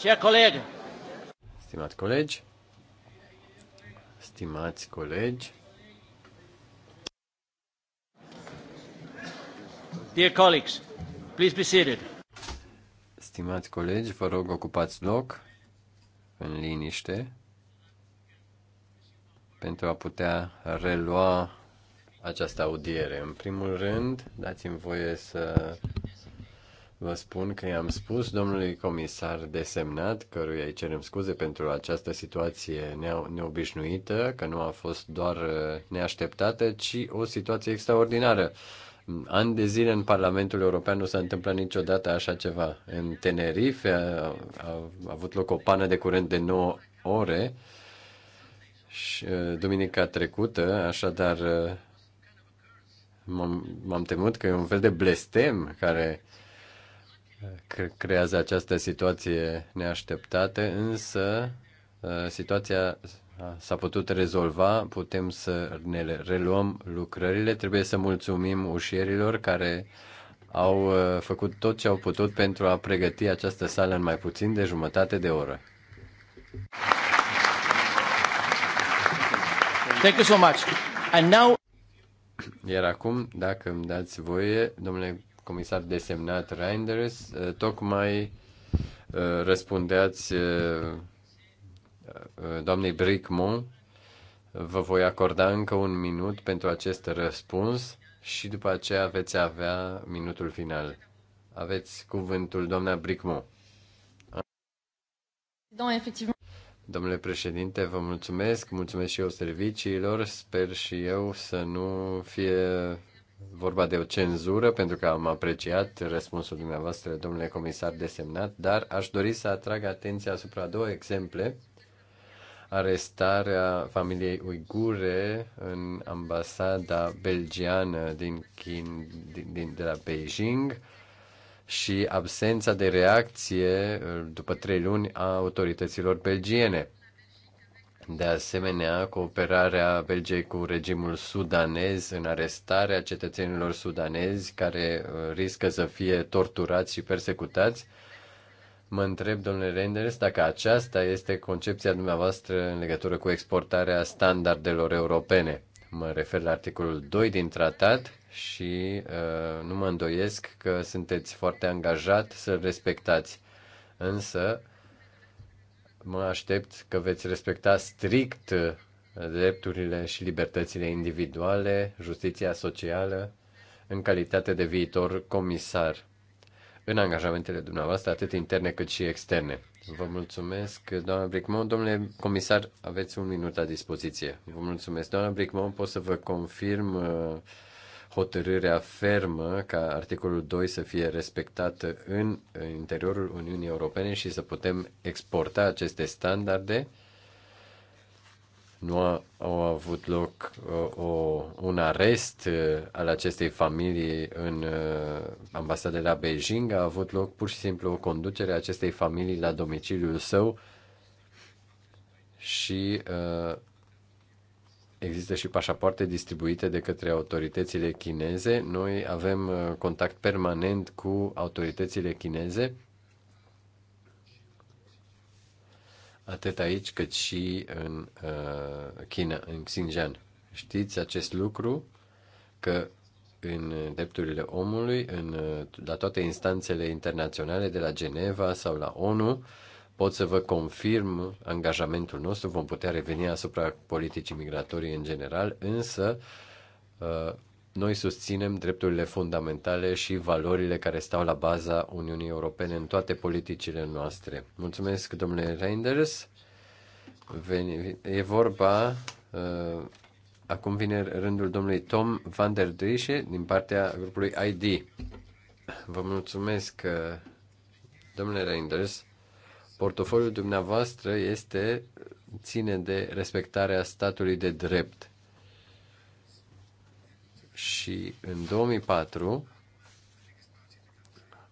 Stimați colegi, stimați colegi, Dear colleagues, please be seated. Stimați colegi, vă rog ocupați loc în liniște pentru a putea relua această audiere. În primul rând, dați-mi voie să Vă spun că i-am spus domnului comisar desemnat, căruia îi cerem scuze pentru această situație neobișnuită, că nu a fost doar uh, neașteptată, ci o situație extraordinară. An de zile în Parlamentul European nu s-a întâmplat niciodată așa ceva. În Tenerife a, a, a avut loc o pană de curent de 9 ore și uh, duminica trecută, așadar uh, m-am temut că e un fel de blestem care uh, că creează această situație neașteptată, însă uh, situația s-a putut rezolva, putem să ne reluăm lucrările. Trebuie să mulțumim ușierilor care au uh, făcut tot ce au putut pentru a pregăti această sală în mai puțin de jumătate de oră. Thank you so much. And now... Iar acum, dacă îmi dați voie, domnule comisar desemnat Reinders, uh, tocmai uh, răspundeați uh, doamnei Bricmont. Vă voi acorda încă un minut pentru acest răspuns și după aceea veți avea minutul final. Aveți cuvântul doamna Bricmont. Domnule președinte, vă mulțumesc, mulțumesc și eu serviciilor, sper și eu să nu fie vorba de o cenzură, pentru că am apreciat răspunsul dumneavoastră, domnule comisar desemnat, dar aș dori să atrag atenția asupra două exemple. Arestarea familiei uigure în ambasada belgiană din, Chin, din, din de la Beijing și absența de reacție uh, după trei luni a autorităților belgiene de asemenea, cooperarea Belgiei cu regimul sudanez în arestarea cetățenilor sudanezi care uh, riscă să fie torturați și persecutați. Mă întreb, domnule Reinders, dacă aceasta este concepția dumneavoastră în legătură cu exportarea standardelor europene. Mă refer la articolul 2 din tratat și uh, nu mă îndoiesc că sunteți foarte angajat să respectați. Însă, mă aștept că veți respecta strict uh, drepturile și libertățile individuale, justiția socială, în calitate de viitor comisar în angajamentele dumneavoastră, atât interne cât și externe. Vă mulțumesc, doamna Bricmon. Domnule comisar, aveți un minut la dispoziție. Vă mulțumesc. Doamna Bricmon. pot să vă confirm uh, hotărârea fermă ca articolul 2 să fie respectat în interiorul Uniunii Europene și să putem exporta aceste standarde. Nu a, au avut loc o, o, un arest uh, al acestei familii în uh, ambasada la Beijing, a avut loc pur și simplu o conducere a acestei familii la domiciliul său și uh, există și pașapoarte distribuite de către autoritățile chineze. Noi avem uh, contact permanent cu autoritățile chineze, atât aici cât și în uh, China, în Xinjiang. Știți acest lucru că în drepturile omului, în, uh, la toate instanțele internaționale, de la Geneva sau la ONU, uh, pot să vă confirm angajamentul nostru, vom putea reveni asupra politicii migratorii în general, însă uh, noi susținem drepturile fundamentale și valorile care stau la baza Uniunii Europene în toate politicile noastre. Mulțumesc, domnule Reinders. E vorba, uh, acum vine rândul domnului Tom van der Drische din partea grupului ID. Vă mulțumesc, uh, domnule Reinders portofoliul dumneavoastră este ține de respectarea statului de drept. Și în 2004,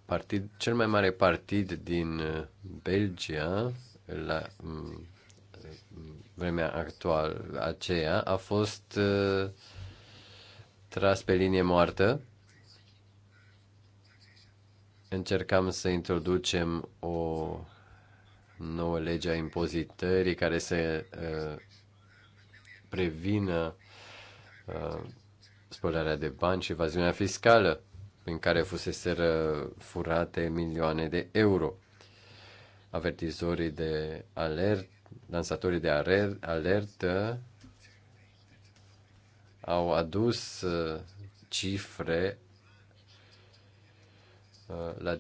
partid, cel mai mare partid din uh, Belgia, la mm, vremea actuală aceea, a fost uh, tras pe linie moartă. Încercam să introducem o nouă lege a impozitării care să uh, prevină uh, spălarea de bani și evaziunea fiscală, prin care fuseseră furate milioane de euro. Avertizorii de alert, lansatorii de alert, alertă au adus uh, cifre Uh, la,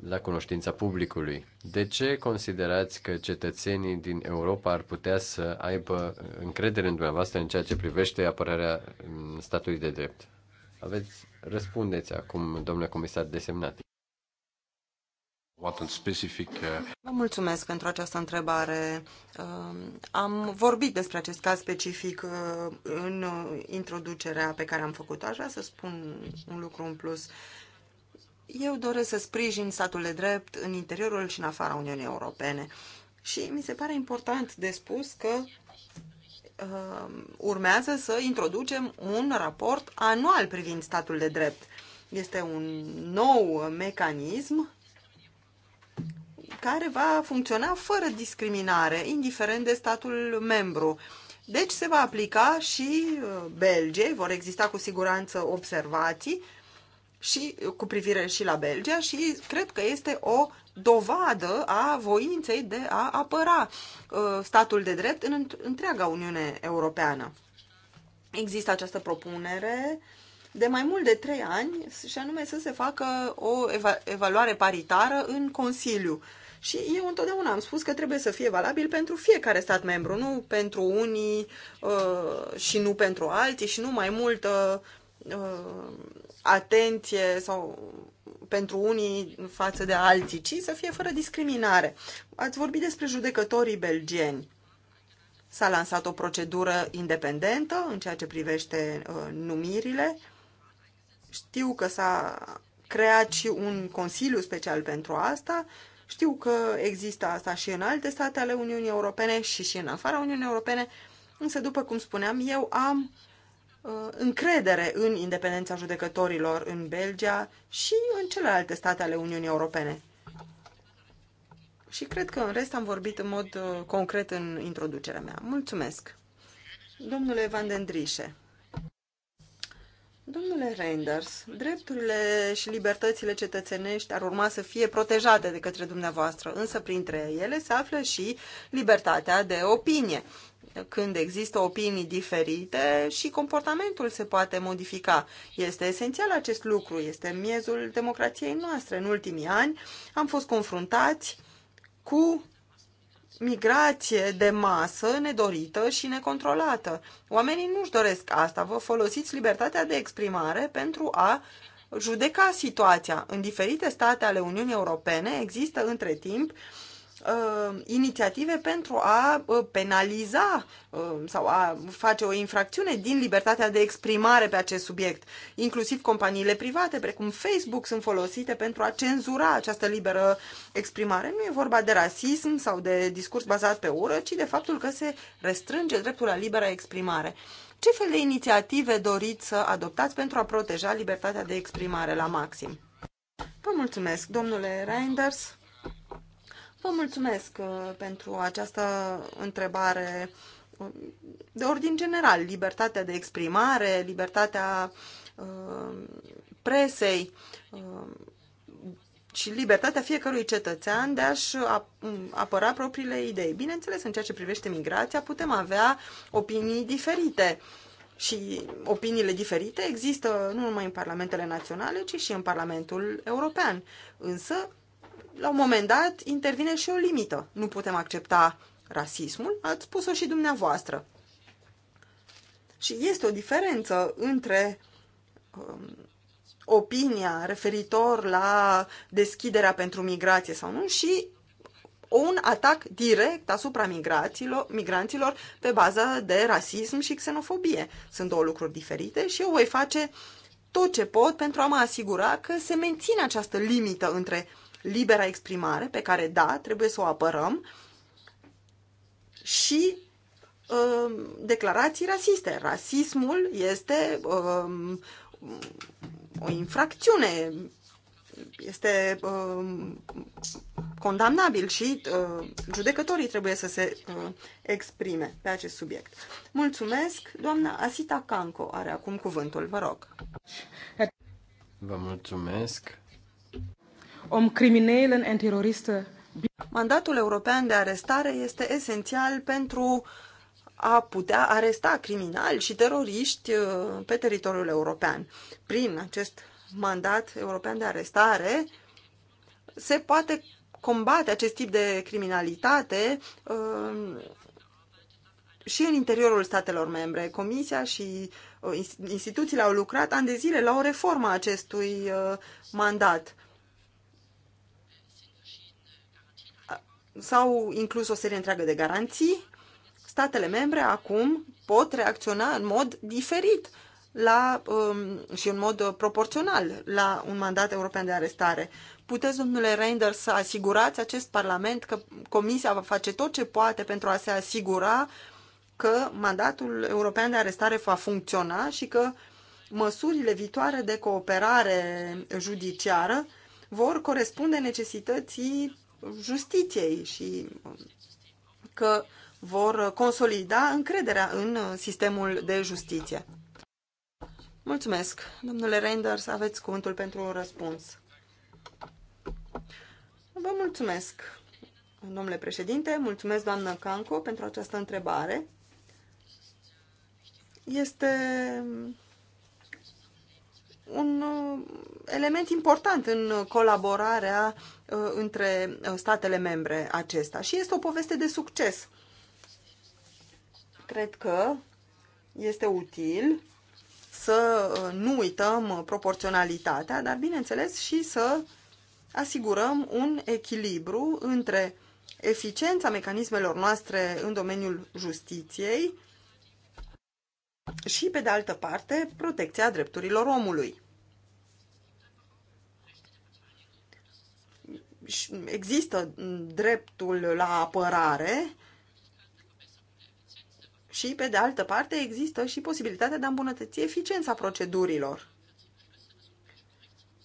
la cunoștința publicului. De ce considerați că cetățenii din Europa ar putea să aibă uh, încredere în dumneavoastră în ceea ce privește apărarea um, statului de drept? Aveți, răspundeți acum, domnule comisar desemnat. Uh, Vă mulțumesc pentru această întrebare. Um, am vorbit despre acest caz specific în introducerea pe care am făcut-o. Aș vrea să spun un lucru în plus. Eu doresc să sprijin statul de drept în interiorul și în afara Uniunii Europene. Și mi se pare important de spus că uh, urmează să introducem un raport anual privind statul de drept. Este un nou mecanism care va funcționa fără discriminare, indiferent de statul membru. Deci se va aplica și uh, Belgiei, vor exista cu siguranță observații, uh, și cu privire și la Belgia și cred că este o dovadă a voinței de a apăra uh, statul de drept în întreaga Uniune Europeană. Există această propunere de mai mult de trei ani și anume să se facă o evaluare paritară în Consiliu. Și eu întotdeauna am spus că trebuie să fie valabil pentru fiecare stat membru, nu pentru unii uh, și nu pentru alții și nu mai mult. uh, uh atenție sau pentru unii față de alții, ci să fie fără discriminare. Ați vorbit despre judecătorii belgieni. S-a lansat o procedură independentă în ceea ce privește uh, numirile. Știu că s-a creat și un consiliu special pentru asta. Știu că există asta și în alte state ale Uniunii Europene și și în afara Uniunii Europene, însă, după cum spuneam, eu am Uh, încredere în independența judecătorilor în Belgia și în celelalte state ale Uniunii Europene. Și cred că în rest am vorbit în mod uh, concret în introducerea mea. Mulțumesc! Domnule Van den Dendrișe, Domnule Reinders, drepturile și libertățile cetățenești ar urma să fie protejate de către dumneavoastră, însă printre ele se află și libertatea de opinie când există opinii diferite și comportamentul se poate modifica. Este esențial acest lucru, este miezul democrației noastre. În ultimii ani am fost confruntați cu migrație de masă nedorită și necontrolată. Oamenii nu-și doresc asta. Vă folosiți libertatea de exprimare pentru a judeca situația. În diferite state ale Uniunii Europene există între timp uh, uh, inițiative pentru a uh, penaliza uh, sau a face o infracțiune din libertatea de exprimare pe acest subiect. Inclusiv companiile private, precum Facebook, sunt folosite pentru a cenzura această liberă exprimare. Nu e vorba de rasism sau de discurs bazat pe ură, ci de faptul că se restrânge dreptul la liberă exprimare. Ce fel de inițiative doriți să adoptați pentru a proteja libertatea de exprimare la maxim? Vă mulțumesc, domnule Reinders. Vă mulțumesc uh, pentru această întrebare uh, de ordin general. Libertatea de exprimare, libertatea uh, presei și libertatea fiecărui cetățean de a-și apăra propriile idei. Bineînțeles, în ceea ce privește migrația, putem avea opinii diferite. Și opiniile diferite există nu numai în parlamentele naționale, ci și în Parlamentul European. Însă, la un moment dat intervine și o limită. Nu putem accepta rasismul, ați spus-o și dumneavoastră. Și este o diferență între um, opinia referitor la deschiderea pentru migrație sau nu și un atac direct asupra migraților, migranților pe bază de rasism și xenofobie. Sunt două lucruri diferite și eu voi face tot ce pot pentru a mă asigura că se menține această limită între libera exprimare, pe care, da, trebuie să o apărăm, și uh, declarații rasiste. Rasismul este uh, o infracțiune, este uh, condamnabil și uh, judecătorii trebuie să se uh, exprime pe acest subiect. Mulțumesc. Doamna Asita Canco are acum cuvântul, vă rog. Vă mulțumesc om criminelen en terroristen. Mandatul european de arestare este esențial pentru a putea aresta criminali și teroriști uh, pe teritoriul european. Prin acest mandat european de arestare se poate combate acest tip de criminalitate uh, și în interiorul statelor membre. Comisia și uh, instituțiile au lucrat ani de zile la o reformă a acestui mandat. S-au inclus o serie întreagă de garanții. Statele membre acum pot reacționa în mod diferit la, um, și în mod proporțional la un mandat european de arestare. Puteți, domnule Reinders, să asigurați acest Parlament că Comisia va face tot ce poate pentru a se asigura că mandatul european de arestare va funcționa și că măsurile viitoare de cooperare judiciară vor corespunde necesității justiției și că vor consolida încrederea în sistemul de justiție. Mulțumesc. Domnule Reinders, aveți cuvântul pentru un răspuns. Vă mulțumesc, domnule președinte, mulțumesc, doamnă Canco, pentru această întrebare. Este un uh, element important în colaborarea uh, între uh, statele membre acesta și este o poveste de succes. Cred că este util să nu uităm proporționalitatea, dar bineînțeles și să asigurăm un echilibru între eficiența mecanismelor noastre în domeniul justiției și, pe de altă parte, protecția drepturilor omului. Există dreptul la apărare și, pe de altă parte, există și posibilitatea de a îmbunătăți eficiența procedurilor.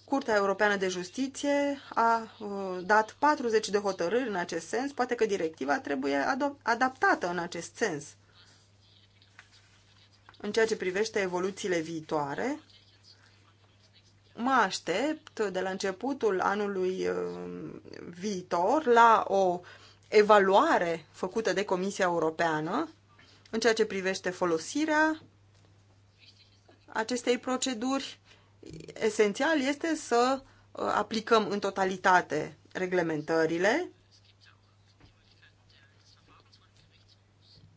Curtea Europeană de Justiție a uh, dat 40 de hotărâri în acest sens, poate că directiva trebuie adaptată în acest sens în ceea ce privește evoluțiile viitoare, mă aștept de la începutul anului uh, viitor la o evaluare făcută de Comisia Europeană în ceea ce privește folosirea acestei proceduri. Esențial este să uh, aplicăm în totalitate reglementările.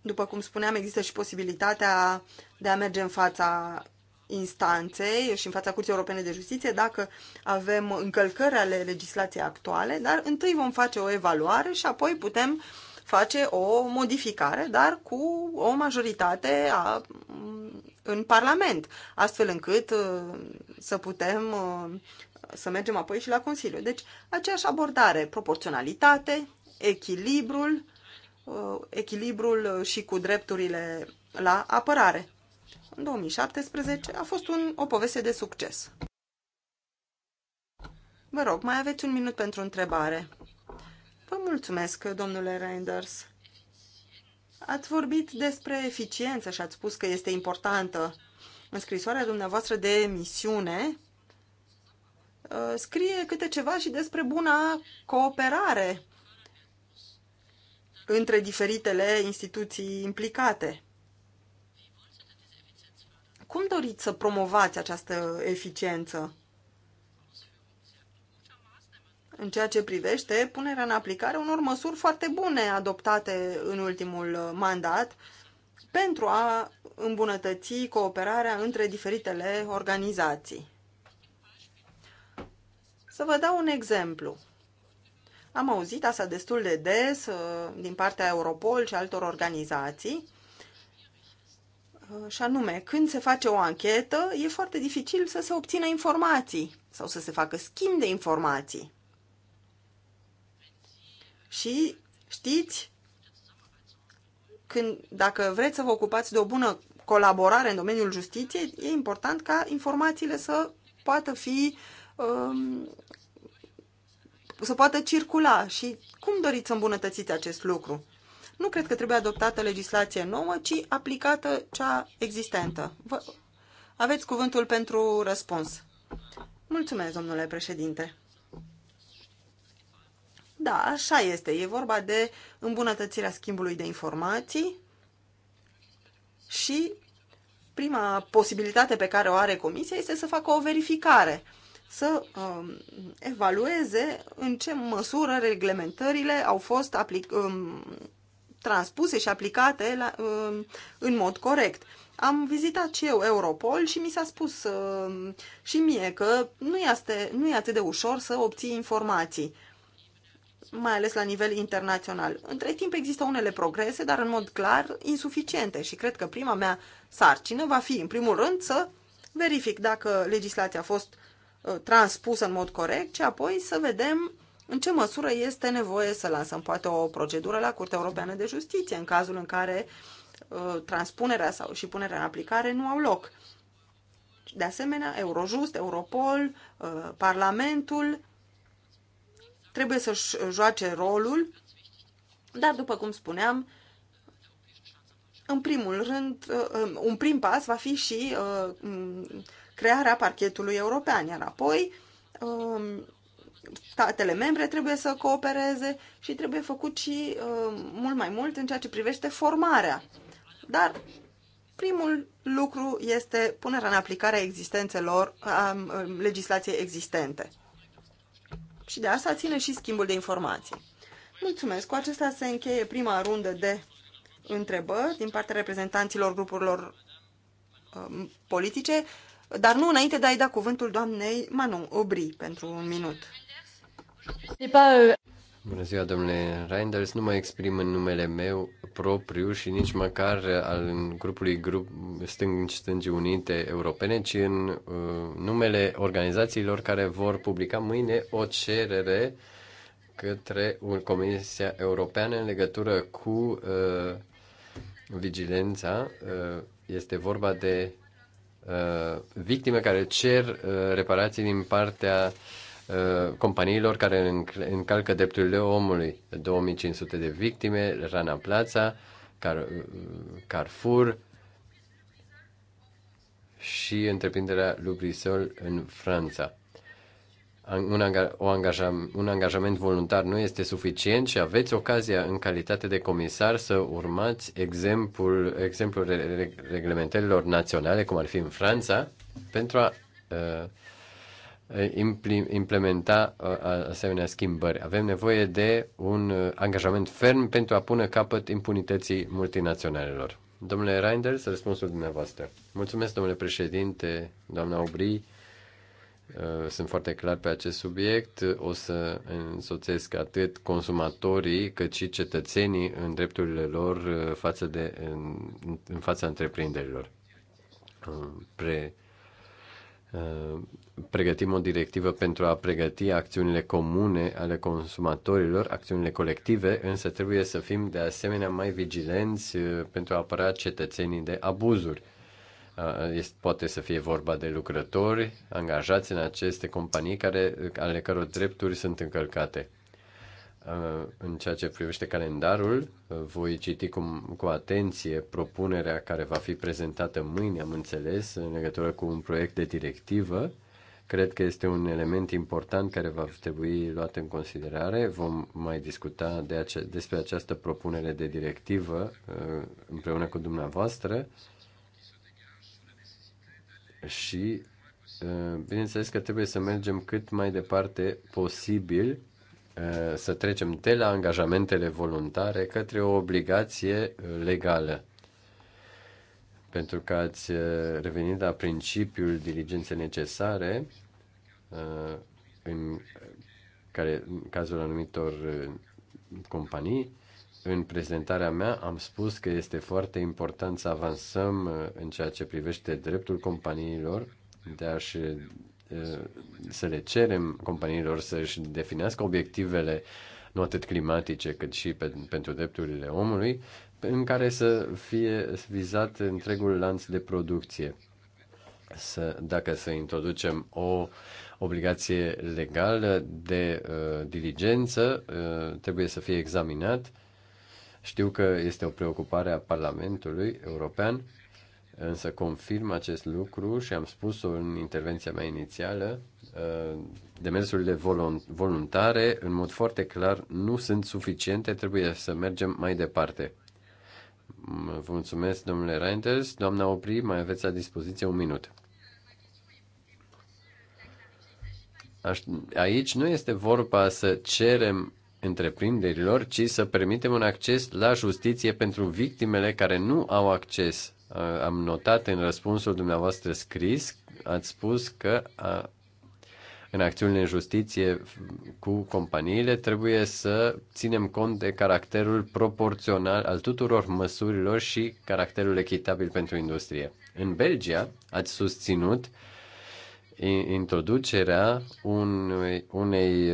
După cum spuneam, există și posibilitatea de a merge în fața instanței și în fața Curții Europene de Justiție dacă avem încălcări ale legislației actuale, dar întâi vom face o evaluare și apoi putem face o modificare, dar cu o majoritate a, în Parlament, astfel încât uh, să putem uh, să mergem apoi și la Consiliu. Deci, aceeași abordare, proporționalitate, echilibrul, uh, echilibrul și cu drepturile la apărare în 2017 a fost un, o poveste de succes. Vă rog, mai aveți un minut pentru întrebare. Vă mulțumesc, domnule Reinders. Ați vorbit despre eficiență și ați spus că este importantă. În scrisoarea dumneavoastră de misiune uh, scrie câte ceva și despre buna cooperare între diferitele instituții implicate. Cum doriți să promovați această eficiență? În ceea ce privește punerea în aplicare unor măsuri foarte bune adoptate în ultimul mandat pentru a îmbunătăți cooperarea între diferitele organizații. Să vă dau un exemplu. Am auzit asta destul de des uh, din partea Europol și altor organizații Uh, și anume, când se face o anchetă, e foarte dificil să se obțină informații sau să se facă schimb de informații. Și știți, când, dacă vreți să vă ocupați de o bună colaborare în domeniul justiției, e important ca informațiile să poată fi um, să poată circula. Și cum doriți să îmbunătățiți acest lucru? Nu cred că trebuie adoptată legislație nouă, ci aplicată cea existentă. Vă... Aveți cuvântul pentru răspuns. Mulțumesc, domnule președinte. Da, așa este. E vorba de îmbunătățirea schimbului de informații și prima posibilitate pe care o are comisia este să facă o verificare, să um, evalueze în ce măsură reglementările au fost aplicate. um, transpuse și aplicate la, um, în mod corect. Am vizitat și eu Europol și mi s-a spus um, și mie că nu este, nu e atât de ușor să obții informații mai ales la nivel internațional. Între timp există unele progrese, dar în mod clar insuficiente și cred că prima mea sarcină va fi, în primul rând, să verific dacă legislația a fost uh, transpusă în mod corect și apoi să vedem în ce măsură este nevoie să lansăm poate o procedură la Curtea Europeană de Justiție în cazul în care uh, transpunerea sau și punerea în aplicare nu au loc. De asemenea, Eurojust, Europol, uh, Parlamentul trebuie să-și uh, joace rolul, dar, după cum spuneam, în primul rând, uh, um, un prim pas va fi și uh, crearea parchetului european, iar apoi um, statele membre trebuie să coopereze și trebuie făcut și uh, mult mai mult în ceea ce privește formarea. Dar primul lucru este punerea în aplicare a existențelor, a legislației existente. Și de asta ține și schimbul de informații. Mulțumesc! Cu acesta se încheie prima rundă de întrebări din partea reprezentanților grupurilor um, politice, dar nu înainte de a-i da cuvântul doamnei Manu Obri pentru un minut. Uh, Bună ziua, domnule Reinders. Nu mă exprim în numele meu propriu și nici măcar al grupului grup Stângi Stângi Unite Europene, ci în uh, numele organizațiilor care vor publica mâine o cerere către Comisia Europeană în legătură cu uh, vigilența. Uh, este vorba de uh, victime care cer uh, reparații din partea uh, Uh, companiilor care încalcă drepturile omului. 2500 de victime, Rana Plaza, Car- uh, Carrefour și întreprinderea Lubrisol în Franța. Un, angaj o angajam- un angajament voluntar nu este suficient și aveți ocazia în calitate de comisar să urmați exemplul, exemplul reglementărilor naționale, cum ar fi în Franța, pentru a uh, Eh, implementa eh, asemenea schimbări. Avem nevoie de un eh, angajament ferm pentru a pune capăt impunității multinaționalelor. Domnule Reinders, răspunsul dumneavoastră. Mulțumesc, domnule președinte, doamna Obri. Sunt foarte clar pe acest subiect. O să însoțesc atât consumatorii cât și cetățenii în drepturile lor față de, în, în fața întreprinderilor. Pre, Uh, pregătim o directivă pentru a pregăti acțiunile comune ale consumatorilor, acțiunile colective, însă trebuie să fim de asemenea mai vigilenți uh, pentru a apăra cetățenii de abuzuri. Uh, este, poate să fie vorba de lucrători angajați în aceste companii care, ale căror drepturi sunt încălcate. Uh, în ceea ce privește calendarul, uh, voi citi cu, cu atenție propunerea care va fi prezentată mâine, am înțeles, în legătură cu un proiect de directivă. Cred că este un element important care va trebui luat în considerare. Vom mai discuta de ace- despre această propunere de directivă uh, împreună cu dumneavoastră și bineînțeles că trebuie să mergem cât mai departe posibil Eh, să trecem de la angajamentele voluntare către o obligație eh, legală. Pentru că ați eh, revenit la principiul diligenței necesare, în, care, în cazul anumitor companii, în prezentarea mea am spus că este foarte important să avansăm în ceea ce privește dreptul companiilor de a-și Uh, să le cerem companiilor să-și definească obiectivele nu atât climatice cât și pe, pentru drepturile omului, în care să fie vizat întregul lanț de producție. Să, dacă să introducem o obligație legală de uh, diligență, uh, trebuie să fie examinat. Știu că este o preocupare a Parlamentului European însă confirm acest lucru și am spus-o în intervenția mea inițială, uh, demersurile voluntare, în mod foarte clar, nu sunt suficiente, trebuie să mergem mai departe. Vă mulțumesc, domnule Reinders. Doamna Opri, mai aveți la dispoziție un minut. Aici nu este vorba să cerem întreprinderilor, ci să permitem un acces la justiție pentru victimele care nu au acces Uh, am notat în răspunsul dumneavoastră scris, ați spus că a, în acțiunile în justiție cu companiile trebuie să ținem cont de caracterul proporțional al tuturor măsurilor și caracterul echitabil pentru industrie. În Belgia ați susținut introducerea unui, unei,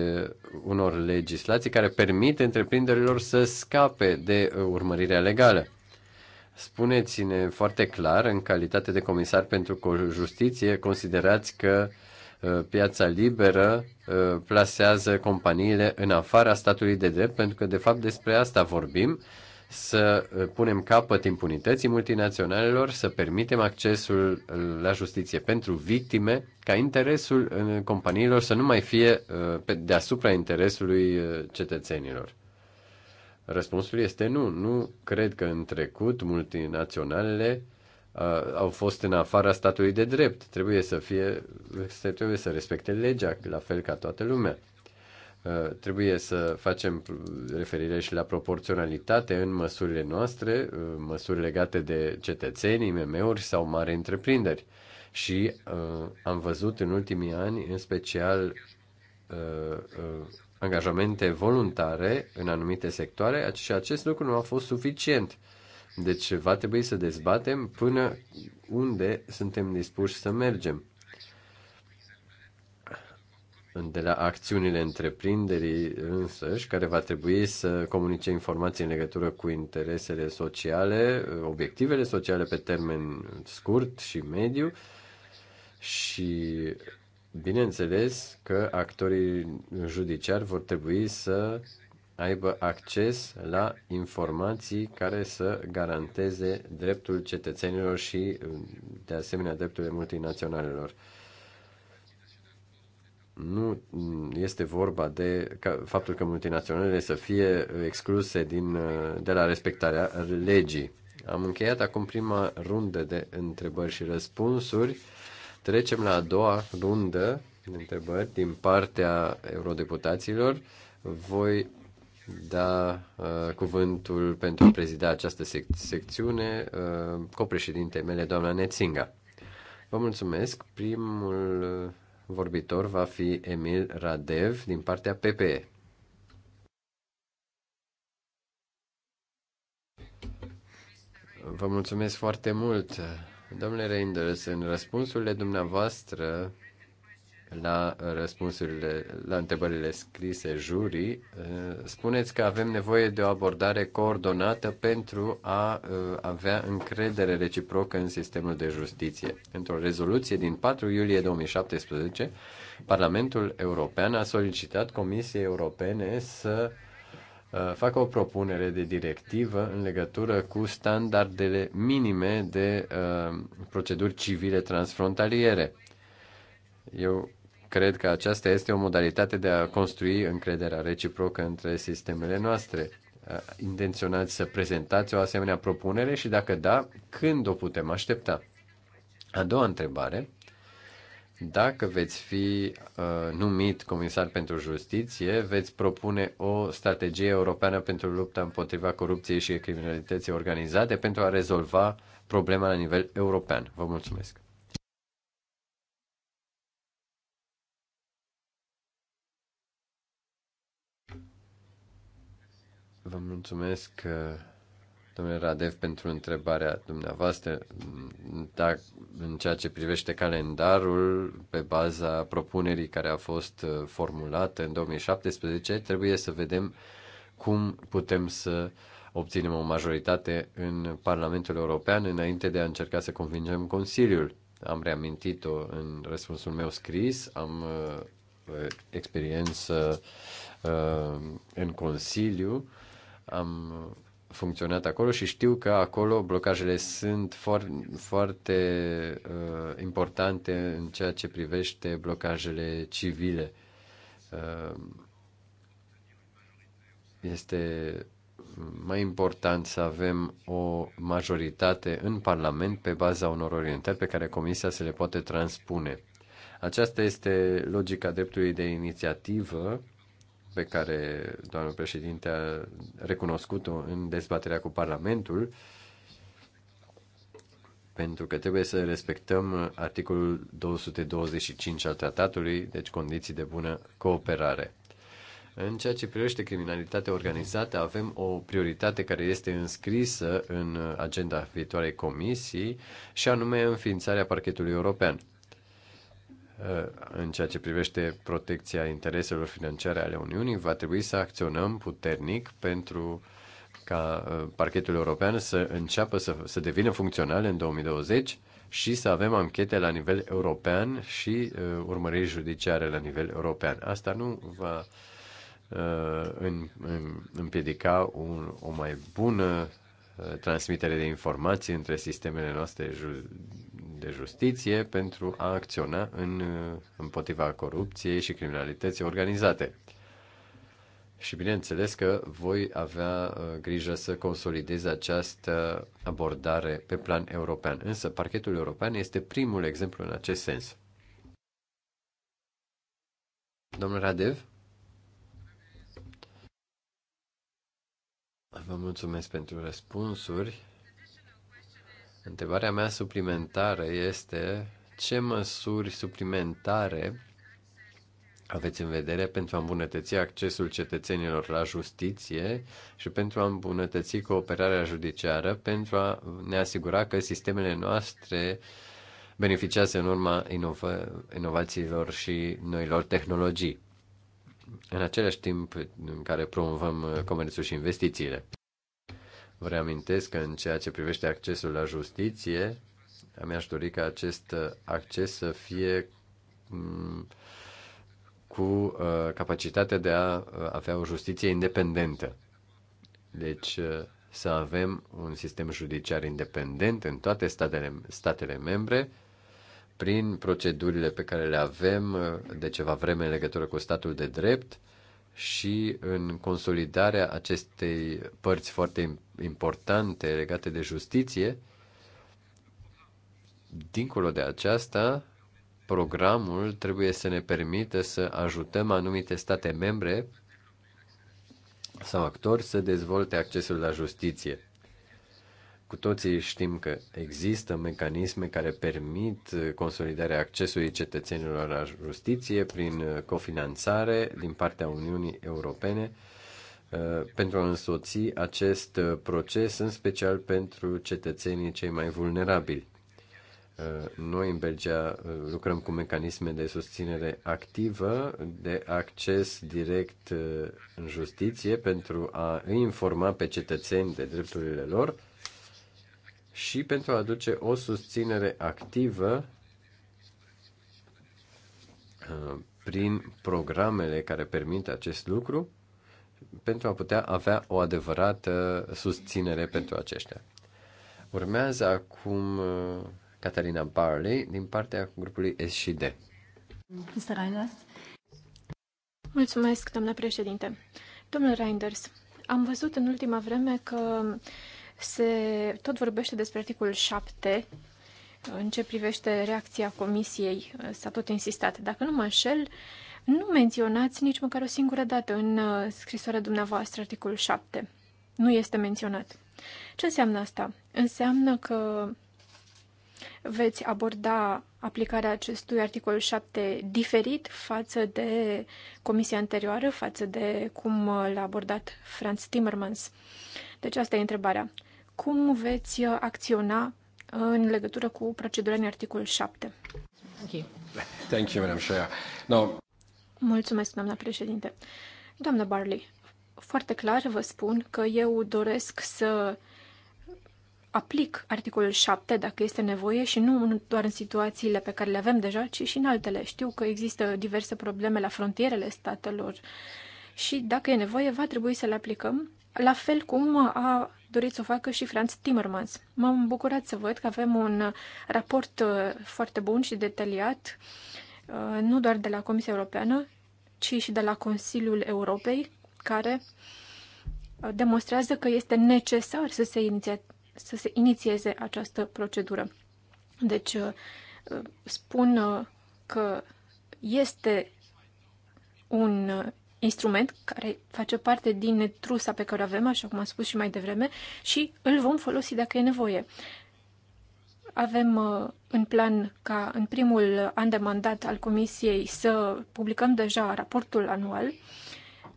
unor legislații care permit întreprinderilor să scape de uh, urmărirea legală. Spuneți-ne foarte clar, în calitate de comisar pentru justiție, considerați că uh, piața liberă uh, plasează companiile în afara statului de drept, pentru că de fapt despre asta vorbim, să uh, punem capăt impunității multinaționalelor, să permitem accesul la justiție pentru victime, ca interesul companiilor să nu mai fie deasupra interesului cetățenilor. Răspunsul este nu. Nu cred că în trecut multinaționalele uh, au fost în afara statului de drept. Trebuie să fie, trebuie să respecte legea, la fel ca toată lumea. Uh, trebuie să facem referire și la proporționalitate în măsurile noastre, uh, măsuri legate de cetățeni, IMM-uri sau mari întreprinderi. Și uh, am văzut în ultimii ani, în special uh, uh, angajamente voluntare în anumite sectoare și acest lucru nu a fost suficient. Deci va trebui să dezbatem până unde suntem dispuși să mergem. De la acțiunile întreprinderii însăși, care va trebui să comunice informații în legătură cu interesele sociale, obiectivele sociale pe termen scurt și mediu și Bineînțeles că actorii judiciari vor trebui să aibă acces la informații care să garanteze dreptul cetățenilor și, de asemenea, drepturile multinaționalelor. Nu este vorba de faptul că multinaționalele să fie excluse din, de la respectarea legii. Am încheiat acum prima rundă de întrebări și răspunsuri. Trecem la a doua rundă de întrebări din partea eurodeputaților. Voi da uh, cuvântul pentru a prezida această sec- secțiune uh, copreședinte mele, doamna Neținga. Vă mulțumesc. Primul uh, vorbitor va fi Emil Radev din partea PPE. Vă mulțumesc foarte mult, Domnule Reinders, în răspunsurile dumneavoastră la răspunsurile la întrebările scrise jurii, eh, spuneți că avem nevoie de o abordare coordonată pentru a eh, avea încredere reciprocă în sistemul de justiție. Într-o rezoluție din 4 iulie 2017, Parlamentul European a solicitat Comisiei Europene să Uh, facă o propunere de directivă în legătură cu standardele minime de uh, proceduri civile transfrontaliere. Eu cred că aceasta este o modalitate de a construi încrederea reciprocă între sistemele noastre. Uh, intenționați să prezentați o asemenea propunere și dacă da, când o putem aștepta? A doua întrebare dacă veți fi uh, numit comisar pentru justiție, veți propune o strategie europeană pentru lupta împotriva corupției și criminalității organizate pentru a rezolva problema la nivel european. Vă mulțumesc! Vă mulțumesc! Uh domnule Radev, pentru întrebarea dumneavoastră, dacă, în ceea ce privește calendarul, pe baza propunerii care a fost uh, formulată în 2017, trebuie să vedem cum putem să obținem o majoritate în Parlamentul European înainte de a încerca să convingem Consiliul. Am reamintit-o în răspunsul meu scris, am uh, uh experiență uh, în Consiliu, am uh, funcționat acolo și știu că acolo blocajele sunt for- foarte uh, importante în ceea ce privește blocajele civile. Uh, este mai important să avem o majoritate în Parlament pe baza unor orientări pe care Comisia se le poate transpune. Aceasta este logica dreptului de inițiativă pe care doamnul președinte a recunoscut-o în dezbaterea cu Parlamentul, pentru că trebuie să respectăm articolul 225 al tratatului, deci condiții de bună cooperare. În ceea ce privește criminalitatea organizată, avem o prioritate care este înscrisă în agenda viitoarei comisii și anume înființarea parchetului european. Uh, în ceea ce privește protecția intereselor financiare ale Uniunii, va trebui să acționăm puternic pentru ca uh, parchetul european să înceapă să, să devină funcțional în 2020 și să avem anchete la nivel european și uh, urmăriri judiciare la nivel european. Asta nu va uh, în, în, împiedica un, o mai bună uh, transmitere de informații între sistemele noastre de Justiție pentru a acționa în, împotriva corupției și criminalității organizate. Și bineînțeles că voi avea uh, grijă să consolidez această abordare pe plan european. Însă parchetul european este primul exemplu în acest sens. Domnul Radev? Vă mulțumesc pentru răspunsuri. Întrebarea mea suplimentară este ce măsuri suplimentare aveți în vedere pentru a îmbunătăți accesul cetățenilor la justiție și pentru a îmbunătăți cooperarea judiciară, pentru a ne asigura că sistemele noastre beneficiază în urma inova- inovațiilor și noilor tehnologii, în același timp în care promovăm comerțul și investițiile. Vă reamintesc că în ceea ce privește accesul la justiție, mi-aș dori ca acest uh, acces să fie mm, cu uh, capacitatea de a uh, avea o justiție independentă. Deci să avem un sistem judiciar independent în toate statele, statele membre, prin procedurile pe care le avem de ceva vreme în legătură cu statul de drept, și în consolidarea acestei părți foarte importante legate de justiție. Dincolo de aceasta, programul trebuie să ne permită să ajutăm anumite state membre sau actori să dezvolte accesul la justiție. Cu toții știm că există mecanisme care permit consolidarea accesului cetățenilor la justiție prin cofinanțare din partea Uniunii Europene uh, pentru a însoți acest proces, în special pentru cetățenii cei mai vulnerabili. Uh, noi în Belgia uh, lucrăm cu mecanisme de susținere activă, de acces direct în justiție pentru a informa pe cetățeni de drepturile lor și pentru a aduce o susținere activă uh, prin programele care permit acest lucru pentru a putea avea o adevărată susținere pentru aceștia. Urmează acum uh, Catalina Barley din partea grupului SD. Mr. Reinders. Mulțumesc, doamna președinte. Domnul Reinders, am văzut în ultima vreme că se tot vorbește despre articolul 7 în ce privește reacția comisiei, s-a tot insistat. Dacă nu mă înșel, nu menționați nici măcar o singură dată în uh, scrisoarea dumneavoastră articolul 7. Nu este menționat. Ce înseamnă asta? Înseamnă că veți aborda aplicarea acestui articol 7 diferit față de comisia anterioară, față de cum l-a abordat Franz Timmermans. Deci asta e întrebarea. Cum veți uh, acționa uh, în legătură cu procedura în articol 7? Okay. Thank you, Madam Shea. No. Mulțumesc, doamna președinte. Doamna Barley, foarte clar vă spun că eu doresc să aplic articolul 7 dacă este nevoie și nu doar în situațiile pe care le avem deja, ci și în altele. Știu că există diverse probleme la frontierele statelor și, dacă e nevoie, va trebui să le aplicăm, la fel cum a dorit să o facă și Franz Timmermans. M-am bucurat să văd că avem un raport uh, foarte bun și detaliat, uh, nu doar de la Comisia Europeană, ci și de la Consiliul Europei, care uh, demonstrează că este necesar să se, iniția, să se inițieze această procedură. Deci, spun că este un instrument care face parte din trusa pe care o avem, așa cum am spus și mai devreme, și îl vom folosi dacă e nevoie. Avem uh, în plan ca în primul an de mandat al Comisiei să publicăm deja raportul anual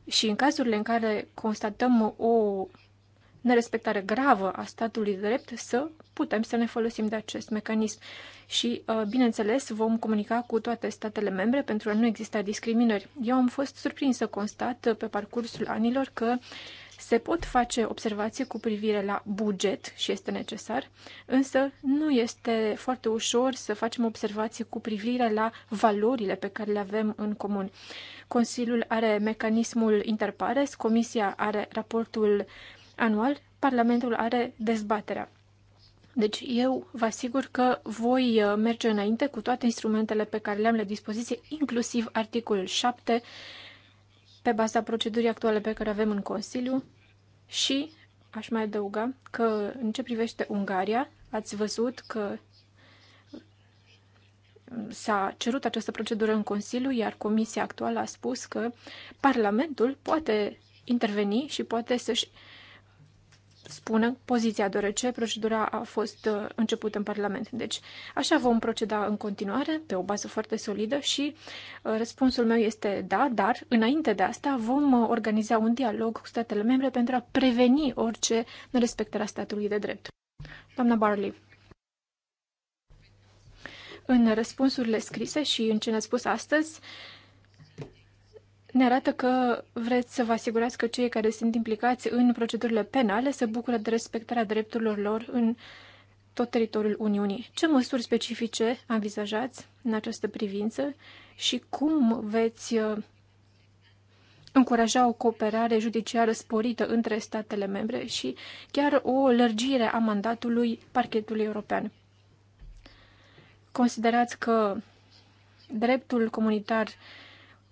și în cazurile în care constatăm o nerespectare gravă a statului de drept, să putem să ne folosim de acest mecanism. Și, uh, bineînțeles, vom comunica cu toate statele membre pentru a nu exista discriminări. Eu am fost surprins să constat uh, pe parcursul anilor că se pot face observații cu privire la buget și este necesar, însă nu este foarte ușor să facem observații cu privire la valorile pe care le avem în comun. Consiliul are mecanismul interpares, Comisia are raportul anual, Parlamentul are dezbaterea. Deci eu vă asigur că voi uh, merge înainte cu toate instrumentele pe care le am la dispoziție, inclusiv articolul 7, pe baza procedurii actuale pe care avem în Consiliu și aș mai adăuga că în ce privește Ungaria, ați văzut că s-a cerut această procedură în Consiliu, iar Comisia actuală a spus că Parlamentul poate interveni și poate să-și spună poziția, deoarece procedura a fost uh, începută în Parlament. Deci, așa vom proceda în continuare, pe o bază foarte solidă și uh, răspunsul meu este da, dar înainte de asta vom uh, organiza un dialog cu statele membre pentru a preveni orice nerespectarea statului de drept. Doamna Barley. În răspunsurile scrise și în ce ne-a spus astăzi, uh, ne arată că vreți să vă asigurați că cei care sunt implicați în procedurile penale se bucură de respectarea drepturilor lor în tot teritoriul Uniunii. Ce măsuri specifice avizajați în această privință și cum veți uh, încuraja o cooperare judiciară sporită între statele membre și chiar o lărgire a mandatului parchetului european? Considerați că dreptul comunitar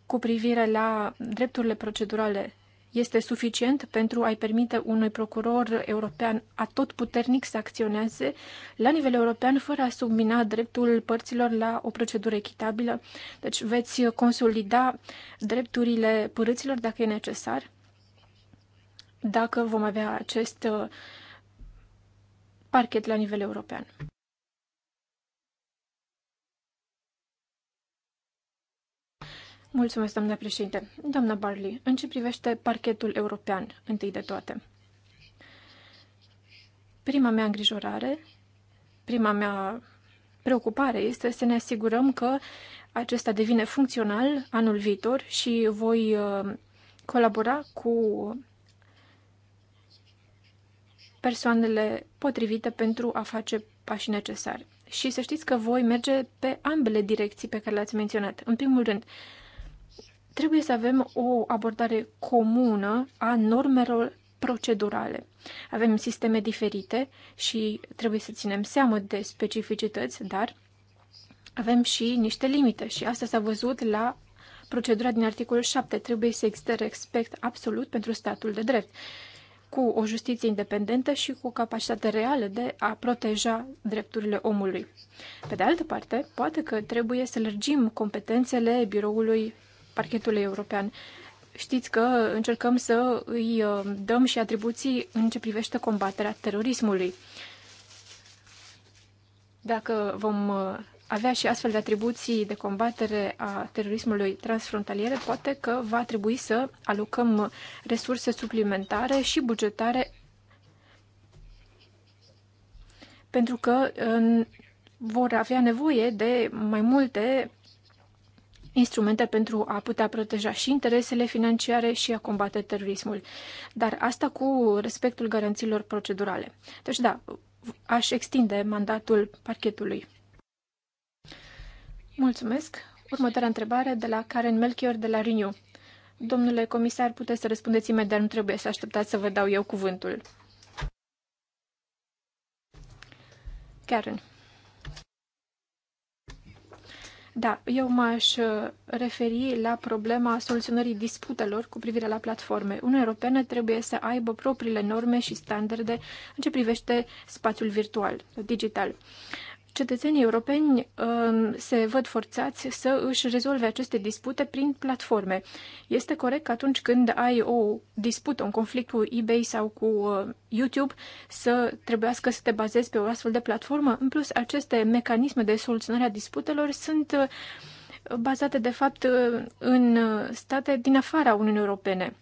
cu privire la drepturile procedurale este suficient pentru a-i permite unui procuror european atotputernic să acționeze la nivel european fără a submina dreptul părților la o procedură echitabilă. Deci veți consolida drepturile părților dacă e necesar, dacă vom avea acest uh, parchet la nivel european. Mulțumesc, doamna președinte. Doamna Barley, în ce privește parchetul european, întâi de toate? Prima mea îngrijorare, prima mea preocupare este să ne asigurăm că acesta devine funcțional anul viitor și voi uh, colabora cu persoanele potrivite pentru a face pașii necesari. Și să știți că voi merge pe ambele direcții pe care le-ați menționat. În primul rând, Trebuie să avem o abordare comună a normelor procedurale. Avem sisteme diferite și trebuie să ținem seama de specificități, dar avem și niște limite și asta s-a văzut la procedura din articolul 7. Trebuie să existe respect absolut pentru statul de drept, cu o justiție independentă și cu o capacitate reală de a proteja drepturile omului. Pe de altă parte, poate că trebuie să lărgim competențele biroului parchetului european. Știți că încercăm să îi uh, dăm și atribuții în ce privește combaterea terorismului. Dacă vom uh, avea și astfel de atribuții de combatere a terorismului transfrontalier, poate că va trebui să alocăm resurse suplimentare și bugetare pentru că uh, vor avea nevoie de mai multe instrumente pentru a putea proteja și interesele financiare și a combate terorismul. Dar asta cu respectul garanțiilor procedurale. Deci, da, aș extinde mandatul parchetului. Mulțumesc. Următoarea întrebare de la Karen Melchior de la Renew. Domnule comisar, puteți să răspundeți imediat, nu trebuie să așteptați să vă dau eu cuvântul. Karen. Da, eu m-aș uh, referi la problema soluționării disputelor cu privire la platforme. Uniunea Europeană trebuie să aibă propriile norme și standarde în ce privește spațiul virtual, digital cetățenii europeni um, se văd forțați să își rezolve aceste dispute prin platforme. Este corect că atunci când ai o dispută, un conflict cu eBay sau cu uh, YouTube, să trebuiască să te bazezi pe o astfel de platformă? În plus, aceste mecanisme de soluționare a disputelor sunt uh, bazate, de fapt, uh, în state din afara Uniunii Europene.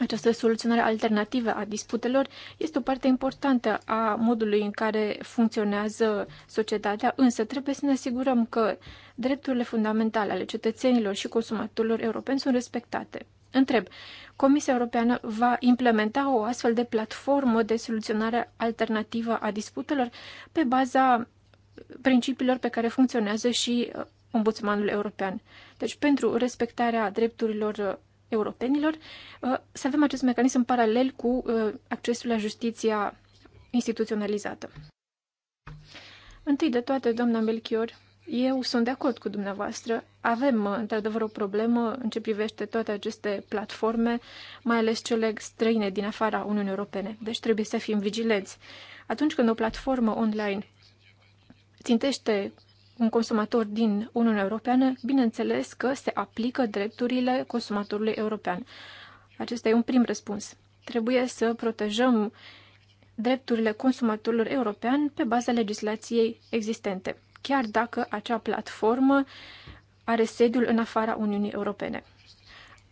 Această soluționare alternativă a disputelor este o parte importantă a modului în care funcționează societatea, însă trebuie să ne asigurăm că drepturile fundamentale ale cetățenilor și consumatorilor europeni sunt respectate. Întreb, Comisia Europeană va implementa o astfel de platformă de soluționare alternativă a disputelor pe baza principiilor pe care funcționează și uh, Ombudsmanul European. Deci, pentru respectarea drepturilor uh, europenilor, uh, să avem acest mecanism paralel cu uh, accesul la justiția instituționalizată. Întâi de toate, doamna Melchior, eu sunt de acord cu dumneavoastră. Avem, uh, într-adevăr, o problemă în ce privește toate aceste platforme, mai ales cele străine din afara Uniunii Europene. Deci trebuie să fim vigilenți. Atunci când o platformă online țintește un consumator din Uniunea Europeană, bineînțeles că se aplică drepturile consumatorului european. Acesta e un prim răspuns. Trebuie să protejăm drepturile consumatorilor european pe baza legislației existente, chiar dacă acea platformă are sediul în afara Uniunii Europene.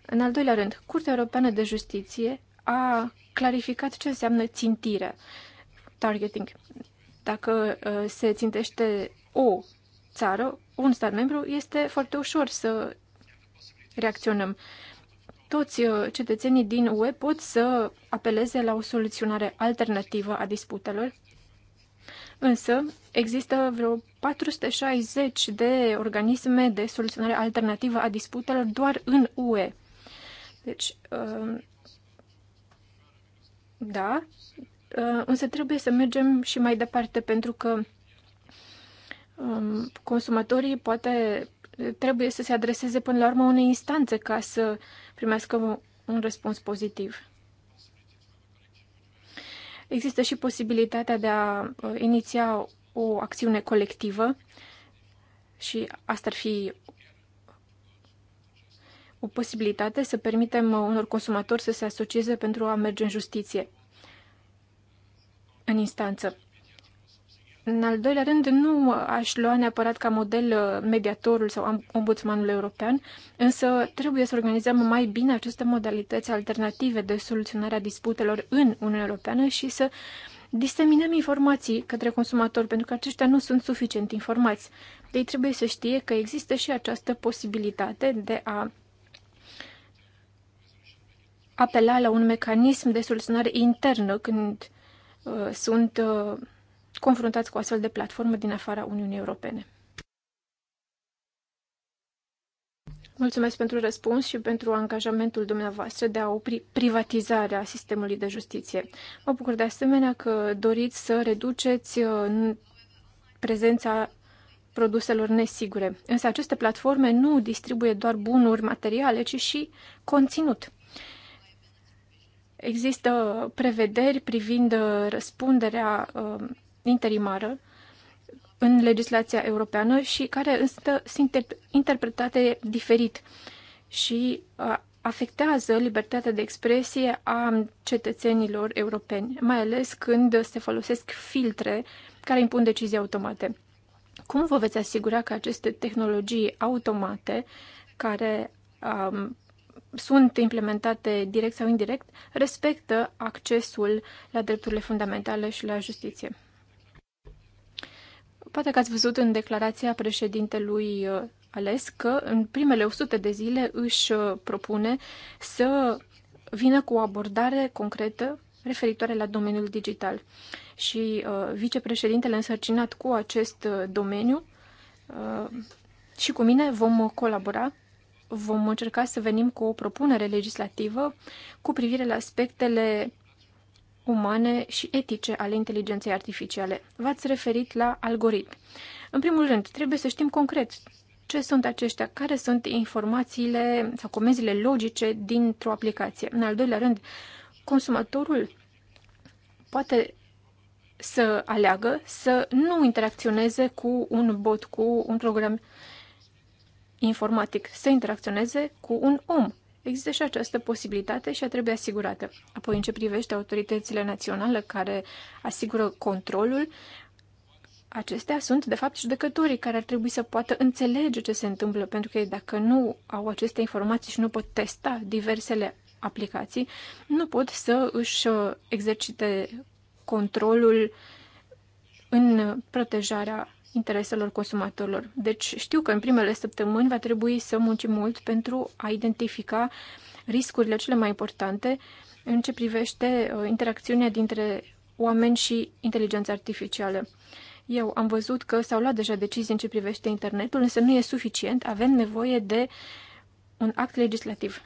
În al doilea rând, Curtea Europeană de Justiție a clarificat ce înseamnă țintire, targeting. Dacă uh, se țintește o țară, un stat membru, este foarte ușor să reacționăm. Toți uh, cetățenii din UE pot să apeleze la o soluționare alternativă a disputelor, însă există vreo 460 de organisme de soluționare alternativă a disputelor doar în UE. Deci, uh, da, uh, însă trebuie să mergem și mai departe pentru că Um, consumatorii poate trebuie să se adreseze până la urmă unei instanțe ca să primească un, răspuns pozitiv. Există și posibilitatea de a uh, iniția o acțiune colectivă și asta ar fi o posibilitate să permitem uh, unor consumatori să se asocieze pentru a merge în justiție, în instanță. În al doilea rând, nu aș lua neapărat ca model uh, mediatorul sau ombudsmanul european, însă trebuie să organizăm mai bine aceste modalități alternative de soluționare a disputelor în Uniunea Europeană și să diseminăm informații către consumatori, pentru că aceștia nu sunt suficient informați. Ei deci trebuie să știe că există și această posibilitate de a apela la un mecanism de soluționare internă când uh, sunt uh, confruntați cu astfel de platformă din afara Uniunii Europene. Mulțumesc pentru răspuns și pentru angajamentul dumneavoastră de a opri privatizarea sistemului de justiție. Mă bucur de asemenea că doriți să reduceți uh, prezența produselor nesigure. Însă aceste platforme nu distribuie doar bunuri materiale, ci și conținut. Există prevederi privind uh, răspunderea uh, interimară în legislația europeană și care sunt interpretate diferit și uh, afectează libertatea de expresie a cetățenilor europeni, mai ales când se folosesc filtre care impun decizii automate. Cum vă veți asigura că aceste tehnologii automate, care um, sunt implementate direct sau indirect, respectă accesul la drepturile fundamentale și la justiție? Poate că ați văzut în declarația președintelui uh, ales că în primele 100 de zile își uh, propune să vină cu o abordare concretă referitoare la domeniul digital. Și uh, vicepreședintele însărcinat cu acest uh, domeniu uh, și cu mine vom colabora, vom încerca să venim cu o propunere legislativă cu privire la aspectele umane și etice ale inteligenței artificiale. V-ați referit la algoritm. În primul rând, trebuie să știm concret ce sunt aceștia, care sunt informațiile sau comenzile logice dintr-o aplicație. În al doilea rând, consumatorul poate să aleagă să nu interacționeze cu un bot, cu un program informatic, să interacționeze cu un om Există și această posibilitate și a trebuie asigurată. Apoi, în ce privește autoritățile naționale care asigură controlul, acestea sunt, de fapt, judecătorii care ar trebui să poată înțelege ce se întâmplă, pentru că dacă nu au aceste informații și nu pot testa diversele aplicații, nu pot să își uh, exercite controlul în protejarea intereselor consumatorilor. Deci știu că în primele săptămâni va trebui să muncim mult pentru a identifica riscurile cele mai importante în ce privește uh, interacțiunea dintre oameni și inteligența artificială. Eu am văzut că s-au luat deja decizii în ce privește internetul, însă nu e suficient, avem nevoie de un act legislativ.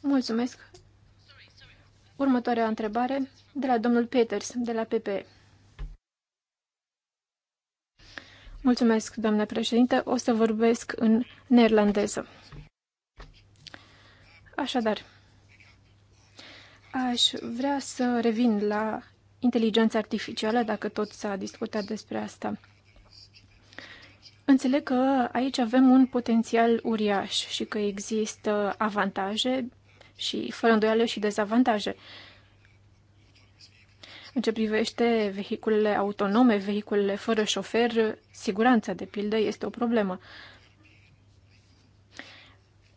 Mulțumesc! Următoarea întrebare de la domnul Peters, de la PPE. Mulțumesc, doamna președinte. O să vorbesc în neerlandeză. Așadar, aș vrea să revin la inteligența artificială, dacă tot s-a discutat despre asta. Înțeleg că aici avem un potențial uriaș și că există avantaje și, fără îndoială, și dezavantaje. În ce privește vehiculele autonome, vehiculele fără șofer, siguranța, de pildă, este o problemă.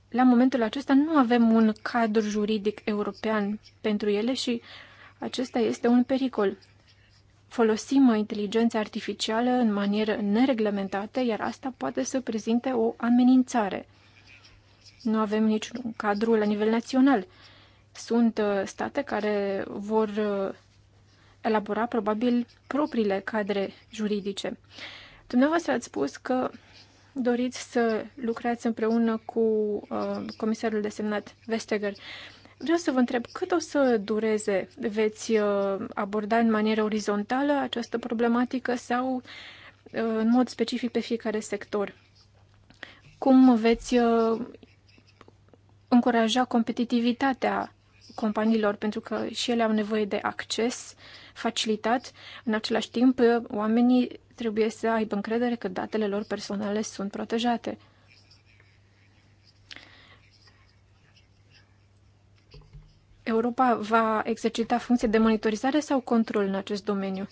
La momentul acesta nu avem un cadru juridic european pentru ele și acesta este un pericol. Folosim inteligența artificială în manieră nereglementată, iar asta poate să prezinte o amenințare. Nu avem niciun cadru la nivel național. Sunt uh, state care vor uh, elabora probabil propriile cadre juridice. Dumneavoastră ați spus că doriți să lucrați împreună cu uh, comisarul desemnat Vestager. Vreau să vă întreb cât o să dureze? Veți uh, aborda în manieră orizontală această problematică sau uh, în mod specific pe fiecare sector? Cum veți uh, încuraja competitivitatea companiilor, pentru că și ele au nevoie de acces facilitat. În același timp, oamenii trebuie să aibă încredere că datele lor personale sunt protejate. Europa va exercita funcție de monitorizare sau control în acest domeniu?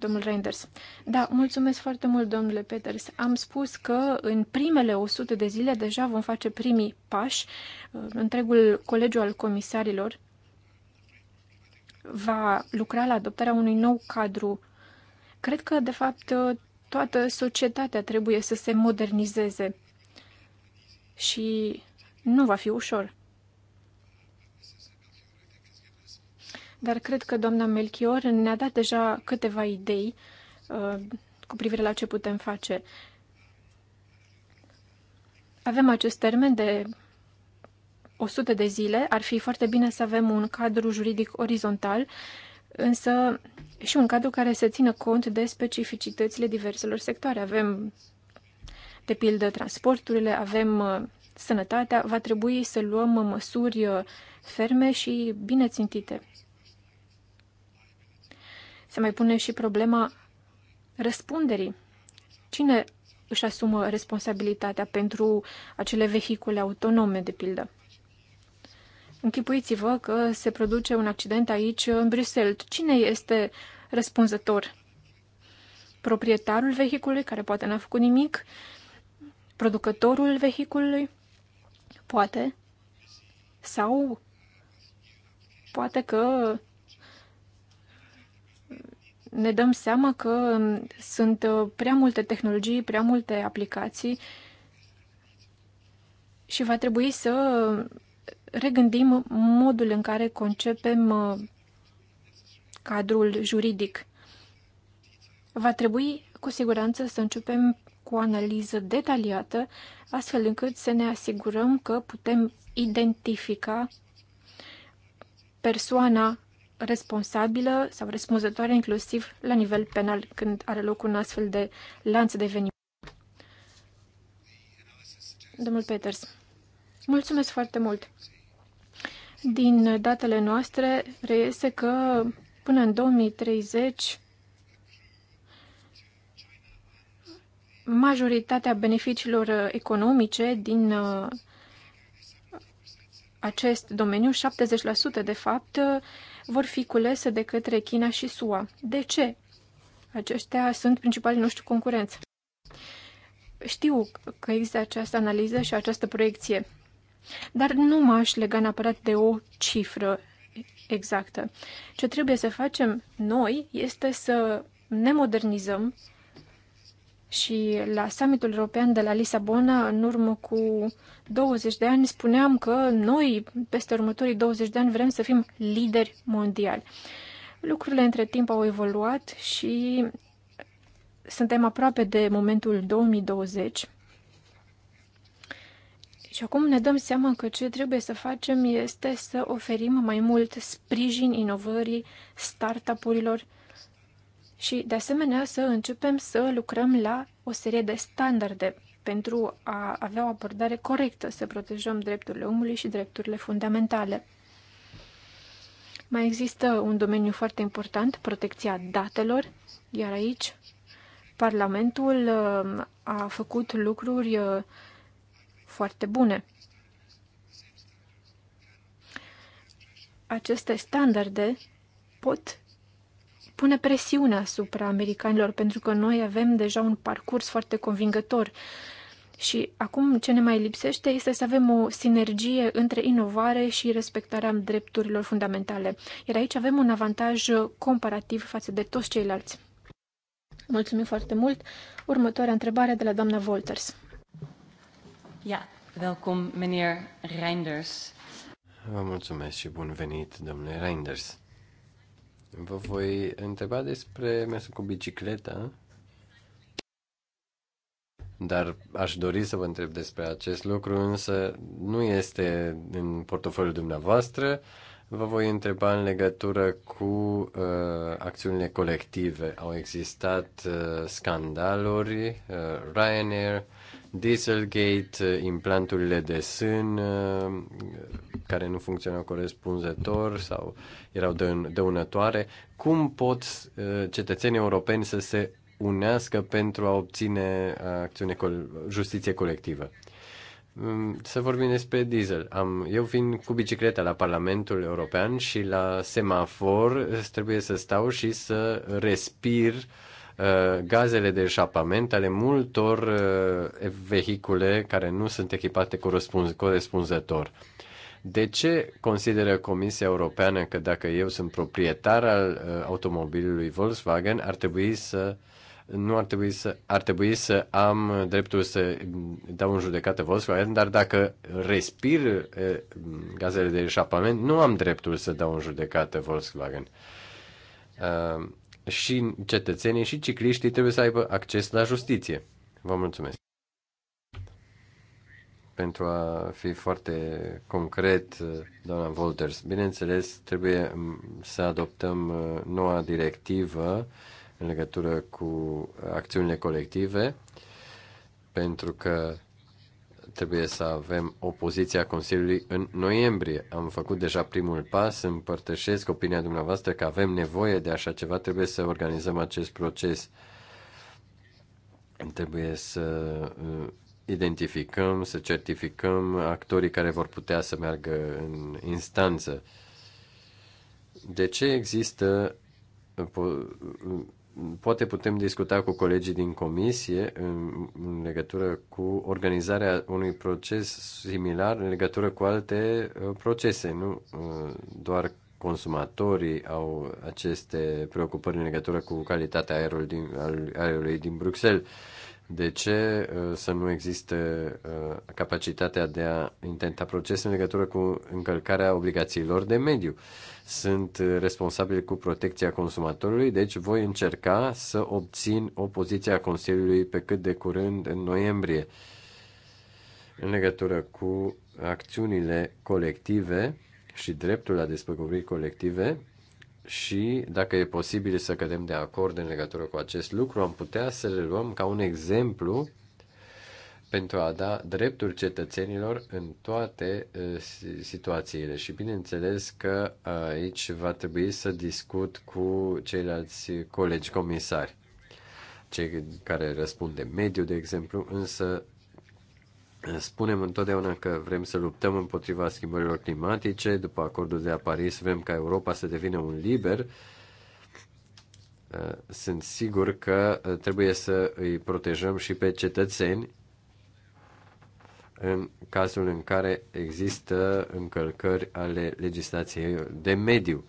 domnul Reinders. Da, mulțumesc foarte mult, domnule Peters. Am spus că în primele 100 de zile deja vom face primii pași. Uh, întregul colegiu al comisarilor va lucra la adoptarea unui nou cadru. Cred că, de fapt, uh, toată societatea trebuie să se modernizeze și nu va fi ușor. dar cred că doamna Melchior ne-a dat deja câteva idei uh, cu privire la ce putem face. Avem acest termen de 100 de zile, ar fi foarte bine să avem un cadru juridic orizontal, însă și un cadru care să țină cont de specificitățile diverselor sectoare. Avem, de pildă, transporturile, avem uh, sănătatea, va trebui să luăm măsuri uh, ferme și bine țintite. Se mai pune și problema răspunderii. Cine își asumă responsabilitatea pentru acele vehicule autonome, de pildă? Închipuiți-vă că se produce un accident aici, în Bruxelles. Cine este răspunzător? Proprietarul vehiculului, care poate n-a făcut nimic? Producătorul vehiculului? Poate. Sau poate că ne dăm seama că um, sunt uh, prea multe tehnologii, prea multe aplicații și va trebui să um, regândim modul în care concepem uh, cadrul juridic. Va trebui cu siguranță să începem cu o analiză detaliată, astfel încât să ne asigurăm că putem identifica persoana responsabilă sau răspunzătoare inclusiv la nivel penal când are loc un astfel de lanț de venit. Domnul Peters, mulțumesc foarte mult. Din datele noastre reiese că până în 2030 majoritatea beneficiilor economice din uh, acest domeniu, 70% de fapt, vor fi culese de către China și SUA. De ce? Aceștia sunt principalii noștri concurenți. Știu că există această analiză și această proiecție, dar nu m-aș lega neapărat de o cifră exactă. Ce trebuie să facem noi este să ne modernizăm, și la summitul european de la Lisabona, în urmă cu 20 de ani, spuneam că noi, peste următorii 20 de ani, vrem să fim lideri mondiali. Lucrurile între timp au evoluat și suntem aproape de momentul 2020. Și acum ne dăm seama că ce trebuie să facem este să oferim mai mult sprijin inovării, startup-urilor, și, de asemenea, să începem să lucrăm la o serie de standarde pentru a avea o abordare corectă, să protejăm drepturile omului și drepturile fundamentale. Mai există un domeniu foarte important, protecția datelor, iar aici Parlamentul uh, a făcut lucruri uh, foarte bune. Aceste standarde pot pune presiune asupra americanilor, pentru că noi avem deja un parcurs foarte convingător. Și acum ce ne mai lipsește este să avem o sinergie între inovare și respectarea drepturilor fundamentale. Iar aici avem un avantaj comparativ față de toți ceilalți. Mulțumim foarte mult. Următoarea întrebare de la doamna Wolters. Ja, welcome, meneer Reinders. Vă mulțumesc și bun venit, domnule Reinders. Vă voi întreba despre mersul cu bicicleta, dar aș dori să vă întreb despre acest lucru, însă nu este în portofoliul dumneavoastră. Vă voi întreba în legătură cu uh, acțiunile colective. Au existat uh, scandaluri, uh, Ryanair, Dieselgate, uh, implanturile de sân uh, care nu funcționau corespunzător sau erau dăunătoare, cum pot uh, cetățenii europeni să se unească pentru a obține acțiune, justiție colectivă? Mm, să vorbim despre diesel. Am, eu vin cu bicicleta la Parlamentul European și la semafor trebuie să stau și să respir uh, Uh, gazele de eșapament ale multor uh, vehicule care nu sunt echipate corespunzător. De ce consideră Comisia Europeană că dacă eu sunt proprietar al uh, automobilului Volkswagen, ar trebui să nu ar trebui să, ar trebui să am dreptul să dau în judecată Volkswagen, dar dacă respir gazele de eșapament, nu am dreptul să dau în judecată Volkswagen și cetățenii și cicliștii trebuie să aibă acces la justiție. Vă mulțumesc. Pentru a fi foarte concret, doamna Volters, bineînțeles, trebuie mm, să adoptăm uh, noua directivă în legătură cu acțiunile colective, pentru că trebuie să avem opoziția Consiliului în noiembrie. Am făcut deja primul pas, împărtășesc opinia dumneavoastră că avem nevoie de așa ceva, trebuie să organizăm acest proces. Trebuie să uh, identificăm, să certificăm actorii care vor putea să meargă în instanță. De ce există uh, uh, poate putem discuta cu colegii din comisie în, în legătură cu organizarea unui proces similar în legătură cu alte uh, procese, nu uh, doar consumatorii au aceste preocupări în legătură cu calitatea aerului din, aerului din Bruxelles. De ce uh, să nu există capacitatea de a intenta proces în legătură cu încălcarea obligațiilor de mediu? sunt responsabil cu protecția consumatorului, deci voi încerca să obțin o poziție a Consiliului pe cât de curând în noiembrie în legătură cu acțiunile colective și dreptul la despăgubiri colective și dacă e posibil să cădem de acord în legătură cu acest lucru, am putea să le luăm ca un exemplu pentru a da drepturi cetățenilor în toate situațiile. Și bineînțeles că aici va trebui să discut cu ceilalți colegi comisari, cei care răspund de mediu, de exemplu, însă spunem întotdeauna că vrem să luptăm împotriva schimbărilor climatice, după acordul de la Paris vrem ca Europa să devină un liber, sunt sigur că trebuie să îi protejăm și pe cetățeni în cazul în care există încălcări ale legislației de mediu.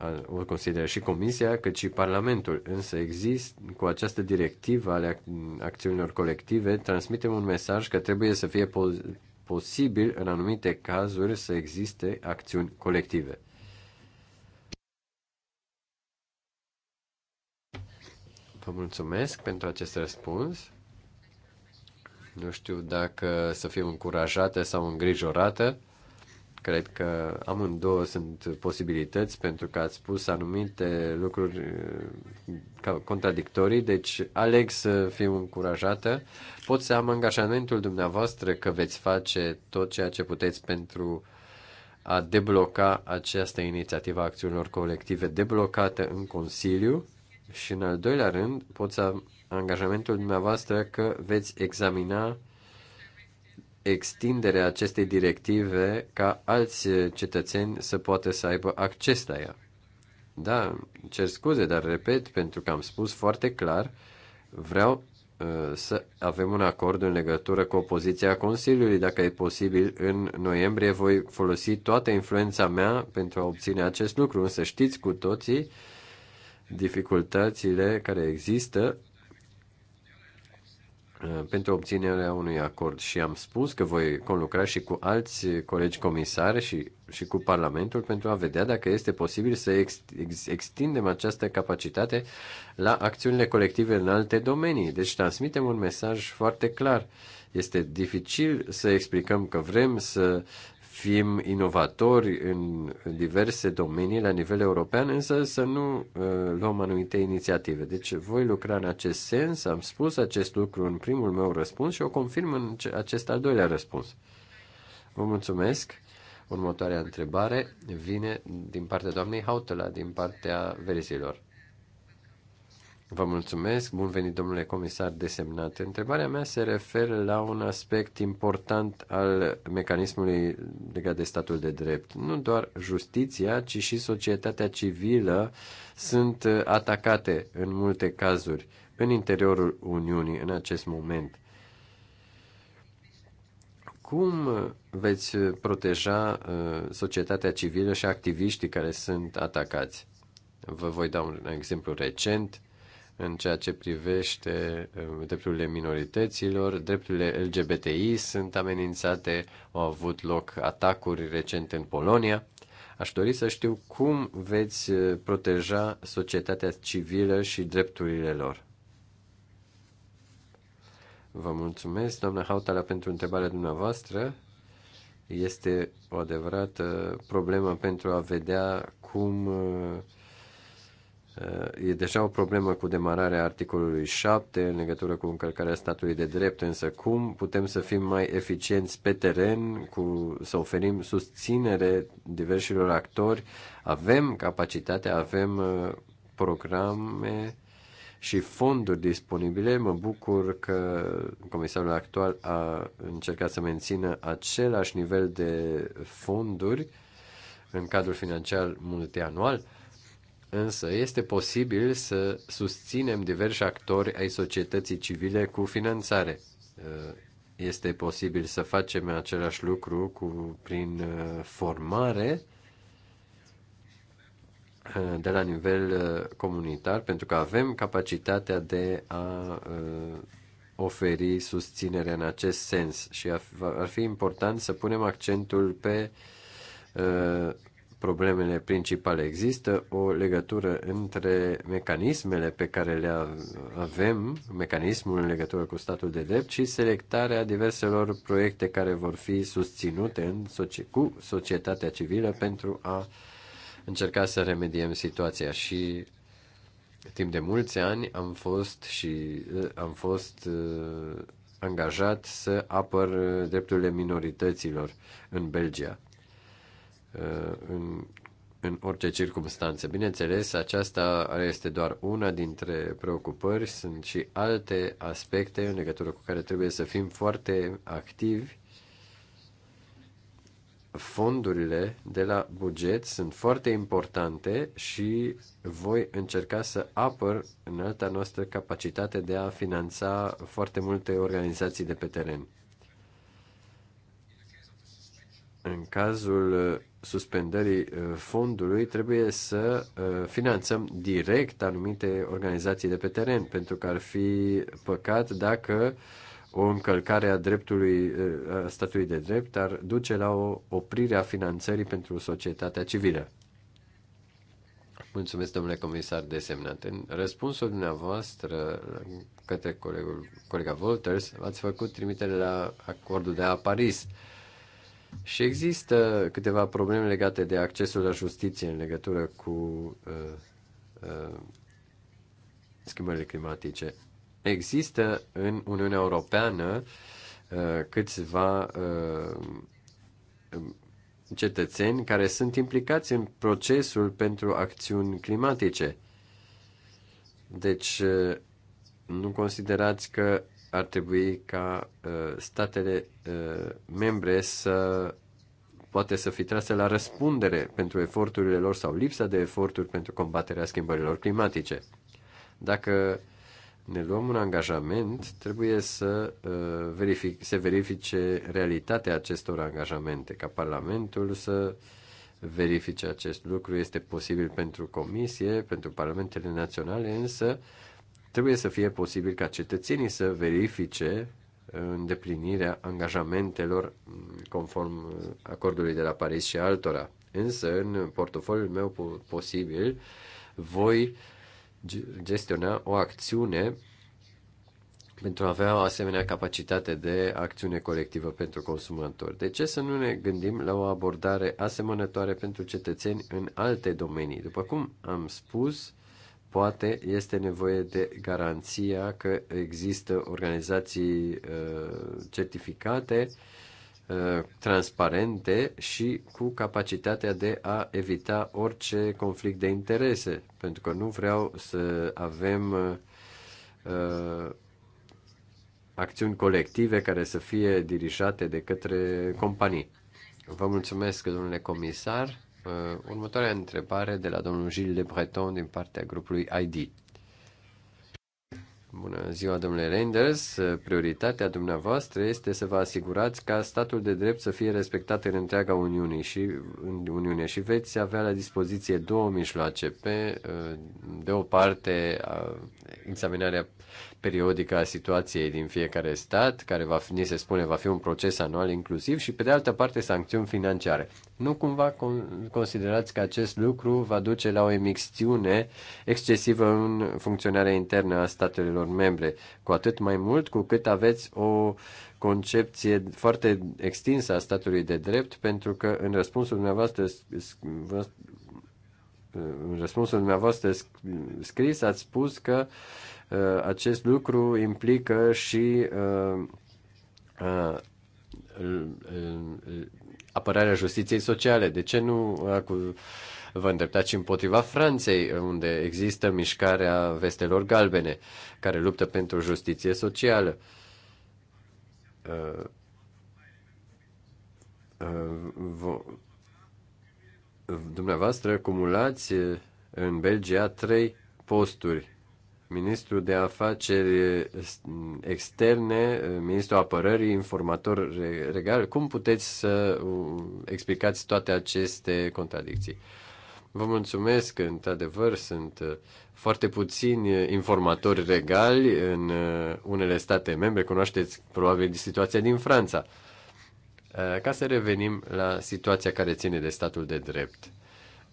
Uh, o consideră și Comisia, cât și Parlamentul. Însă există, cu această directivă ale acțiunilor colective, transmitem un mesaj că trebuie să fie posibil în anumite cazuri să existe acțiuni colective. Vă mulțumesc pentru acest răspuns. Nu știu dacă să fiu încurajată sau îngrijorată. Cred că amândouă sunt posibilități pentru că ați spus anumite lucruri uh, contradictorii, deci aleg să fiu încurajată. Pot să am angajamentul dumneavoastră că veți face tot ceea ce puteți pentru a debloca această inițiativă a acțiunilor colective deblocată în Consiliu și în al doilea rând pot să angajamentul dumneavoastră că veți examina extinderea acestei directive ca alți cetățeni să poată să aibă acces la ea. Da, cer scuze, dar repet, pentru că am spus foarte clar, vreau uh, să avem un acord în legătură cu opoziția Consiliului. Dacă e posibil, în noiembrie voi folosi toată influența mea pentru a obține acest lucru, însă știți cu toții dificultățile care există Uh, pentru obținerea unui acord și am spus că voi conlucra și cu alți colegi comisari și, și cu Parlamentul pentru a vedea dacă este posibil să ex, ex, extindem această capacitate la acțiunile colective în alte domenii. Deci transmitem un mesaj foarte clar. Este dificil să explicăm că vrem să fim inovatori în diverse domenii la nivel european, însă să nu uh, luăm anumite inițiative. Deci voi lucra în acest sens, am spus acest lucru în primul meu răspuns și o confirm în acest al doilea răspuns. Vă mulțumesc. Următoarea întrebare vine din partea doamnei Hautela, din partea verzilor. Vă mulțumesc, bun venit domnule comisar desemnat. Întrebarea mea se referă la un aspect important al mecanismului legat de statul de drept. Nu doar justiția, ci și societatea civilă sunt atacate în multe cazuri în interiorul Uniunii în acest moment. Cum veți proteja uh, societatea civilă și activiștii care sunt atacați? Vă voi da un exemplu recent în ceea ce privește uh, drepturile minorităților, drepturile LGBTI sunt amenințate, au avut loc atacuri recente în Polonia. Aș dori să știu cum veți uh, proteja societatea civilă și drepturile lor. Vă mulțumesc, doamna Hautala, pentru întrebarea dumneavoastră. Este o adevărată problemă pentru a vedea cum uh, E deja o problemă cu demararea articolului 7 în legătură cu încălcarea statului de drept, însă cum putem să fim mai eficienți pe teren, cu, să oferim susținere diversilor actori? Avem capacitate, avem uh, programe și fonduri disponibile. Mă bucur că comisarul actual a încercat să mențină același nivel de fonduri în cadrul financiar multianual Însă este posibil să susținem diversi actori ai societății civile cu finanțare. Uh, este posibil să facem același lucru cu, prin uh, formare uh, de la nivel comunitar, pentru că avem capacitatea de a oferi susținere în acest sens și ar fi important să punem accentul pe problemele principale. Există o legătură între mecanismele pe care le avem, mecanismul în legătură cu statul de drept și selectarea diverselor proiecte care vor fi susținute în soci- cu societatea civilă pentru a încerca să remediem situația și timp de mulți ani am fost și eh, am fost eh, angajat să apăr eh, drepturile minorităților în Belgia Uh, în, în orice circunstanță. Bineînțeles, aceasta este doar una dintre preocupări, sunt și alte aspecte în legătură cu care trebuie să fim foarte activi. Fondurile de la buget sunt foarte importante și voi încerca să apăr în alta noastră capacitate de a finanța foarte multe organizații de pe teren. În cazul suspendării uh, fondului trebuie să uh, finanțăm direct anumite organizații de pe teren, pentru că ar fi păcat dacă o încălcare a dreptului uh, a statului de drept ar duce la o oprire a finanțării pentru societatea civilă. Mulțumesc, domnule comisar desemnat. În răspunsul dumneavoastră către colegul, colega Volters, ați făcut trimitere la acordul de la Paris. Și există câteva probleme legate de accesul la justiție în legătură cu uh, uh, schimbările climatice. Există în Uniunea Europeană uh, câțiva uh, cetățeni care sunt implicați în procesul pentru acțiuni climatice. Deci, uh, nu considerați că ar trebui ca uh, statele uh, membre să poate să fi trase la răspundere pentru eforturile lor sau lipsa de eforturi pentru combaterea schimbărilor climatice. Dacă ne luăm un angajament, trebuie să uh, verific, se verifice realitatea acestor angajamente, ca Parlamentul să verifice acest lucru. Este posibil pentru Comisie, pentru Parlamentele Naționale, însă uh, Trebuie să fie posibil ca cetățenii să verifice îndeplinirea angajamentelor conform acordului de la Paris și altora. Însă, în portofoliul meu posibil, voi gestiona o acțiune pentru a avea o asemenea capacitate de acțiune colectivă pentru consumatori. De ce să nu ne gândim la o abordare asemănătoare pentru cetățeni în alte domenii? După cum am spus, uh, poate este nevoie de garanția că există organizații uh, certificate, uh, transparente și cu capacitatea de a evita orice conflict de interese, pentru că nu vreau să avem uh, uh acțiuni colective care să fie dirijate de către companii. Vă mulțumesc, domnule comisar. Uh, următoarea întrebare de la domnul Gilles Le Breton din partea grupului ID. Bună ziua, domnule Reinders. Prioritatea dumneavoastră este să vă asigurați ca statul de drept să fie respectat în întreaga Uniune și, în Uniune și veți avea la dispoziție două mijloace. Pe, uh, de o parte, examinarea periodică a situației din fiecare stat, care va fi, ni se spune va fi un proces anual inclusiv și pe de altă parte sancțiuni financiare. Nu cumva considerați că acest lucru va duce la o emixtiune excesivă în funcționarea internă a statelor membre, cu atât mai mult cu cât aveți o concepție foarte extinsă a statului de drept, pentru că în răspunsul dumneavoastră în răspunsul dumneavoastră scris ați spus că uh, Uh, acest lucru implică și uh, uh, apărarea justiției sociale. De ce nu vă îndreptați împotriva Franței, unde există mișcarea vestelor galbene, care luptă pentru justiție socială? Dumneavoastră cumulați în Belgia trei posturi Ministru de afaceri externe, ministru apărării, informator regal, cum puteți să explicați toate aceste contradicții? Vă mulțumesc că, într-adevăr, sunt uh, foarte puțini informatori regali în uh, unele state membre. Cunoașteți probabil situația din Franța. Uh, ca să revenim la situația care ține de statul de drept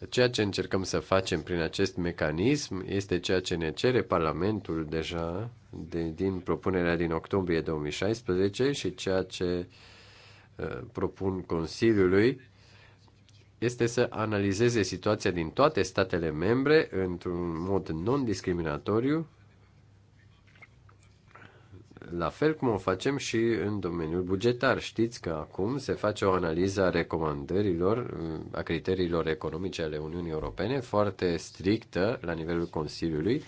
Ceea ce încercăm să facem prin acest mecanism este ceea ce ne cere Parlamentul deja de, din propunerea din octombrie 2016 și ceea ce uh, propun Consiliului este să analizeze situația din toate statele membre într-un mod non-discriminatoriu la fel cum o facem și în domeniul bugetar. Știți că acum se face o analiză a recomandărilor, a criteriilor economice ale Uniunii Europene, foarte strictă la nivelul Consiliului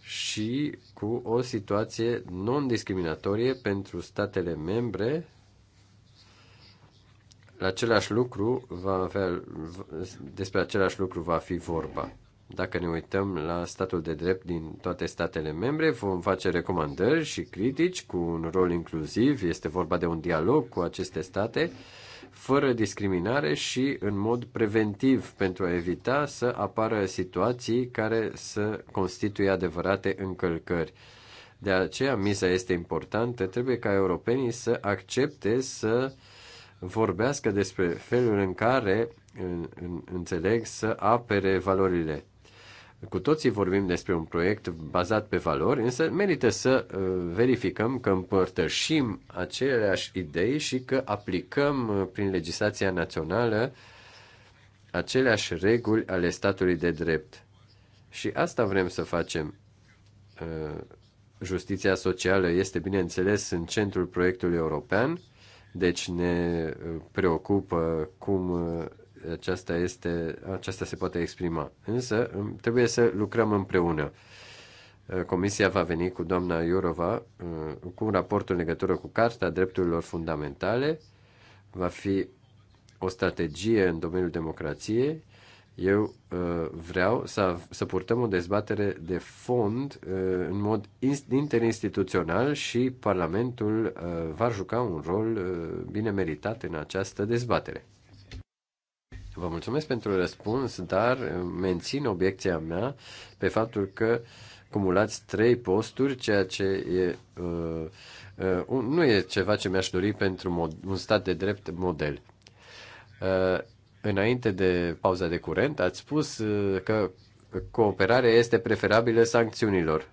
și cu o situație non-discriminatorie pentru statele membre. La același lucru va avea, despre același lucru va fi vorba. Dacă ne uităm la statul de drept din toate statele membre, vom face recomandări și critici cu un rol inclusiv. Este vorba de un dialog cu aceste state, fără discriminare și în mod preventiv, pentru a evita să apară situații care să constituie adevărate încălcări. De aceea, miza este importantă. Trebuie ca europenii să accepte să vorbească despre felul în care în, în, înțeleg să apere valorile cu toții vorbim despre un proiect bazat pe valori, însă merită să uh, verificăm că împărtășim aceleași idei și că aplicăm uh, prin legislația națională aceleași reguli ale statului de drept. Și asta vrem să facem. Uh, justiția socială este, bineînțeles, în centrul proiectului european, deci ne preocupă cum aceasta, este, aceasta se poate exprima. Însă trebuie să lucrăm împreună. Uh, comisia va veni cu doamna Iurova uh, cu un raport în legătură cu Carta Drepturilor Fundamentale. Va fi o strategie în domeniul democrației. Eu uh, vreau să, să purtăm o dezbatere de fond în mod interinstituțional și Parlamentul va juca un rol bine meritat în această dezbatere. Vă mulțumesc pentru răspuns, dar mențin obiecția mea pe faptul că cumulați trei posturi, ceea ce e, uh, uh, nu e ceva ce mi-aș dori pentru mod, un stat de drept model. Uh, înainte de pauza de curent, ați spus uh, că cooperarea este preferabilă sancțiunilor.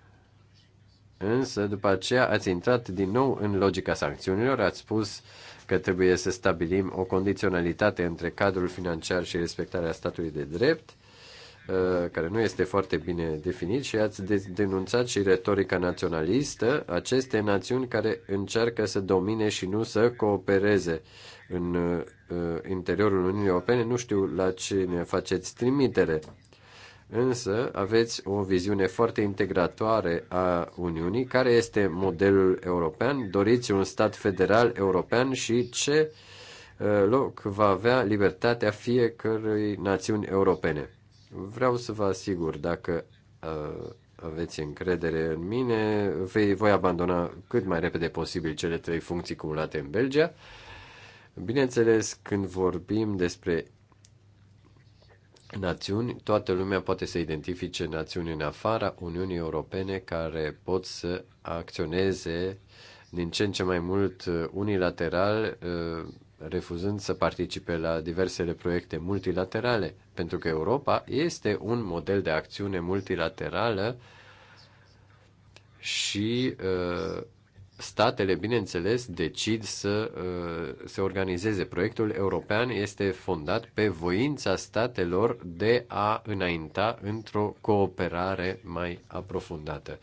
Însă, după aceea, ați intrat din nou în logica sancțiunilor, ați spus că trebuie să stabilim o condiționalitate între cadrul financiar și respectarea statului de drept, uh, care nu este foarte bine definit și ați denunțat și retorica naționalistă, aceste națiuni care încearcă să domine și nu să coopereze în uh, interiorul Uniunii Europene. Nu știu la ce ne faceți trimitere. Însă aveți o viziune foarte integratoare a Uniunii. Care este modelul european? Doriți un stat federal european și ce uh, loc va avea libertatea fiecărui națiuni europene? Vreau să vă asigur, dacă uh, aveți încredere în mine, vei, voi abandona cât mai repede posibil cele trei funcții cumulate în Belgia. Bineînțeles, când vorbim despre națiuni, toată lumea poate să identifice națiuni în afara Uniunii Europene care pot să acționeze din ce în ce mai mult uh, unilateral, uh, refuzând să participe la diversele proiecte multilaterale, pentru că Europa este un model de acțiune multilaterală și uh, statele, bineînțeles, decid să uh, se organizeze. Proiectul european este fondat pe voința statelor de a înainta într-o cooperare mai aprofundată.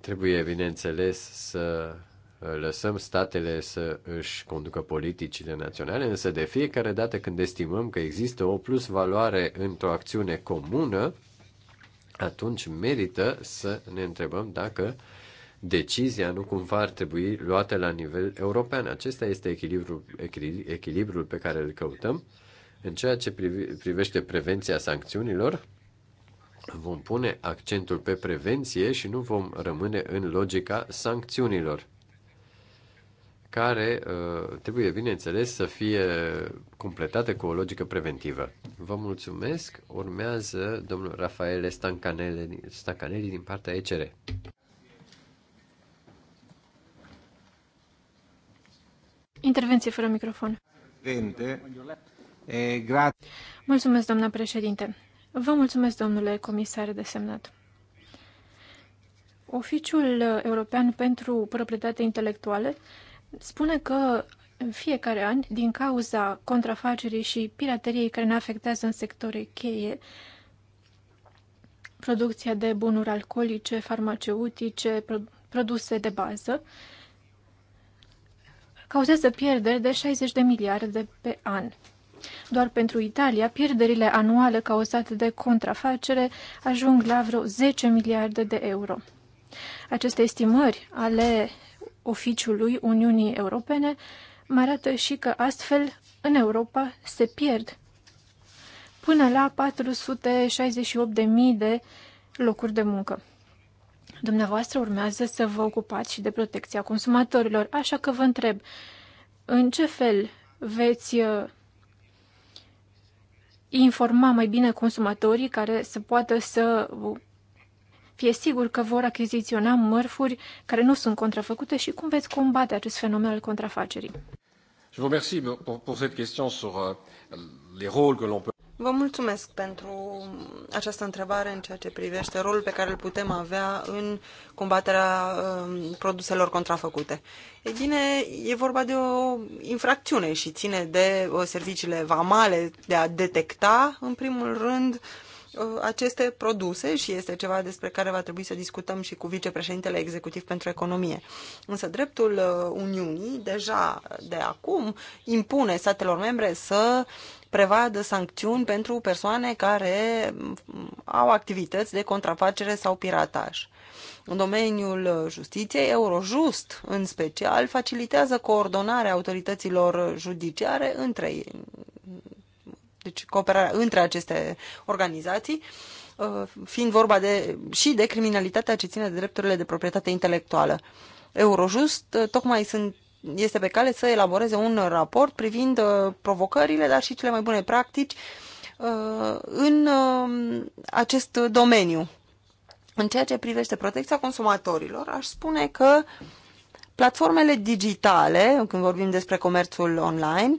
Trebuie, bineînțeles, să uh, lăsăm statele să își conducă politicile naționale, însă de fiecare dată când estimăm că există o plus valoare într-o acțiune comună, atunci merită să ne întrebăm dacă uh, decizia nu cumva ar trebui luată la nivel european. Acesta este echilibrul, echilibrul pe care îl căutăm. În ceea ce privește prevenția sancțiunilor, vom pune accentul pe prevenție și nu vom rămâne în logica sancțiunilor, care uh, trebuie, bineînțeles, să fie completată cu o logică preventivă. Vă mulțumesc. Urmează domnul Rafael Stancanelli, Stancanelli din partea ECR. Intervenție fără microfon. Mulțumesc, doamna președinte. Vă mulțumesc, domnule comisar de semnat. Oficiul European pentru Proprietate Intelectuală spune că în fiecare an, din cauza contrafacerii și pirateriei care ne afectează în sectoare cheie, producția de bunuri alcoolice, farmaceutice, produse de bază, cauzează pierderi de 60 de miliarde pe an. Doar pentru Italia, pierderile anuale cauzate de contrafacere ajung la vreo 10 miliarde de euro. Aceste estimări ale oficiului Uniunii Europene mă arată și că astfel în Europa se pierd până la 468.000 de locuri de muncă. Dumneavoastră urmează să vă ocupați și de protecția consumatorilor, așa că vă întreb, în ce fel veți uh, informa mai bine consumatorii care să poată să uh, fie sigur că vor achiziționa mărfuri care nu sunt contrafăcute și cum veți combate acest fenomen al contrafacerii. Je vous remercie pour, cette question sur uh, les rôles que l'on peut Vă mulțumesc pentru această întrebare în ceea ce privește rolul pe care îl putem avea în combaterea um, produselor contrafăcute. E bine, e vorba de o infracțiune și ține de uh, serviciile vamale de a detecta, în primul rând, Uh, aceste produse și este ceva despre care va trebui să discutăm și cu vicepreședintele executiv pentru economie. Însă dreptul uh, Uniunii deja de acum impune statelor membre să prevadă sancțiuni pentru persoane care mm, au activități de contrafacere sau pirataj. În domeniul uh, justiției, Eurojust, în special, facilitează coordonarea autorităților judiciare între deci cooperarea între aceste organizații, uh, fiind vorba de, și de criminalitatea ce ține de drepturile de proprietate intelectuală. Eurojust uh, tocmai sunt, este pe cale să elaboreze un raport privind uh, provocările, dar și cele mai bune practici în acest domeniu. În ceea ce privește protecția consumatorilor, aș spune că uh, Platformele digitale, când vorbim despre comerțul online,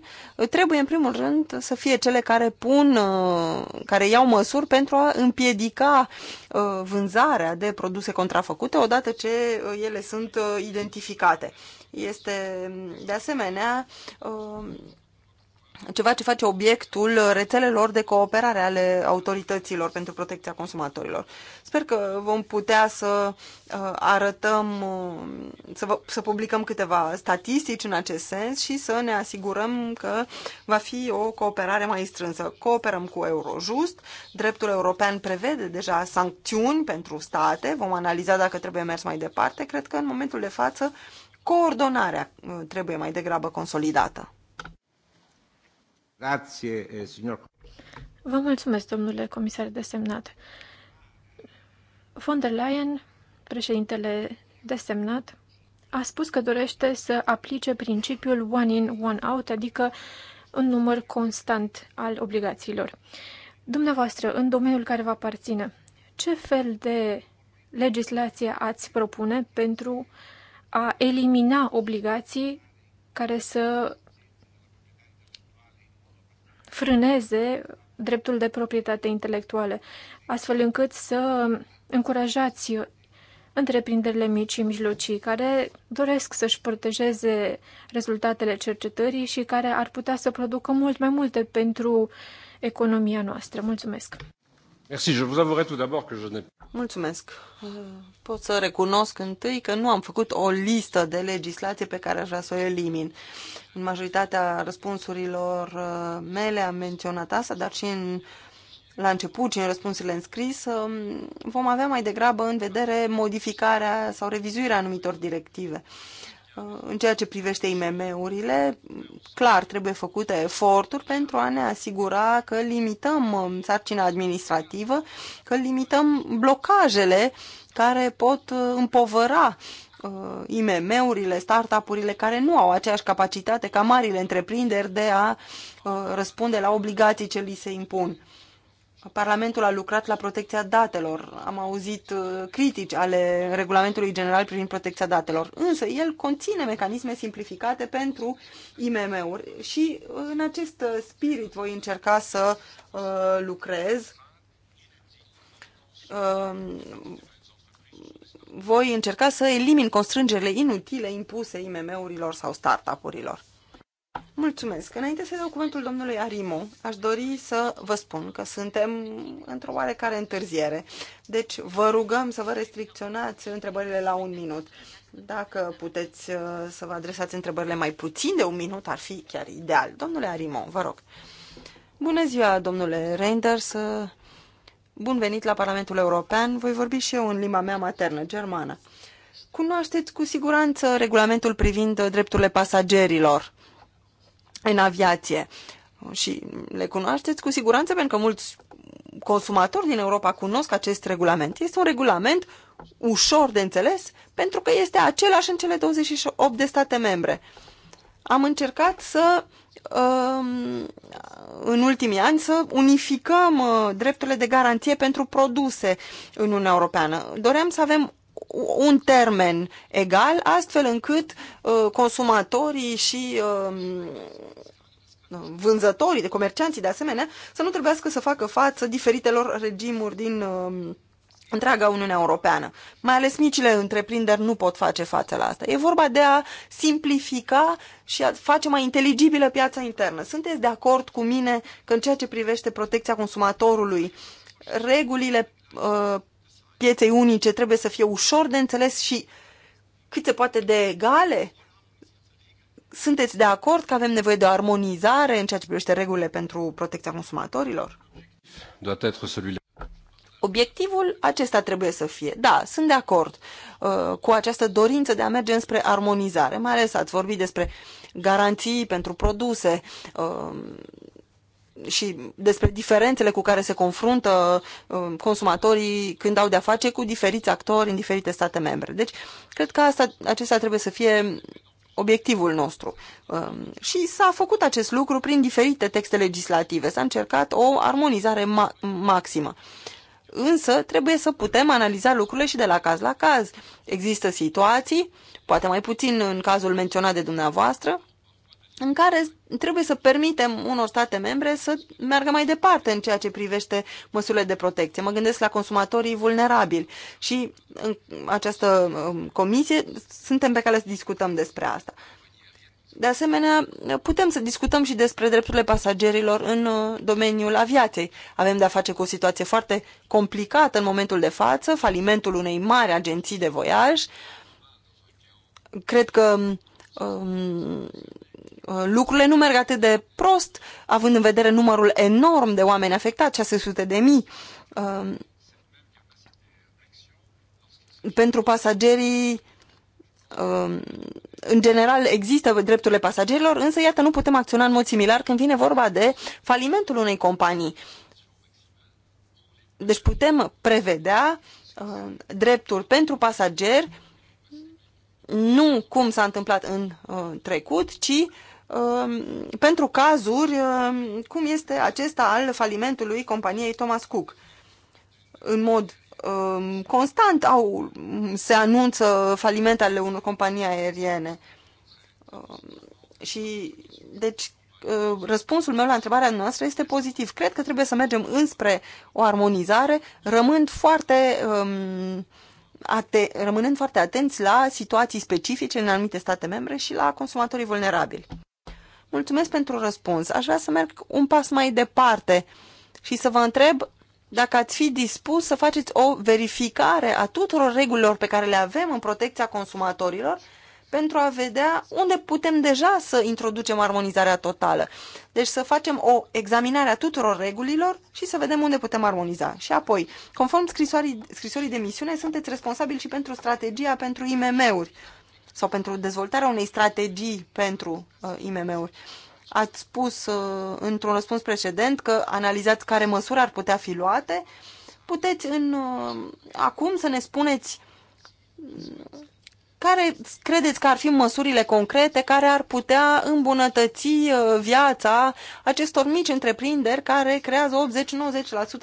trebuie în primul rând să fie cele care pun, uh, care iau măsuri pentru a împiedica uh, vânzarea de produse contrafăcute odată ce uh, ele sunt identificate. Este de asemenea ceva ce face obiectul rețelelor de cooperare ale autorităților pentru protecția consumatorilor. Sper că vom putea să uh, arătăm, uh, să, vă, să publicăm câteva statistici în acest sens și să ne asigurăm că va fi o cooperare mai strânsă. Cooperăm cu Eurojust, dreptul european prevede deja sancțiuni pentru state, vom analiza dacă trebuie mers mai departe. Cred că în momentul de față coordonarea uh, trebuie mai degrabă consolidată. Grazie, eh, signor. Vă mulțumesc, domnule comisar desemnat. Von der Leyen, președintele desemnat, a spus că dorește să aplice principiul one in, one out, adică un număr constant al obligațiilor. Dumneavoastră, în domeniul care vă aparține, ce fel de legislație ați propune pentru a elimina obligații care să frâneze dreptul de proprietate intelectuală, astfel încât să încurajați întreprinderile mici și mijlocii care doresc să-și protejeze rezultatele cercetării și care ar putea să producă mult mai multe pentru economia noastră. Mulțumesc! Merci, je vous avouerai tout d'abord que je n'ai Mulțumesc. Pot să recunosc întâi că nu am făcut o listă de legislație pe care aș vrea să o elimin. În majoritatea răspunsurilor uh, mele am menționat asta, dar și în, la început și în răspunsurile înscris um, vom avea mai degrabă în vedere modificarea sau revizuirea anumitor directive. În ceea ce privește IMM-urile, clar trebuie făcute eforturi pentru a ne asigura că limităm um, sarcina administrativă, că limităm blocajele care pot uh, împovăra uh, IMM-urile, startup-urile care nu au aceeași capacitate ca marile întreprinderi de a uh, răspunde la obligații ce li se impun. Parlamentul a lucrat la protecția datelor. Am auzit uh, critici ale regulamentului general privind protecția datelor, însă el conține mecanisme simplificate pentru IMM-uri și uh, în acest uh, spirit voi încerca să uh, lucrez. Uh, voi încerca să elimin constrângerile inutile impuse IMM-urilor sau startup-urilor. Mulțumesc. Înainte să dau cuvântul domnului Arimo, aș dori să vă spun că suntem într-o oarecare întârziere. Deci vă rugăm să vă restricționați întrebările la un minut. Dacă puteți uh, să vă adresați întrebările mai puțin de un minut, ar fi chiar ideal. Domnule Arimo, vă rog. Bună ziua, domnule Reinders. Uh, bun venit la Parlamentul European. Voi vorbi și eu în limba mea maternă, germană. Cunoașteți cu siguranță regulamentul privind drepturile pasagerilor în aviație. Și le cunoașteți cu siguranță pentru că mulți consumatori din Europa cunosc acest regulament. Este un regulament ușor de înțeles pentru că este același în cele 28 de state membre. Am încercat să um, în ultimii ani să unificăm uh, drepturile de garanție pentru produse în Uniunea Europeană. Doream să avem un termen egal, astfel încât uh, consumatorii și um, vânzătorii, de comercianții de asemenea, să nu trebuiască să facă față diferitelor regimuri din um, întreaga Uniunea Europeană. Mai ales micile întreprinderi nu pot face față la asta. E vorba de a simplifica și a face mai inteligibilă piața internă. Sunteți de acord cu mine că în ceea ce privește protecția consumatorului, regulile uh, pieței unice trebuie să fie ușor de înțeles și cât se poate de egale? Sunteți de acord că avem nevoie de o armonizare în ceea ce privește regulile pentru protecția consumatorilor? Obiectivul acesta trebuie să fie. Da, sunt de acord uh, cu această dorință de a merge înspre armonizare, mai ales ați vorbit despre garanții pentru produse, uh, și despre diferențele cu care se confruntă um, consumatorii când au de-a face cu diferiți actori în diferite state membre. Deci, cred că asta, acesta trebuie să fie obiectivul nostru. Um, și s-a făcut acest lucru prin diferite texte legislative. S-a încercat o armonizare ma- maximă. Însă trebuie să putem analiza lucrurile și de la caz la caz. Există situații, poate mai puțin în cazul menționat de dumneavoastră, în care trebuie să permitem unor state membre să meargă mai departe în ceea ce privește măsurile de protecție. Mă gândesc la consumatorii vulnerabili și în această um, comisie suntem pe care să discutăm despre asta. De asemenea, putem să discutăm și despre drepturile pasagerilor în uh, domeniul aviației. Avem de-a face cu o situație foarte complicată în momentul de față, falimentul unei mari agenții de voiaj. Cred că um, Uh, lucrurile nu merg atât de prost, având în vedere numărul enorm de oameni afectați, 600 de mii. Uh, pentru pasagerii, uh, în general, există drepturile pasagerilor, însă, iată, nu putem acționa în mod similar când vine vorba de falimentul unei companii. Deci putem prevedea drepturi pentru pasageri nu cum s-a întâmplat în trecut, ci Um, pentru cazuri um, cum este acesta al falimentului companiei Thomas Cook. În mod um, constant au, se anunță falimente ale unor companii aeriene. Și, deci, uh, răspunsul meu la întrebarea noastră este pozitiv. Cred că trebuie să mergem înspre o armonizare, rămând foarte, um, ate- rămânând foarte atenți la situații specifice în anumite state membre și la consumatorii vulnerabili. Mulțumesc pentru răspuns. Aș vrea să merg un pas mai departe și să vă întreb dacă ați fi dispus să faceți o verificare a tuturor regulilor pe care le avem în protecția consumatorilor pentru a vedea unde putem deja să introducem armonizarea totală. Deci să facem o examinare a tuturor regulilor și să vedem unde putem armoniza. Și apoi, conform scrisorii, scrisorii de misiune, sunteți responsabili și pentru strategia pentru IMM-uri sau pentru dezvoltarea unei strategii pentru uh, IMM-uri. Ați spus uh, într-un răspuns precedent că analizați care măsuri ar putea fi luate. Puteți în, uh, acum să ne spuneți mm, care credeți că ar fi măsurile concrete care ar putea îmbunătăți uh, viața acestor mici întreprinderi care creează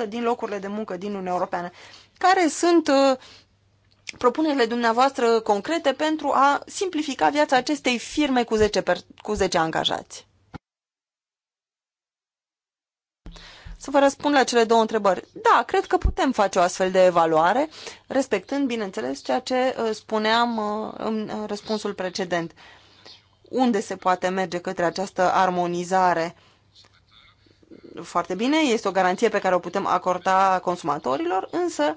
80-90% din locurile de muncă din Uniunea Europeană? Care sunt uh, propunerile dumneavoastră concrete pentru a simplifica viața acestei firme cu 10, per, cu 10 angajați? Să vă răspund la cele două întrebări. Da, cred că putem face o astfel de evaluare, respectând, bineînțeles, ceea ce uh, spuneam uh, în răspunsul precedent. Unde se poate merge către această armonizare? Foarte bine, este o garanție pe care o putem acorda consumatorilor, însă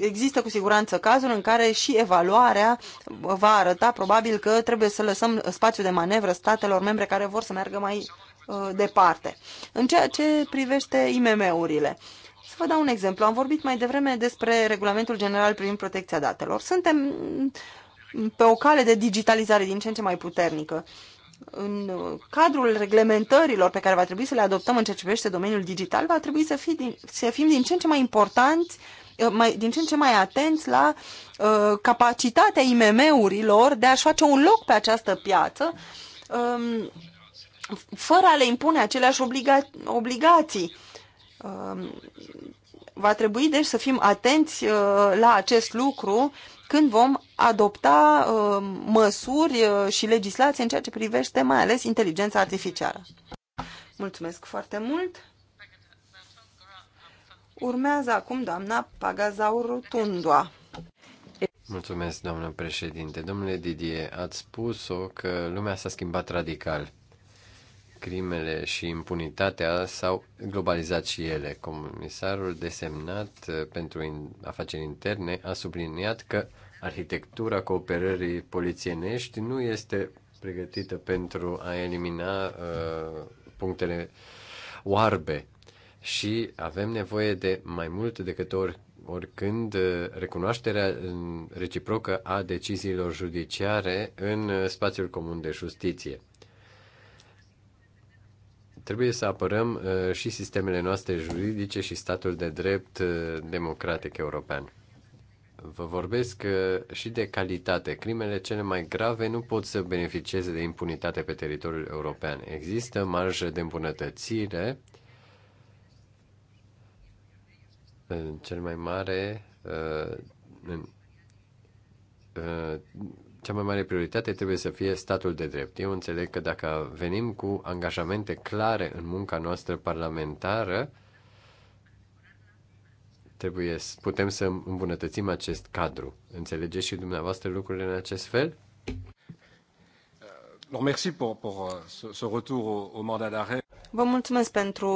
există cu siguranță cazuri în care și evaluarea va arăta probabil că trebuie să lăsăm spațiu de manevră statelor membre care vor să meargă mai uh, departe. În ceea ce privește IMM-urile, să vă dau un exemplu. Am vorbit mai devreme despre regulamentul general privind protecția datelor. Suntem pe o cale de digitalizare din ce în ce mai puternică. În cadrul reglementărilor pe care va trebui să le adoptăm în ceea ce privește domeniul digital, va trebui să, fi din, să fim din ce în ce mai importanți uh, Eh, mai, din ce în ce mai atenți la uh, capacitatea IMM-urilor de a-și face un loc pe această piață um, fără a le impune aceleași obliga- obligații. Um, va trebui deci să fim atenți uh, la acest lucru când vom adopta uh, măsuri uh, și legislație în ceea ce privește mai ales inteligența artificială. Mulțumesc foarte mult! Urmează acum doamna Pagazauru Tundua. Mulțumesc, doamnă președinte. Domnule Didier, ați spus-o că lumea s-a schimbat radical. Crimele și impunitatea s-au globalizat și ele. Comisarul desemnat uh, pentru afaceri interne a subliniat că arhitectura cooperării polițienești nu este pregătită pentru a elimina uh, punctele oarbe și avem nevoie de mai mult decât ori, oricând uh, recunoașterea reciprocă a deciziilor judiciare în uh, spațiul comun de justiție. Trebuie să apărăm uh, și sistemele noastre juridice și statul de drept democratic european. Vă vorbesc și de calitate. Crimele cele mai grave nu pot să beneficieze de impunitate pe teritoriul european. Există marjă de îmbunătățire cel mai mare uh, uh, cea mai mare prioritate trebuie să fie statul de drept. Eu înțeleg că dacă venim cu angajamente clare în munca noastră parlamentară, trebuie să, putem să îmbunătățim acest cadru. Înțelegeți și dumneavoastră lucrurile în acest fel? Alors, merci pour, pour euh, ce, ce retour au, au mandat d'arrêt. Vă mulțumesc pentru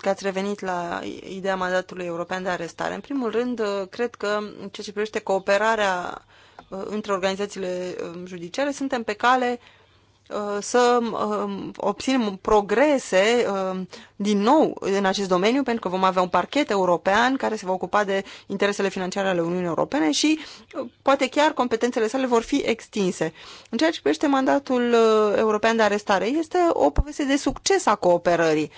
că ați revenit la ideea mandatului european de arestare. În primul rând, cred că în ceea ce privește cooperarea uh, între organizațiile uh, judiciare, suntem pe cale uh, Uh, să uh, obținem progrese uh, din nou în acest domeniu, pentru că vom avea un parchet european care se va ocupa de interesele financiare ale Uniunii Europene și poate chiar competențele sale vor fi extinse. În ceea ce privește mandatul european de arestare, este o poveste de succes a cooperării.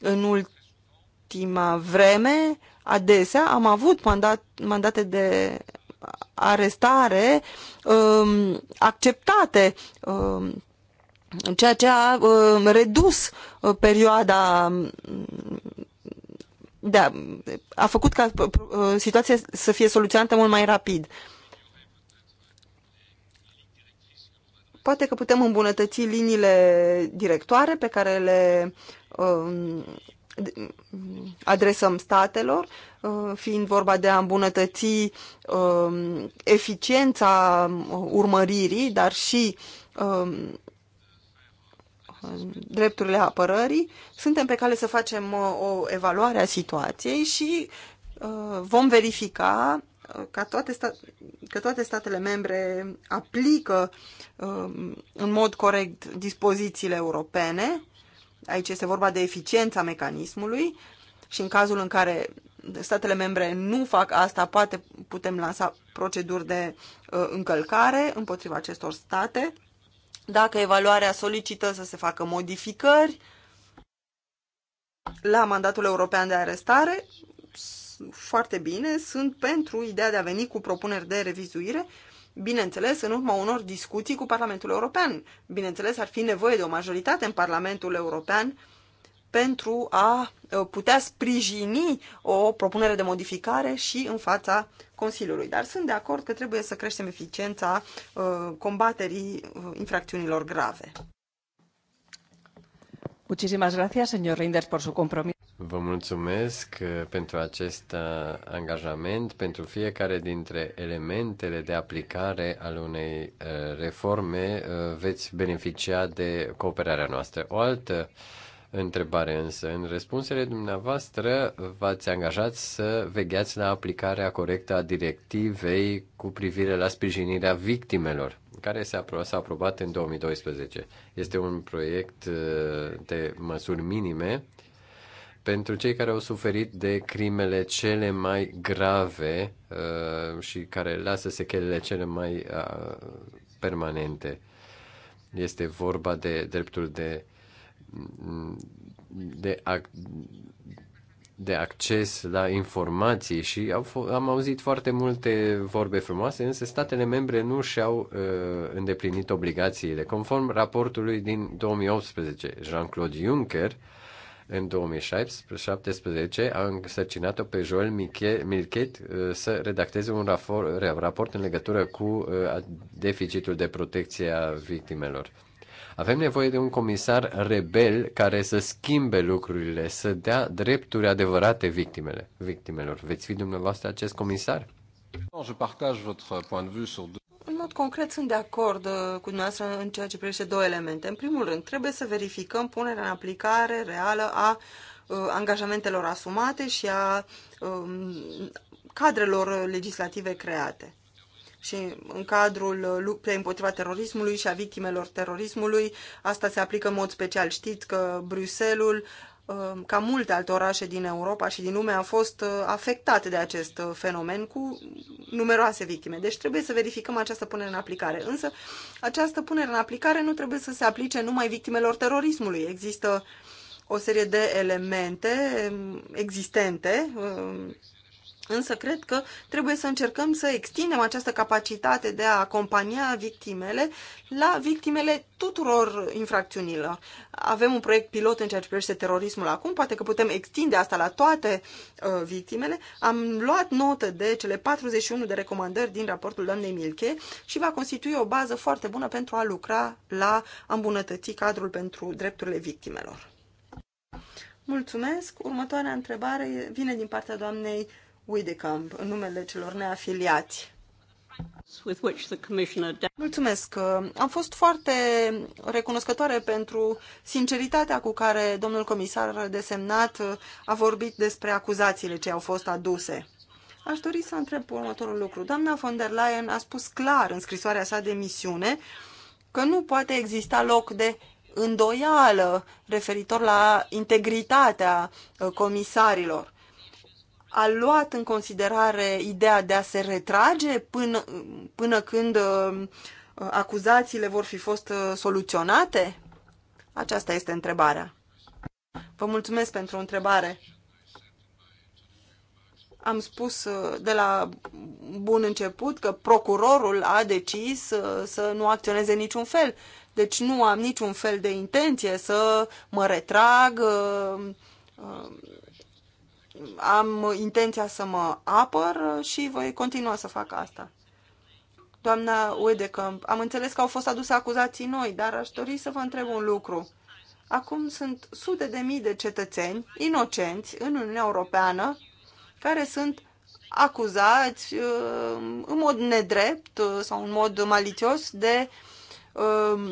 În ultima vreme, adesea, am avut mandat, mandate de arestare um, acceptate um, ceea ce a uh, redus uh, perioada da, a făcut ca uh, situația să fie soluționată mult mai rapid. Poate că putem îmbunătăți liniile directoare pe care le uh, adresăm statelor, uh, fiind vorba de a îmbunătăți um, uh, eficiența urmăririi, dar și um, drepturile apărării. Suntem pe cale să facem uh, o evaluare a situației și uh, vom verifica uh, ca toate stat- că toate statele membre aplică în mod corect dispozițiile europene. Aici este vorba de eficiența mecanismului și în cazul în care statele membre nu fac asta, poate putem lansa proceduri de încălcare împotriva acestor state dacă evaluarea solicită să se facă modificări la mandatul european de arestare, foarte bine, sunt pentru ideea de a veni cu propuneri de revizuire, bineînțeles, în urma unor discuții cu Parlamentul European. Bineînțeles, ar fi nevoie de o majoritate în Parlamentul European pentru a uh, putea sprijini o propunere de modificare și în fața Consiliului. Dar sunt de acord că trebuie să creștem eficiența uh, combaterii uh, infracțiunilor grave. Muchísimas gracias, señor Reinders, por su compromiso. Vă mulțumesc pentru acest angajament, pentru fiecare dintre elementele de aplicare al unei reforme veți beneficia de cooperarea noastră. O altă întrebare însă. În răspunsele dumneavoastră v-ați angajat să vegheați la aplicarea corectă a directivei cu privire la sprijinirea victimelor, care s-a aprobat, aprobat în 2012. Este un proiect uh, de măsuri minime pentru cei care au suferit de crimele cele mai grave uh, și care lasă sechelele cele mai uh, permanente. Este vorba de dreptul de uh, de, ac- de acces la informații și au am auzit foarte multe vorbe frumoase, însă statele membre nu și-au uh, îndeplinit obligațiile. Conform raportului din 2018, Jean-Claude Juncker în 2017 a însărcinat-o pe Joel Milchet uh, să redacteze un raport în legătură cu uh, deficitul de protecție a victimelor. Avem nevoie de un comisar rebel care să schimbe lucrurile, să dea drepturi adevărate victimele, victimelor. Veți fi dumneavoastră acest comisar? în mod concret sunt de acord uh, cu dumneavoastră în ceea ce privește două elemente. În primul rând, trebuie să verificăm punerea în aplicare reală a uh, angajamentelor asumate și a uh, cadrelor legislative create și în cadrul luptei împotriva terorismului și a victimelor terorismului. Asta se aplică în mod special. Știți că Bruselul, uh, ca multe alte orașe din Europa și din lume, a fost uh, afectat de acest uh, fenomen cu numeroase victime. Deci trebuie să verificăm această punere în aplicare. Însă această punere în aplicare nu trebuie să se aplice numai victimelor terorismului. Există o serie de elemente um, existente um, Însă cred că trebuie să încercăm să extindem această capacitate de a acompania victimele la victimele tuturor infracțiunilor. Avem un proiect pilot în ceea ce privește terorismul acum, poate că putem extinde asta la toate uh, victimele. Am luat notă de cele 41 de recomandări din raportul doamnei Milche și va constitui o bază foarte bună pentru a lucra la a îmbunătăți cadrul pentru drepturile victimelor. Mulțumesc. Următoarea întrebare vine din partea doamnei Widicamp, în numele celor neafiliați. Mulțumesc. Am fost foarte recunoscătoare pentru sinceritatea cu care domnul comisar desemnat a vorbit despre acuzațiile ce au fost aduse. Aș dori să întreb următorul lucru. Doamna von der Leyen a spus clar în scrisoarea sa de misiune că nu poate exista loc de îndoială referitor la integritatea comisarilor a luat în considerare ideea de a se retrage până, până când uh, acuzațiile vor fi fost uh, soluționate? Aceasta este întrebarea. Vă mulțumesc pentru întrebare. Am spus uh, de la bun început că procurorul a decis să, să nu acționeze niciun fel. Deci nu am niciun fel de intenție să mă retrag am intenția să mă apăr și voi continua să fac asta. Doamna că am înțeles că au fost aduse acuzații noi, dar aș dori să vă întreb un lucru. Acum sunt sute de mii de cetățeni inocenți în Uniunea Europeană care sunt acuzați uh, în mod nedrept uh, sau în mod malițios de Um,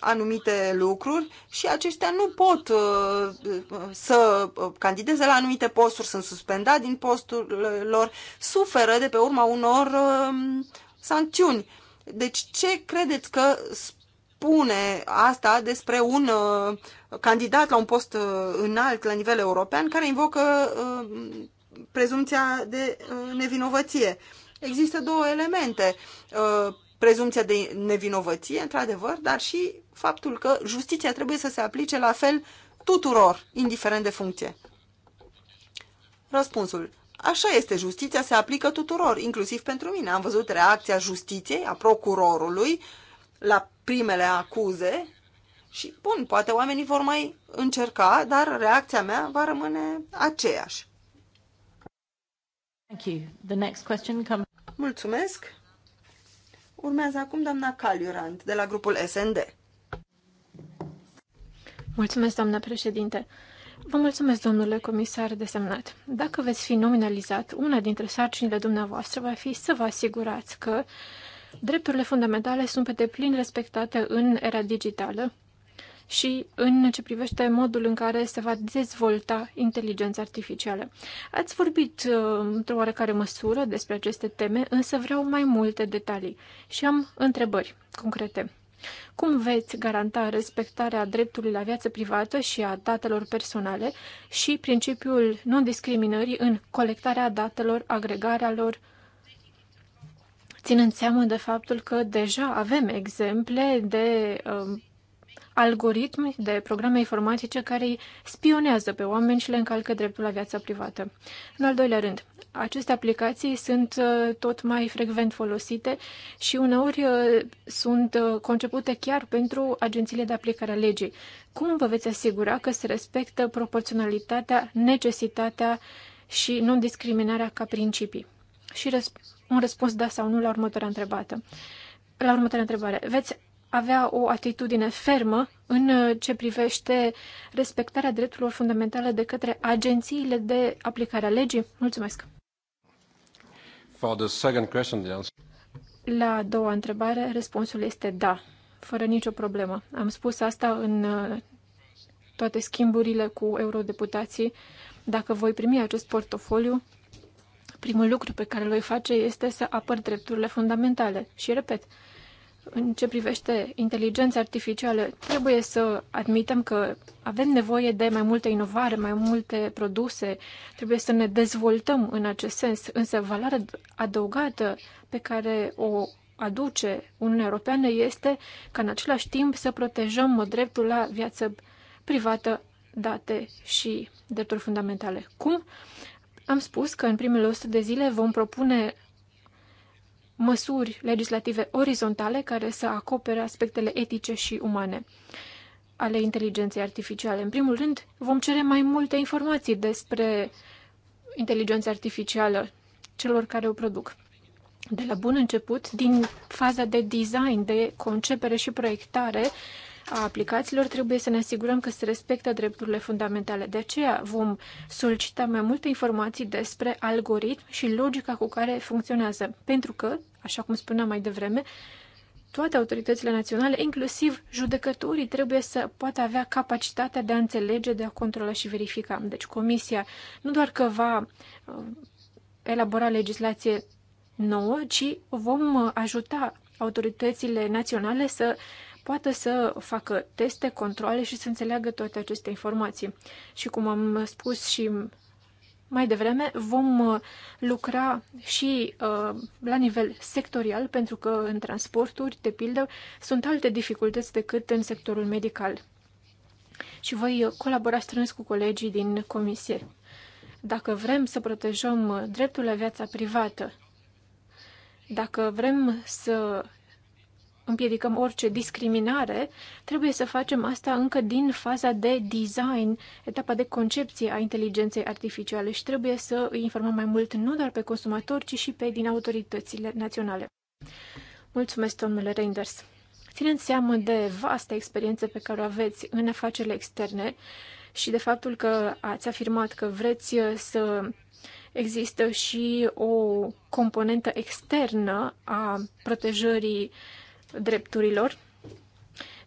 anumite lucruri și aceștia nu pot uh, să candideze la anumite posturi, sunt suspendat din posturile lor, suferă de pe urma unor um, sancțiuni. Deci ce credeți că spune asta despre un uh, candidat la un post uh, înalt la nivel european care invocă prezumția de nevinovăție? Există două elemente prezumția de nevinovăție, într-adevăr, dar și faptul că justiția trebuie să se aplice la fel tuturor, indiferent de funcție. Răspunsul. Așa este, justiția se aplică tuturor, inclusiv pentru mine. Am văzut reacția justiției, a procurorului, la primele acuze și, bun, poate oamenii vor mai încerca, dar reacția mea va rămâne aceeași. Mulțumesc. Urmează acum doamna Caliurant, de la grupul SND. Mulțumesc, doamna președinte. Vă mulțumesc, domnule comisar desemnat. Dacă veți fi nominalizat, una dintre sarcinile dumneavoastră va fi să vă asigurați că drepturile fundamentale sunt pe deplin respectate în era digitală și în ce privește modul în care se va dezvolta inteligența artificială. Ați vorbit uh, într-o oarecare măsură despre aceste teme, însă vreau mai multe detalii și am întrebări concrete. Cum veți garanta respectarea dreptului la viață privată și a datelor personale și principiul non-discriminării în colectarea datelor, agregarea lor, ținând seama de faptul că deja avem exemple de uh, algoritmi de programe informatice care îi spionează pe oameni și le încalcă dreptul la viața privată. În al doilea rând, aceste aplicații sunt uh, tot mai frecvent folosite și uneori uh, sunt uh, concepute chiar pentru agențiile de aplicare a legii. Cum vă veți asigura că se respectă proporționalitatea, necesitatea și non-discriminarea ca principii? Și un răspuns da sau nu la următoarea întrebată. La următoarea întrebare, veți avea o atitudine fermă în uh, ce privește respectarea drepturilor fundamentale de către agențiile de aplicare a legii? Mulțumesc! For the second question, the answer... La a doua întrebare, răspunsul este da, fără nicio problemă. Am spus asta în uh, toate schimburile cu eurodeputații. Dacă voi primi acest portofoliu, primul lucru pe care îl voi face este să apăr drepturile fundamentale. Și repet, în ce privește inteligența artificială, trebuie să admitem că avem nevoie de mai multă inovare, mai multe produse, trebuie să ne dezvoltăm în acest sens, însă valoarea adăugată pe care o aduce Uniunea Europeană este ca în același timp să protejăm dreptul la viață privată, date și drepturi fundamentale. Cum? Am spus că în primele 100 de zile vom propune măsuri legislative orizontale care să acopere aspectele etice și umane ale inteligenței artificiale. În primul rând, vom cere mai multe informații despre inteligența artificială celor care o produc. De la bun început, din faza de design, de concepere și proiectare, a aplicațiilor, trebuie să ne asigurăm că se respectă drepturile fundamentale. De aceea vom solicita mai multe informații despre algoritm și logica cu care funcționează, pentru că, așa cum spuneam mai devreme, toate autoritățile naționale, inclusiv judecătorii, trebuie să poată avea capacitatea de a înțelege, de a controla și verifica. Deci comisia nu doar că va uh, elabora legislație nouă, ci vom uh, ajuta autoritățile naționale să uh, poată să facă teste, controle și să înțeleagă toate aceste informații. Și cum am spus și mai devreme, vom uh, lucra și uh, la nivel sectorial, pentru că în transporturi, de pildă, sunt alte dificultăți decât în sectorul medical. Și voi colabora strâns cu colegii din comisie. Dacă vrem să protejăm dreptul la viața privată, dacă vrem să împiedicăm orice discriminare, trebuie să facem asta încă din faza de design, etapa de concepție a inteligenței artificiale și trebuie să îi informăm mai mult nu doar pe consumatori, ci și pe din autoritățile naționale. Mulțumesc, domnule Reinders! Ținând seama de vasta experiență pe care o aveți în afacerile externe și de faptul că ați afirmat că vreți să există și o componentă externă a protejării drepturilor.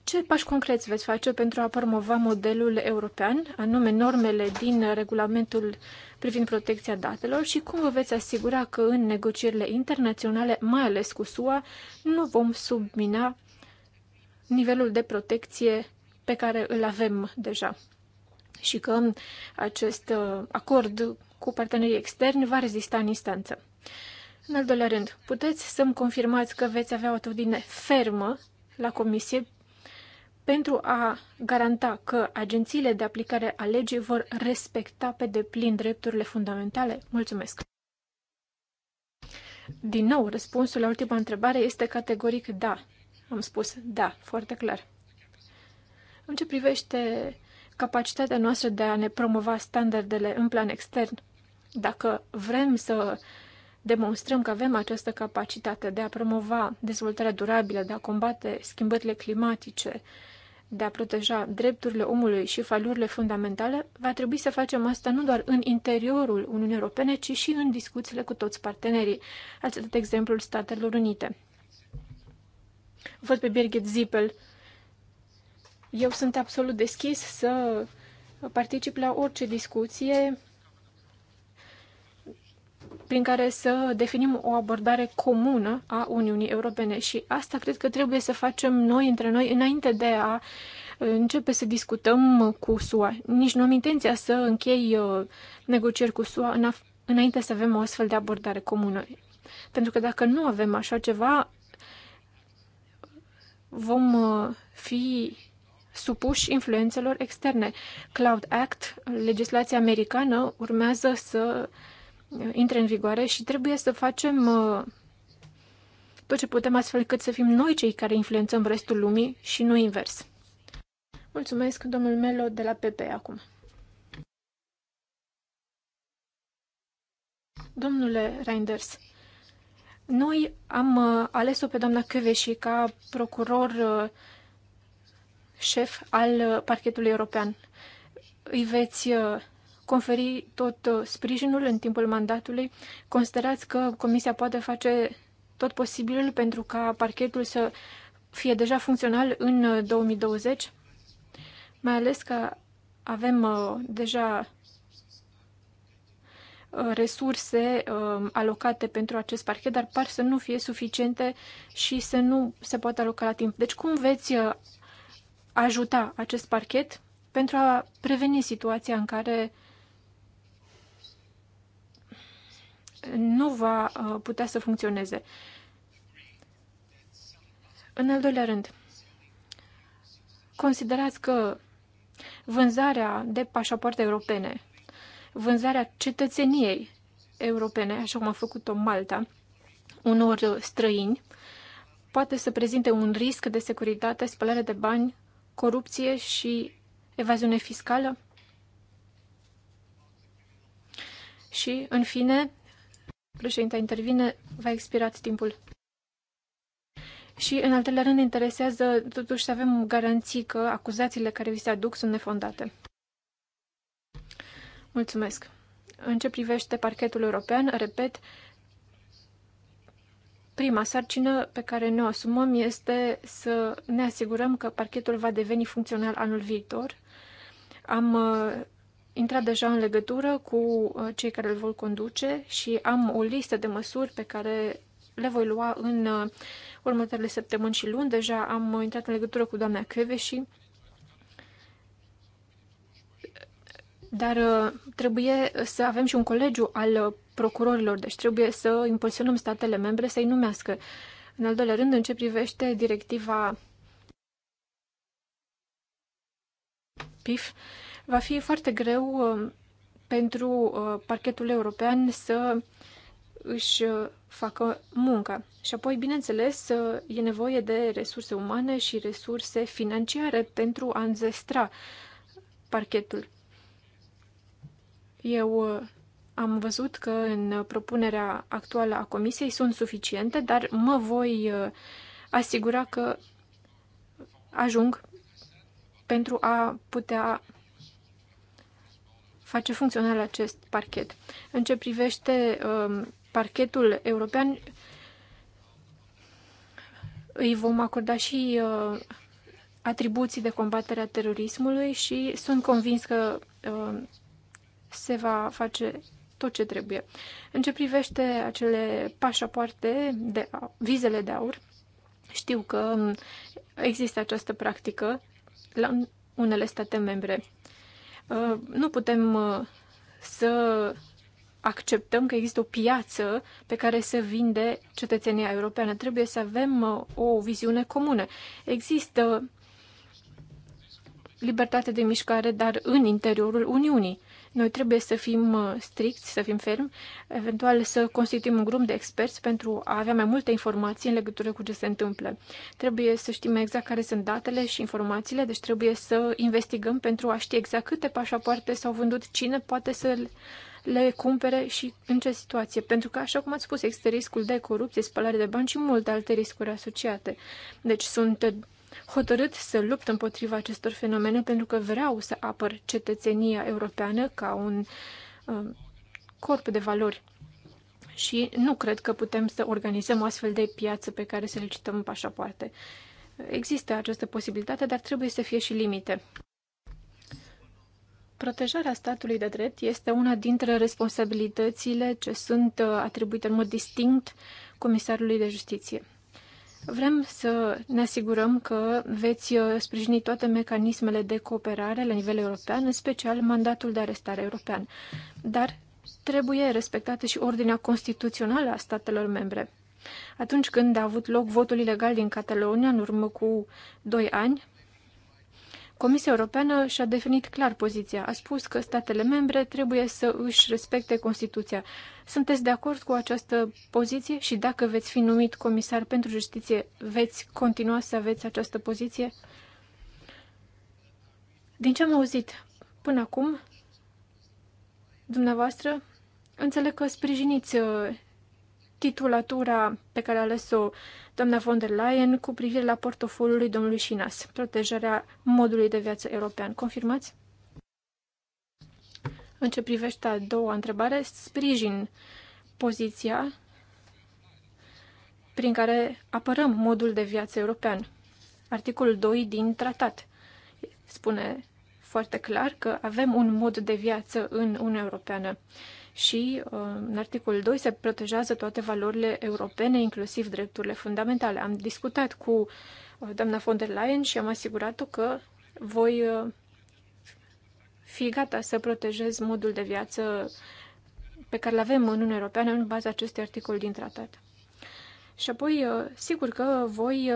Ce pași concreți veți face pentru a promova modelul european, anume normele din regulamentul privind protecția datelor și cum vă veți asigura că în negocierile internaționale, mai ales cu SUA, nu vom submina nivelul de protecție pe care îl avem deja și că acest uh, acord cu partenerii externi va rezista în instanță. În al doilea rând, puteți să-mi confirmați că veți avea o atitudine fermă la Comisie pentru a garanta că agențiile de aplicare a legii vor respecta pe deplin drepturile fundamentale? Mulțumesc! Din nou, răspunsul la ultima întrebare este categoric da. Am spus da, foarte clar. În ce privește capacitatea noastră de a ne promova standardele în plan extern, dacă vrem să uh, demonstrăm că avem această capacitate de a promova dezvoltarea durabilă, de a combate schimbările climatice, de a proteja drepturile omului și falurile fundamentale, va trebui să facem asta nu doar în interiorul Uniunii Europene, ci și în discuțiile cu toți partenerii. Ați dat exemplul Statelor Unite. Văd pe Birgit Zippel. Eu sunt absolut deschis să particip la orice discuție prin care să definim o abordare comună a Uniunii Europene și asta cred că trebuie să facem noi între noi înainte de a uh, începe să discutăm cu SUA. Nici nu am intenția să închei uh, negocieri cu SUA înainte să avem o astfel de abordare comună. Pentru că dacă nu avem așa ceva, vom uh, fi supuși influențelor externe. Cloud Act, legislația americană, urmează să uh, intre în vigoare și trebuie să facem uh, tot ce putem astfel cât să fim noi cei care influențăm restul lumii și nu invers. Mulțumesc, domnul Melo, de la PP acum. Domnule Reinders, noi am uh, ales-o pe doamna Căveși ca procuror uh, șef al parchetului european. Îi veți conferi tot uh, sprijinul în timpul mandatului? Considerați că Comisia poate face tot posibilul pentru ca parchetul să fie deja funcțional în 2020? Uh, Mai ales că avem uh, deja resurse alocate pentru acest parchet, dar par să nu fie suficiente și să nu se poată aloca la timp. Deci cum veți ajuta acest parchet pentru a preveni situația în care nu va uh, putea să funcționeze. În al doilea rând, considerați că vânzarea de pașapoarte europene, vânzarea cetățeniei europene, așa cum a făcut-o Malta, unor străini, poate să prezinte un risc de securitate, spălare de bani, corupție și evaziune fiscală? Și, în fine, Președinte intervine, va expirat timpul. Și, în al treilea rând, interesează totuși să avem garanții că acuzațiile care vi se aduc sunt nefondate. Mulțumesc. În ce privește parchetul european, repet, prima sarcină pe care ne o asumăm este să ne asigurăm că parchetul va deveni funcțional anul viitor. Am uh, intrat deja în legătură cu uh, cei care îl vor conduce și am o listă de măsuri pe care le voi lua în uh, următoarele săptămâni și luni. Deja am intrat în legătură cu doamna Căveși, dar uh, trebuie să avem și un colegiu al procurorilor, deci trebuie să impulsionăm statele membre să-i numească. În al doilea rând, în ce privește directiva PIF, va fi foarte greu uh, pentru uh, parchetul european să își uh, facă munca. Și apoi, bineînțeles, e nevoie de resurse umane și resurse financiare pentru a înzestra parchetul. Eu am văzut că în propunerea actuală a Comisiei sunt suficiente, dar mă voi asigura că ajung pentru a putea face funcțional acest parchet. În ce privește um, parchetul european, îi vom acorda și uh, atribuții de combatere a terorismului și sunt convins că um, se va face tot ce trebuie. În ce privește acele pașapoarte, de, vizele de aur, știu că um, există această practică la unele state membre. Uh, nu putem uh, să acceptăm că există o piață pe care se vinde cetățenia europeană. Trebuie să avem uh, o viziune comună. Există libertate de mișcare, dar în interiorul Uniunii. Noi trebuie să fim uh, stricți, să fim fermi, eventual să constituim un grup de experți pentru a avea mai multe informații în legătură cu ce se întâmplă. Trebuie să știm exact care sunt datele și informațiile, deci trebuie să investigăm pentru a ști exact câte pașapoarte s-au vândut, cine poate să le cumpere și în ce situație. Pentru că, așa cum ați spus, există riscul de corupție, spălare de bani și multe alte riscuri asociate. Deci sunt hotărât să lupt împotriva acestor fenomene pentru că vreau să apăr cetățenia europeană ca un um, corp de valori. Și nu cred că putem să organizăm o astfel de piață pe care să cităm în pașapoarte. Există această posibilitate, dar trebuie să fie și limite. Protejarea statului de drept este una dintre responsabilitățile ce sunt uh, atribuite în mod distinct Comisarului de Justiție. Vrem să ne asigurăm că veți uh, sprijini toate mecanismele de cooperare la nivel european, în special mandatul de arestare european. Dar trebuie respectată și ordinea constituțională a statelor membre. Atunci când a avut loc votul ilegal din Catalonia, în urmă cu doi ani, Comisia Europeană și-a definit clar poziția. A spus că statele membre trebuie să își respecte Constituția. Sunteți de acord cu această poziție și dacă veți fi numit comisar pentru justiție, veți continua să aveți această poziție? Din ce am auzit până acum, dumneavoastră, înțeleg că sprijiniți uh, titulatura pe care a ales-o doamna von der Leyen cu privire la portofoliul lui domnului Șinas, protejarea modului de viață european. Confirmați? În ce privește a doua întrebare, sprijin poziția prin care apărăm modul de viață european. Articolul 2 din tratat spune foarte clar că avem un mod de viață în Uniunea Europeană și uh, în articolul 2 se protejează toate valorile europene, inclusiv drepturile fundamentale. Am discutat cu uh, doamna von der Leyen și am asigurat-o că voi uh, fi gata să protejez modul de viață pe care îl avem în Uniunea Europeană în baza acestui articol din tratat. Și apoi, sigur că voi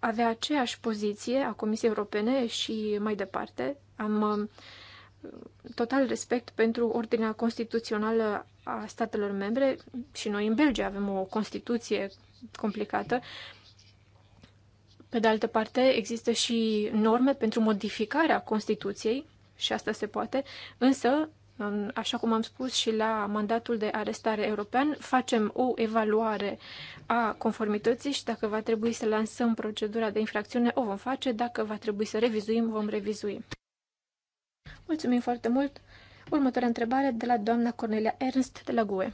avea aceeași poziție a Comisiei Europene și mai departe. Am total respect pentru ordinea constituțională a statelor membre și noi în Belgia avem o constituție complicată. Pe de altă parte, există și norme pentru modificarea Constituției și asta se poate, însă, așa cum am spus și la mandatul de arestare european, facem o evaluare a conformității și dacă va trebui să lansăm procedura de infracțiune, o vom face, dacă va trebui să revizuim, vom revizui. Mulțumim foarte mult! Următoarea întrebare de la doamna Cornelia Ernst de la GUE.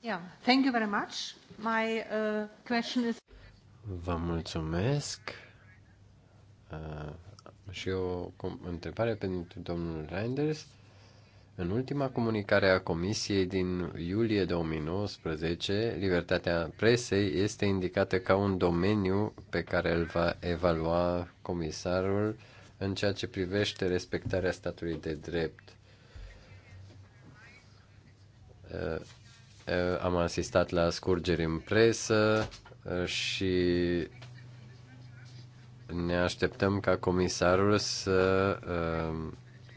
Yeah, thank you very much. My uh, question is... Vă mulțumesc. Uh, și o întrebare pentru domnul Reinders. În ultima comunicare a Comisiei din iulie 2019, libertatea presei este indicată ca un domeniu pe care îl va evalua comisarul uh, în ceea ce privește respectarea statului de drept. Uh, uh, am asistat la scurgeri în presă uh, și ne așteptăm ca comisarul să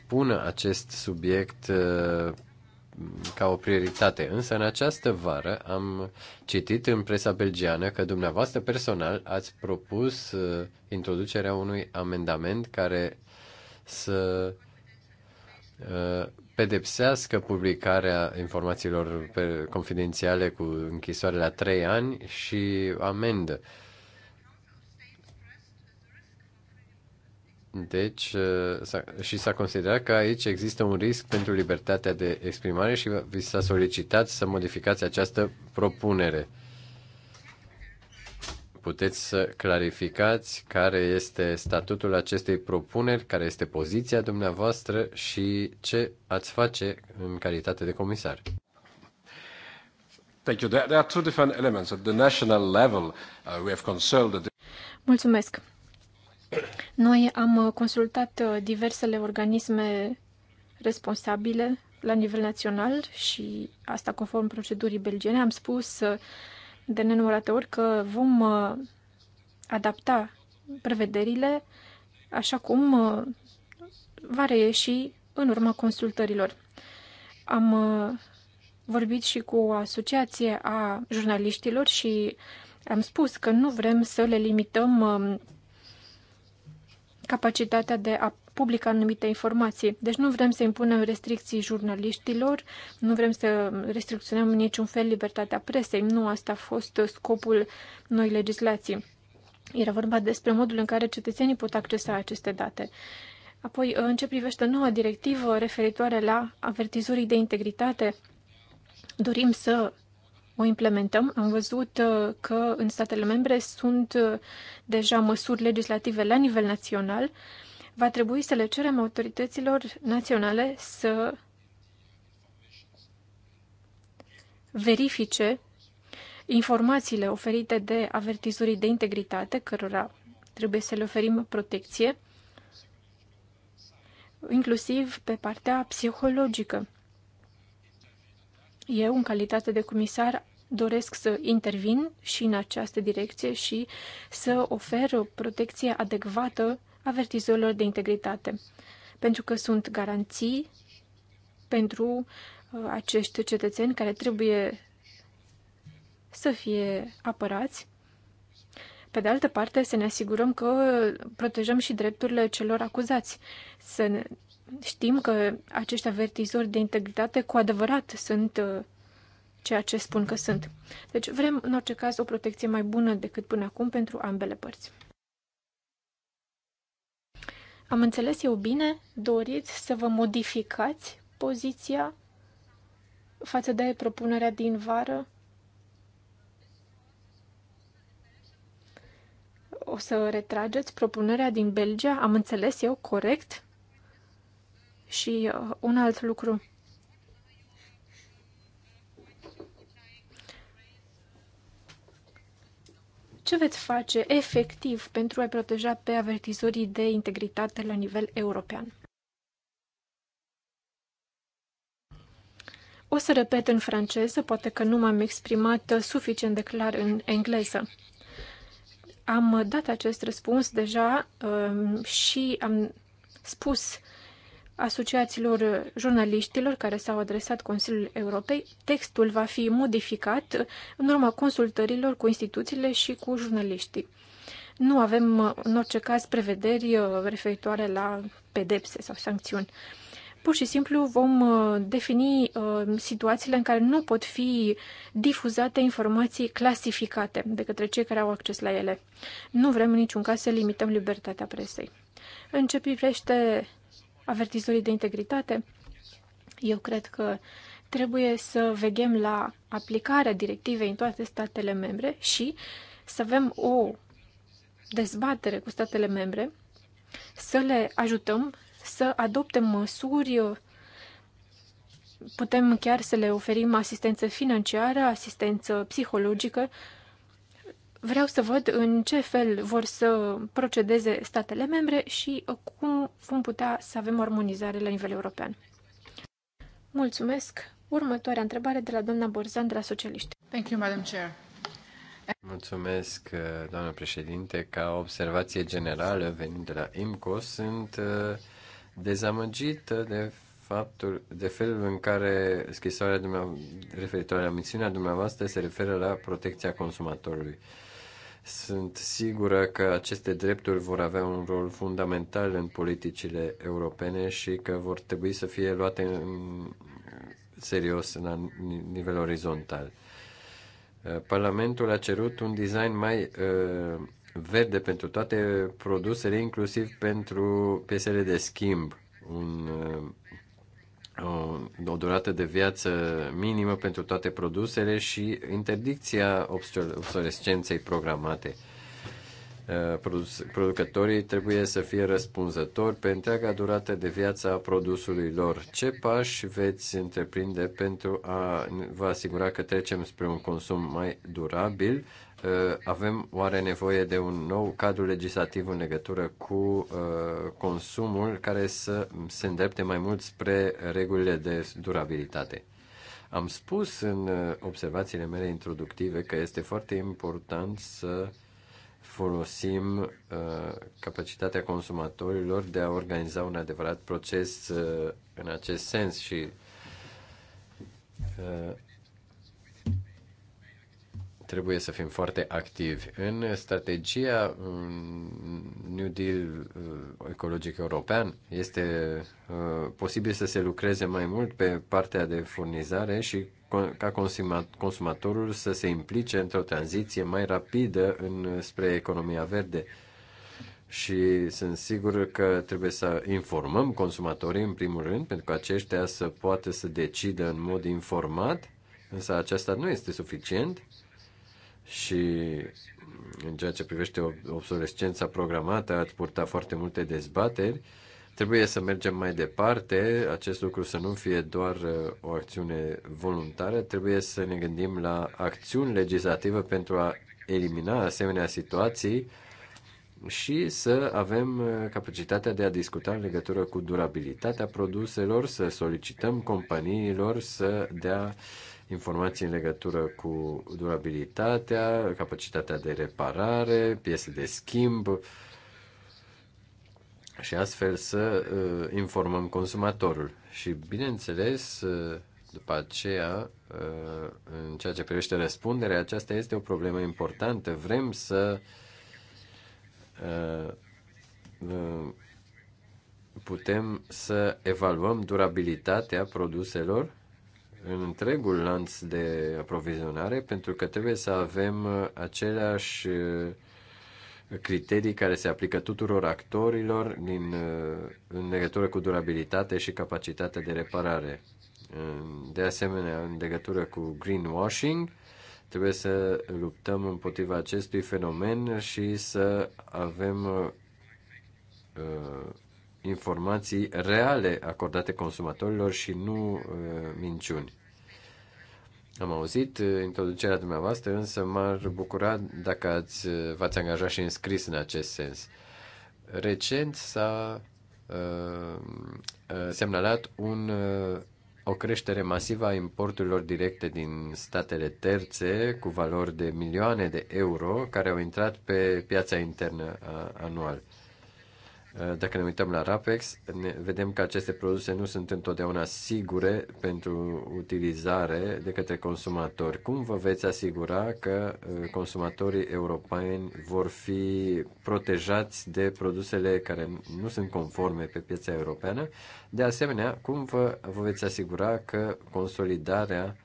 pună acest subiect ca o prioritate. Însă în această vară am citit în presa belgiană că dumneavoastră personal ați propus uh, introducerea unui amendament care să uh, pedepsească publicarea informațiilor confidențiale cu închisoare la 3 ani și amendă. Uh, Deci, uh, și s-a considerat că aici există un risc pentru libertatea de exprimare și vi s-a solicitat să modificați această propunere. Puteți să clarificați care este statutul acestei propuneri, care este poziția dumneavoastră și ce ați face în calitate de comisar. Thank you. There are two different elements. At the national level, uh, we have consulted. Mulțumesc. Noi am uh, consultat uh, diversele organisme responsabile la nivel național și asta conform procedurii belgiene. Am spus uh, de nenumărate ori că vom adapta prevederile așa cum va reieși în urma consultărilor. Am vorbit și cu o asociație a jurnaliștilor și am spus că nu vrem să le limităm um, capacitatea de a publica anumite informații. Deci nu vrem să impunem restricții jurnaliștilor, nu vrem să restricționăm în niciun fel libertatea presei. Nu asta a fost scopul noi legislații. Era vorba despre modul în care cetățenii pot accesa aceste date. Apoi, în ce privește noua directivă referitoare la avertizorii de integritate, dorim să o implementăm. Am văzut uh, că în statele membre sunt uh, deja măsuri legislative la nivel național. Va trebui să le cerem autorităților naționale să verifice informațiile oferite de avertizorii de integritate, cărora trebuie să le oferim protecție, inclusiv pe partea psihologică. Eu, în calitate de comisar, doresc să intervin și în această direcție și să ofer o protecție adecvată avertizorilor de integritate, pentru că sunt garanții pentru uh, acești cetățeni care trebuie să fie apărați. Pe de altă parte, să ne asigurăm că protejăm și drepturile celor acuzați, să știm că acești avertizori de integritate cu adevărat sunt uh, ceea ce spun că sunt. Deci vrem, în orice caz, o protecție mai bună decât până acum pentru ambele părți. Am înțeles eu bine? Doriți să vă modificați poziția față de propunerea din vară? O să retrageți propunerea din Belgia? Am înțeles eu corect? Și uh, un alt lucru. Ce veți face efectiv pentru a-i proteja pe avertizorii de integritate la nivel european? O să repet în franceză, poate că nu m-am exprimat suficient de clar în engleză. Am dat acest răspuns deja um, și am spus uh, asociațiilor jurnaliștilor care s-au adresat Consiliul Europei. Textul va fi modificat în urma consultărilor cu instituțiile și cu jurnaliștii. Nu avem, în orice caz, prevederi uh, referitoare la pedepse sau sancțiuni. Pur și simplu vom uh, defini uh, situațiile în care nu pot fi difuzate informații clasificate de către cei care au acces la ele. Nu vrem în niciun caz să limităm libertatea presei. În ce privește avertizorii de integritate, eu cred că trebuie să veghem la aplicarea directivei în toate statele membre și să avem o dezbatere cu statele membre, să le ajutăm să adopte măsuri, putem chiar să le oferim asistență financiară, asistență psihologică, vreau să văd în ce fel vor să procedeze statele membre și uh, cum vom putea să avem armonizare la nivel european. Mulțumesc! Următoarea întrebare de la doamna Borzan de la Socialiști. Thank you, Madam Chair. Mulțumesc, uh, doamnă președinte. Ca observație generală, venind de la IMCO, sunt uh, dezamăgită de faptul, de felul în care scrisoarea dumneavoastră, referitoare la misiunea dumneavoastră se referă la protecția consumatorului. Sunt sigură că aceste drepturi vor avea un rol fundamental în politicile europene și că vor trebui să fie luate în serios la nivel orizontal. Uh, Parlamentul a cerut un design mai uh, verde pentru toate produsele, inclusiv pentru piesele de schimb, un uh, Uh, o durată de viață minimă pentru toate produsele și interdicția obsolescenței programate. Uh, producătorii trebuie să fie răspunzători pe întreaga durată de viață a produsului lor. Ce pași veți întreprinde pentru a vă asigura că trecem spre un consum mai durabil, Uh, avem oare nevoie de un nou cadru legislativ în legătură cu uh, consumul care să se îndrepte mai mult spre regulile de durabilitate. Am spus în uh, observațiile mele introductive că este foarte important să folosim uh, capacitatea consumatorilor de a organiza un adevărat proces uh, în acest sens și uh, trebuie să fim foarte activi. În strategia New Deal uh, ecologic european este uh, posibil să se lucreze mai mult pe partea de furnizare și ca consumatorul să se implice într-o tranziție mai rapidă în, spre economia verde. Și sunt sigur că trebuie să informăm consumatorii în primul rând, pentru că aceștia să poată să decidă în mod informat, însă aceasta nu este suficient și în ceea ce privește obsolescența programată, ați purtat foarte multe dezbateri. Trebuie să mergem mai departe, acest lucru să nu fie doar uh, o acțiune voluntară, trebuie să ne gândim la acțiuni legislative pentru a elimina asemenea situații și să avem uh, capacitatea de a discuta în legătură cu durabilitatea produselor, să solicităm companiilor să dea uh, informații în legătură cu durabilitatea, capacitatea de reparare, piese de schimb și astfel să uh, informăm consumatorul. Și, bineînțeles, uh, după aceea, uh, în ceea ce privește răspunderea, aceasta este o problemă importantă. Vrem să putem să evaluăm durabilitatea produselor în întregul lanț de aprovizionare, pentru că trebuie să avem aceleași uh, criterii care se aplică tuturor actorilor din, uh, în legătură cu durabilitate și capacitatea de reparare. Uh, de asemenea, în legătură cu greenwashing, trebuie să luptăm împotriva acestui fenomen și să avem uh, informații reale acordate consumatorilor și nu uh, minciuni. Am auzit uh, introducerea dumneavoastră, însă m-ar bucura dacă ați, uh, v-ați angajat și înscris în acest sens. Recent s-a uh, uh, semnalat un, uh, o creștere masivă a importurilor directe din statele terțe cu valori de milioane de euro care au intrat pe piața internă anual. Eh, dacă ne uităm la RAPEX, ne vedem că aceste produse nu sunt întotdeauna sigure pentru utilizare de către consumatori. Cum vă veți asigura că eh, consumatorii europeni vor fi protejați de produsele care nu sunt conforme pe piața europeană? De asemenea, cum vă, vă veți asigura că consolidarea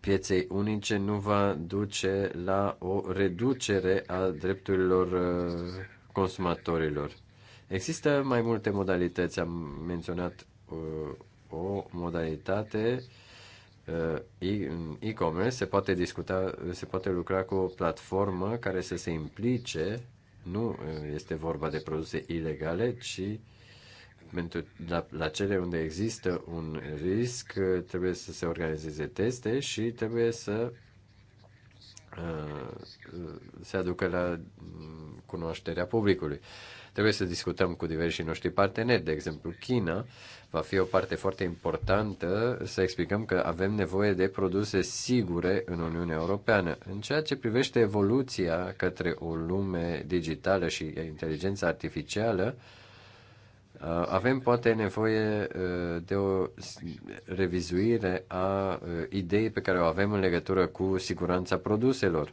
pieței unice nu va duce la o reducere a drepturilor eh, consumatorilor. Există mai multe modalități. Am menționat uh, o modalitate uh, e-commerce se poate discuta, se poate lucra cu o platformă care să se implice, nu uh, este vorba de produse ilegale, ci pentru, la, la cele unde există un risc uh, trebuie să se organizeze teste și trebuie să Uh, uh, se aducă la mm, cunoașterea publicului. Trebuie să discutăm cu diversi noștri parteneri, de exemplu China, va fi o parte foarte importantă să explicăm că avem nevoie de produse sigure în Uniunea Europeană. În ceea ce privește evoluția către o lume digitală și inteligența artificială, uh, Uh, avem poate nevoie uh, de o revizuire a uh, ideii pe care o avem în legătură cu siguranța produselor.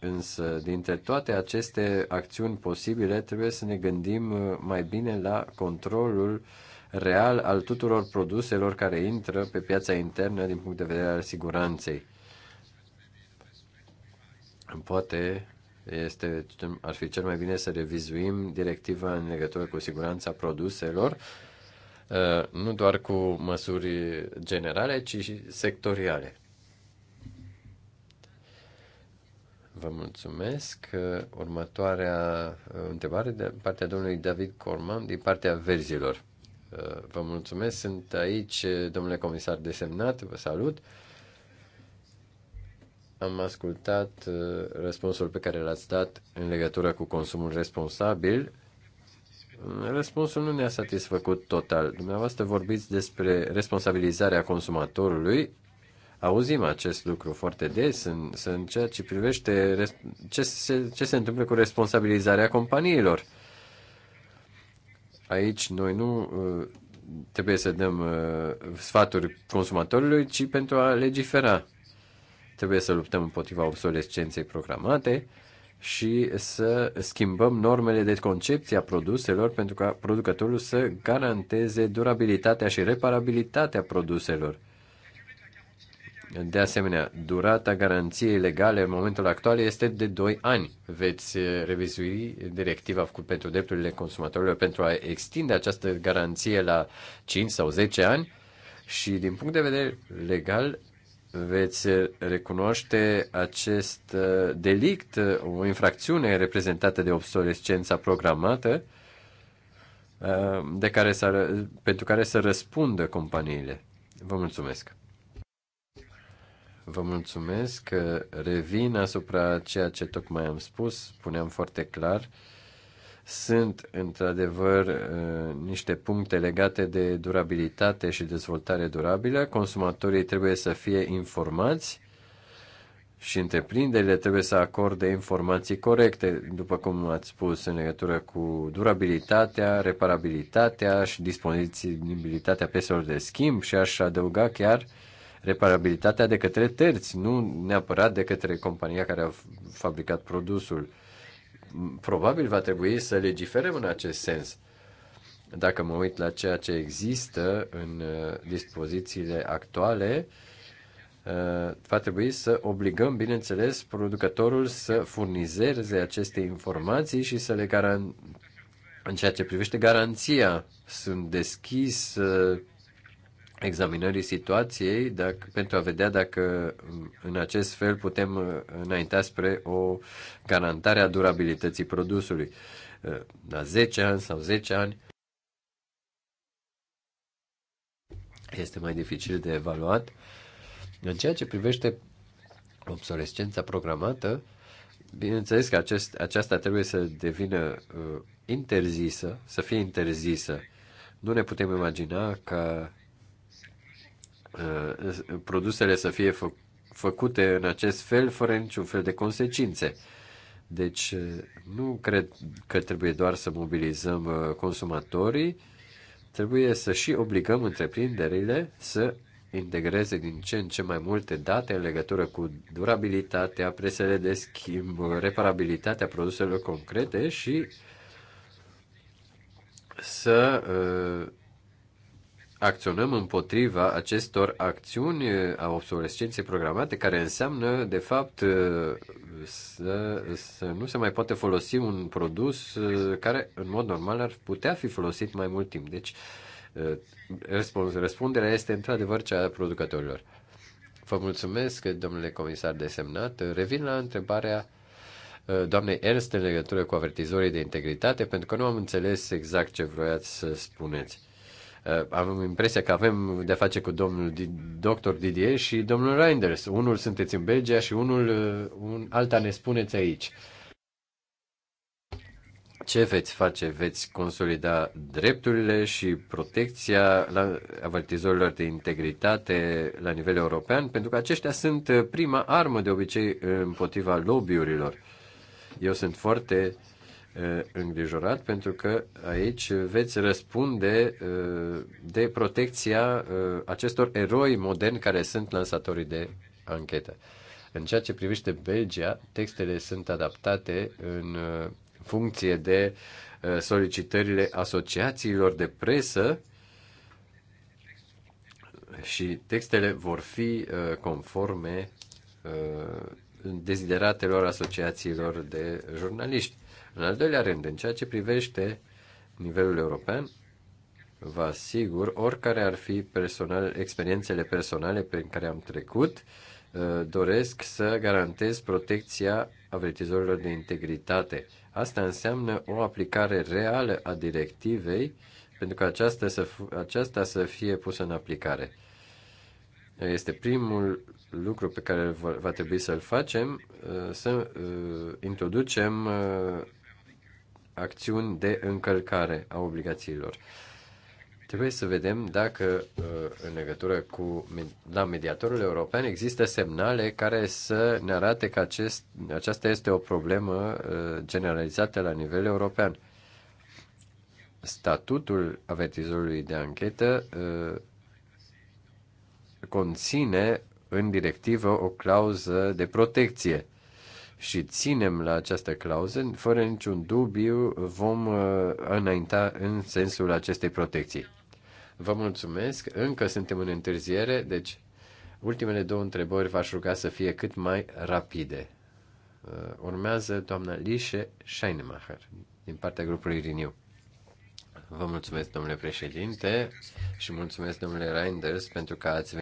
Însă, dintre toate aceste acțiuni posibile, trebuie să ne gândim mai bine la controlul real al tuturor produselor care intră pe piața internă din punct de vedere al siguranței. Poate este, ar fi cel mai bine să revizuim directiva în legătură cu siguranța produselor, uh, nu doar cu măsuri generale, ci și sectoriale. Vă mulțumesc. Uh, următoarea uh, întrebare de partea domnului David Corman din partea verzilor. Vă mulțumesc, sunt aici, domnule comisar desemnat, vă salut. Am ascultat uh, răspunsul pe care l-ați dat în legătură cu consumul responsabil. Răspunsul nu ne-a satisfăcut total. Dumneavoastră vorbiți despre responsabilizarea consumatorului. Auzim acest lucru foarte des în, în ceea ce privește ce se, ce se întâmplă cu responsabilizarea companiilor. Aici noi nu uh, trebuie să dăm uh, sfaturi consumatorului, ci pentru a legifera Trebuie să luptăm împotriva obsolescenței programate și să schimbăm normele de concepție a produselor pentru ca producătorul să garanteze durabilitatea și reparabilitatea produselor. De asemenea, durata garanției legale în momentul actual este de 2 ani. Veți revizui directiva pentru drepturile consumatorilor pentru a extinde această garanție la 5 sau 10 ani și din punct de vedere legal veți recunoaște acest uh, delict, o infracțiune reprezentată de obsolescența programată, uh, de care să, pentru care să răspundă companiile. Vă mulțumesc! Vă mulțumesc că revin asupra ceea ce tocmai am spus, spuneam foarte clar, sunt, într-adevăr, uh, niște puncte legate de durabilitate și dezvoltare durabilă. Consumatorii trebuie să fie informați și întreprinderile trebuie să acorde informații corecte, după cum ați spus, în legătură cu durabilitatea, reparabilitatea și disponibilitatea pieselor de schimb și aș adăuga chiar reparabilitatea de către terți, nu neapărat de către compania care a fabricat produsul probabil va trebui să legiferăm în acest sens. Dacă mă uit la ceea ce există în uh, dispozițiile actuale, uh, va trebui să obligăm, bineînțeles, producătorul să furnizeze aceste informații și să le garan, În ceea ce privește garanția, sunt deschis uh, examinării situației dacă, pentru a vedea dacă mm, în acest fel putem uh, înainta spre o garantare a durabilității produsului. Uh, la 10 ani sau 10 ani este mai dificil de evaluat. În ceea ce privește obsolescența programată, bineînțeles că acest, aceasta trebuie să devină uh, interzisă, să fie interzisă. Nu ne putem imagina că Uh, produsele să fie fă, făcute în acest fel, fără niciun fel de consecințe. Deci uh, nu cred că trebuie doar să mobilizăm uh, consumatorii, trebuie să și obligăm întreprinderile să integreze din ce în ce mai multe date în legătură cu durabilitatea, presele de schimb, reparabilitatea produselor concrete și să uh, acționăm împotriva acestor acțiuni eh, a obsolescenței programate, care înseamnă, de fapt, eh, să, să nu se mai poate folosi un produs eh, care, în mod normal, ar putea fi folosit mai mult timp. Deci, răspunderea este, într-adevăr, cea a producătorilor. Vă mulțumesc, domnule comisar desemnat. Revin la întrebarea doamnei Ernst în legătură cu avertizorii de integritate, pentru că nu am înțeles exact ce vroiați să spuneți. Uh, avem impresia că avem de-a face cu domnul doctor Didier și domnul Reinders. Unul sunteți în Belgia și unul uh, un, alta ne spuneți aici. Ce veți face? Veți consolida drepturile și protecția la avertizorilor de integritate la nivel european, pentru că aceștia sunt uh, prima armă de obicei împotriva lobbyurilor. Eu sunt foarte uh, Uh, îngrijorat pentru că aici veți răspunde uh, de protecția uh, acestor eroi moderni care sunt lansatorii de anchetă. În ceea ce privește Belgia, textele sunt adaptate în funcție de solicitările asociațiilor de presă și textele vor fi conforme dezideratelor asociațiilor de jurnaliști în al doilea rând, în ceea ce privește nivelul european, vă asigur, oricare ar fi personal, experiențele personale prin care am trecut, uh, doresc să garantez protecția avertizorilor de integritate. Asta înseamnă o aplicare reală a directivei pentru că aceasta să, aceasta să fie pusă în aplicare. Este primul lucru pe care va trebui să-l facem, uh, să uh, introducem acțiuni de încălcare a obligațiilor. Trebuie să vedem dacă uh, în legătură cu la mediatorul european există semnale care să ne arate că acest, aceasta este o problemă uh, generalizată la nivel european. Statutul avertizorului de anchetă uh, conține în directivă o clauză de protecție și ținem la această clauză, fără niciun dubiu vom uh, înainta în sensul acestei protecții. Vă mulțumesc, încă suntem în întârziere, deci ultimele două întrebări v-aș ruga să fie cât mai rapide. Uh, urmează doamna Lise Scheinemacher din partea grupului Renew. Vă mulțumesc, domnule președinte, și mulțumesc, domnule Reinders, pentru că ați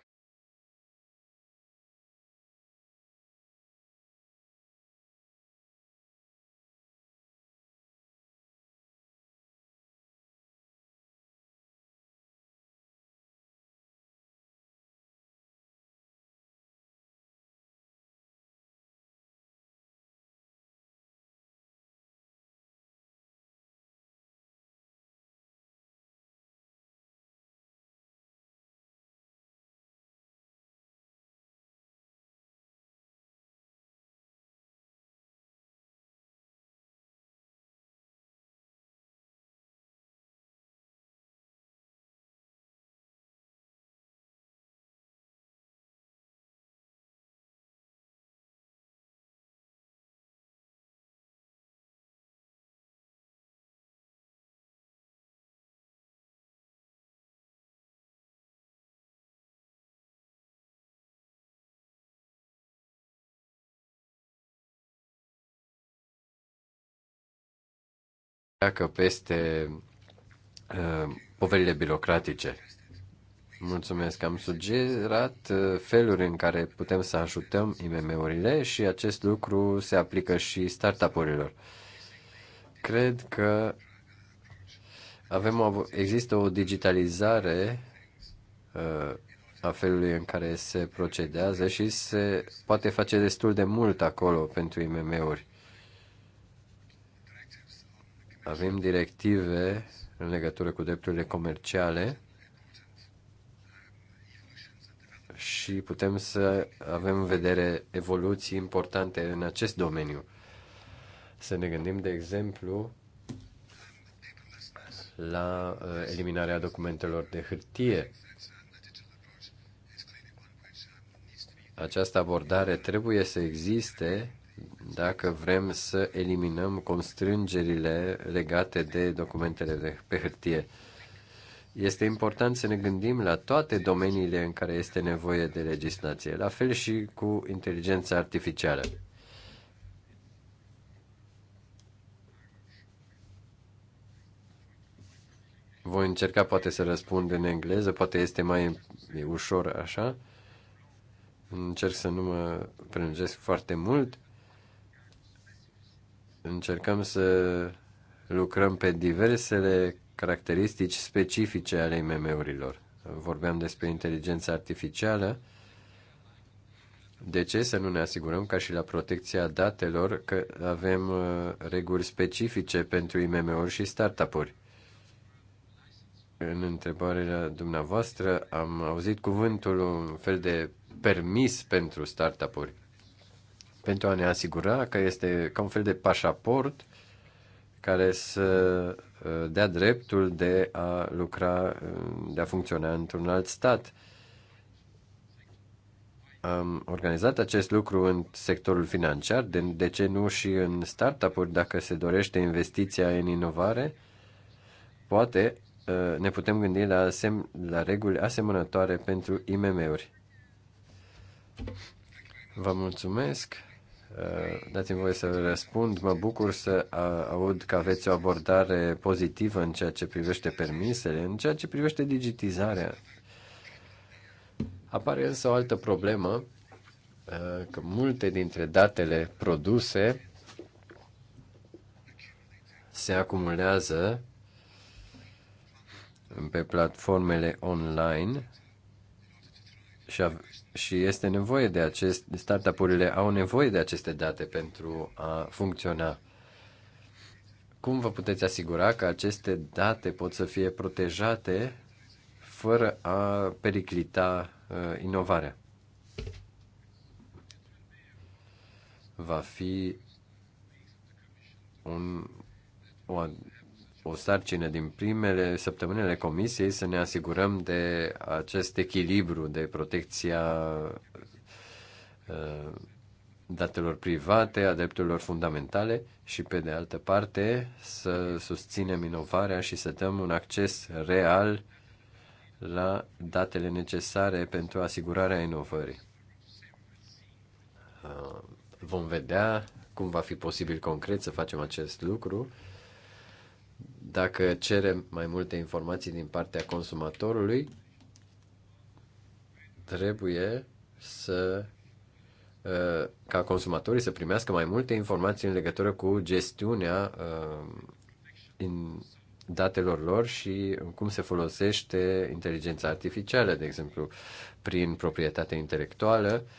treacă peste uh, poverile birocratice. Mulțumesc. Am sugerat uh, feluri în care putem să ajutăm IMM-urile și acest lucru se aplică și startup-urilor. Cred că avem o, există o digitalizare uh, a felului în care se procedează și se poate face destul de mult acolo pentru IMM-uri. Avem directive în legătură cu drepturile comerciale și putem să avem în vedere evoluții importante în acest domeniu. Să ne gândim, de exemplu, la uh, eliminarea documentelor de hârtie. Această abordare trebuie să existe dacă vrem să eliminăm constrângerile legate de documentele de pe hârtie. Este important să ne gândim la toate domeniile în care este nevoie de legislație, la fel și cu inteligența artificială. Voi încerca poate să răspund în engleză, poate este mai ușor așa. Încerc să nu mă prelungesc foarte mult încercăm să lucrăm pe diversele caracteristici specifice ale IMM-urilor. Vorbeam despre inteligența artificială. De ce să nu ne asigurăm ca și la protecția datelor că avem uh, reguli specifice pentru IMM-uri și startup-uri? În întrebarea dumneavoastră am auzit cuvântul un fel de permis pentru startup-uri pentru a ne asigura că este ca un fel de pașaport care să uh, dea dreptul de a lucra, uh, de a funcționa într-un alt stat. Am organizat acest lucru în sectorul financiar, de, de ce nu și în startup-uri, dacă se dorește investiția în inovare, poate uh, ne putem gândi la, asem, la reguli asemănătoare pentru IMM-uri. Vă mulțumesc! Eh, dați-mi voie să răspund. Mă bucur să aud că aveți o abordare pozitivă în ceea ce privește permisele, în ceea ce privește digitizarea. Apare însă o altă problemă, eh, că multe dintre datele produse se acumulează pe platformele online și și este nevoie de acest, startup-urile au nevoie de aceste date pentru a funcționa. Cum vă puteți asigura că aceste date pot să fie protejate fără a periclita uh, inovarea? Va fi un, o, o sarcină din primele săptămânile comisiei să ne asigurăm de acest echilibru de protecția uh, datelor private, a drepturilor fundamentale și, pe de altă parte, să susținem inovarea și să dăm un acces real la datele necesare pentru asigurarea inovării. Uh, vom vedea cum va fi posibil concret să facem acest lucru dacă cerem mai multe informații din partea consumatorului, trebuie să uh, ca consumatorii să primească mai multe informații în legătură cu gestiunea în uh, datelor lor și cum se folosește inteligența artificială, de exemplu, prin proprietatea intelectuală, uh,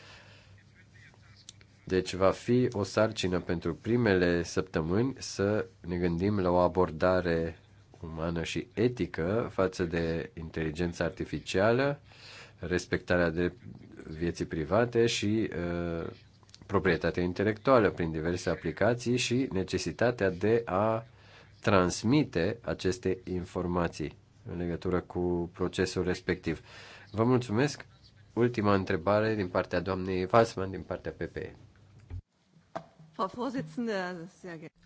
deci va fi o sarcină pentru primele săptămâni să ne gândim la o abordare umană și etică față de inteligența artificială, respectarea de vieții private și uh, proprietatea intelectuală prin diverse aplicații și necesitatea de a transmite aceste informații în legătură cu procesul respectiv. Vă mulțumesc. Ultima întrebare din partea doamnei Vasman, din partea PPE.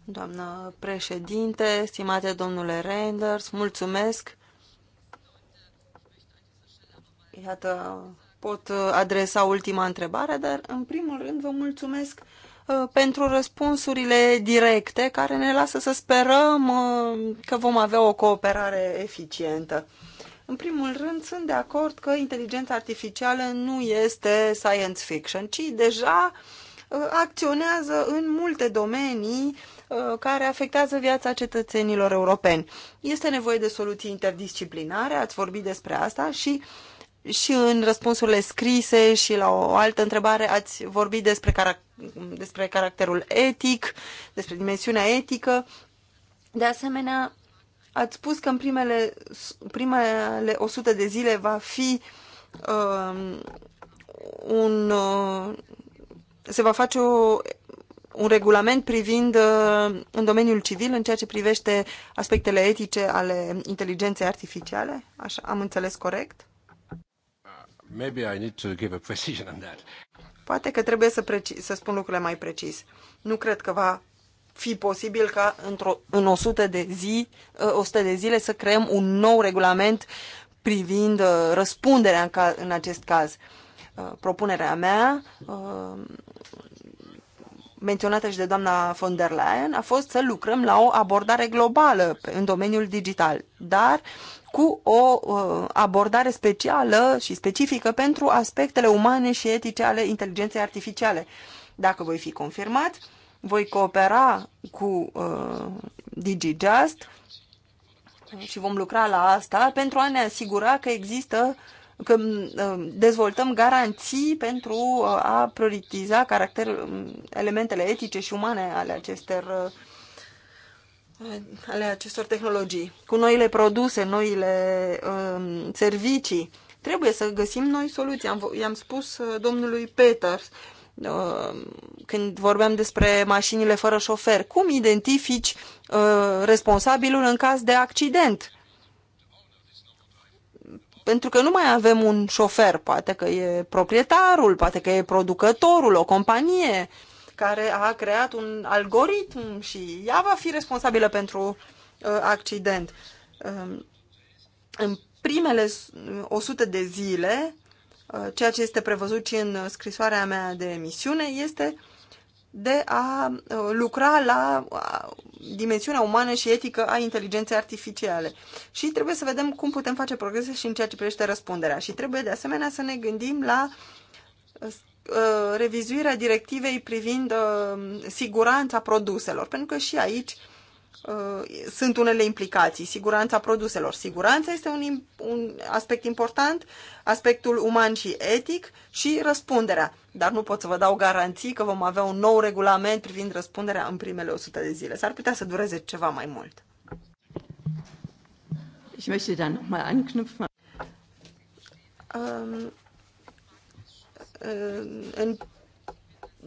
Doamnă președinte, stimate domnule Reinders, mulțumesc. Iată, pot adresa ultima întrebare, dar în primul rând vă mulțumesc uh, pentru răspunsurile directe care ne lasă să sperăm uh, că vom avea o cooperare eficientă. În primul rând, sunt de acord că inteligența artificială nu este science fiction, ci deja uh, acționează în multe domenii uh, care afectează viața cetățenilor europeni. Este nevoie de soluții interdisciplinare, ați vorbit despre asta și și în răspunsurile scrise și la o altă întrebare ați vorbit despre, carac- despre caracterul etic, despre dimensiunea etică. De asemenea, ați spus că în primele, primele 100 de zile va fi um, un, uh, se va face o, un regulament privind uh, în domeniul civil în ceea ce privește aspectele etice ale inteligenței artificiale? Așa, am înțeles corect? Uh, maybe I need to give a precision on that. Poate că trebuie să, preci- să spun lucrurile mai precis. Nu cred că va fi posibil ca într-o, în 100 de, zi, 100 uh, de zile să creăm un nou regulament privind răspunderea în, ca- în acest caz. Uh, Uh, propunerea mea, uh, menționată și de doamna von der Leyen, a fost să lucrăm la o abordare globală în domeniul digital, dar cu o uh, abordare specială și specifică pentru aspectele umane și etice ale inteligenței artificiale. Dacă voi fi confirmat, voi coopera cu uh, DigiJust și vom lucra la asta pentru a ne asigura că există uh, că uh, dezvoltăm garanții pentru uh, a prioritiza caracterul uh, elementele etice și umane ale acestor, ale acestor tehnologii. Cu noile produse, noile um, servicii, trebuie să găsim noi soluții. Am, i-am spus domnului Peters uh, când vorbeam despre mașinile fără șofer, cum identifici uh, responsabilul în caz de accident? pentru că nu mai avem un șofer, poate că e proprietarul, poate că e producătorul, o companie care a creat un algoritm și ea va fi responsabilă pentru uh, accident. Uh, în primele 100 uh, de zile, uh, ceea ce este prevăzut și în scrisoarea mea de emisiune, este uh, de a uh, lucra la uh, dimensiunea umană și etică a inteligenței artificiale. Și trebuie să vedem cum putem face progrese și în ceea ce privește răspunderea. Și trebuie de asemenea să ne gândim la uh, revizuirea directivei privind siguranța produselor, pentru că și aici Uh, sunt unele implicații. Siguranța produselor. Siguranța este un, un aspect important, aspectul uman și etic și răspunderea. Dar nu pot să vă dau garanții că vom avea un nou regulament privind răspunderea în primele 100 de zile. S-ar putea să dureze ceva mai mult. Da um, uh, în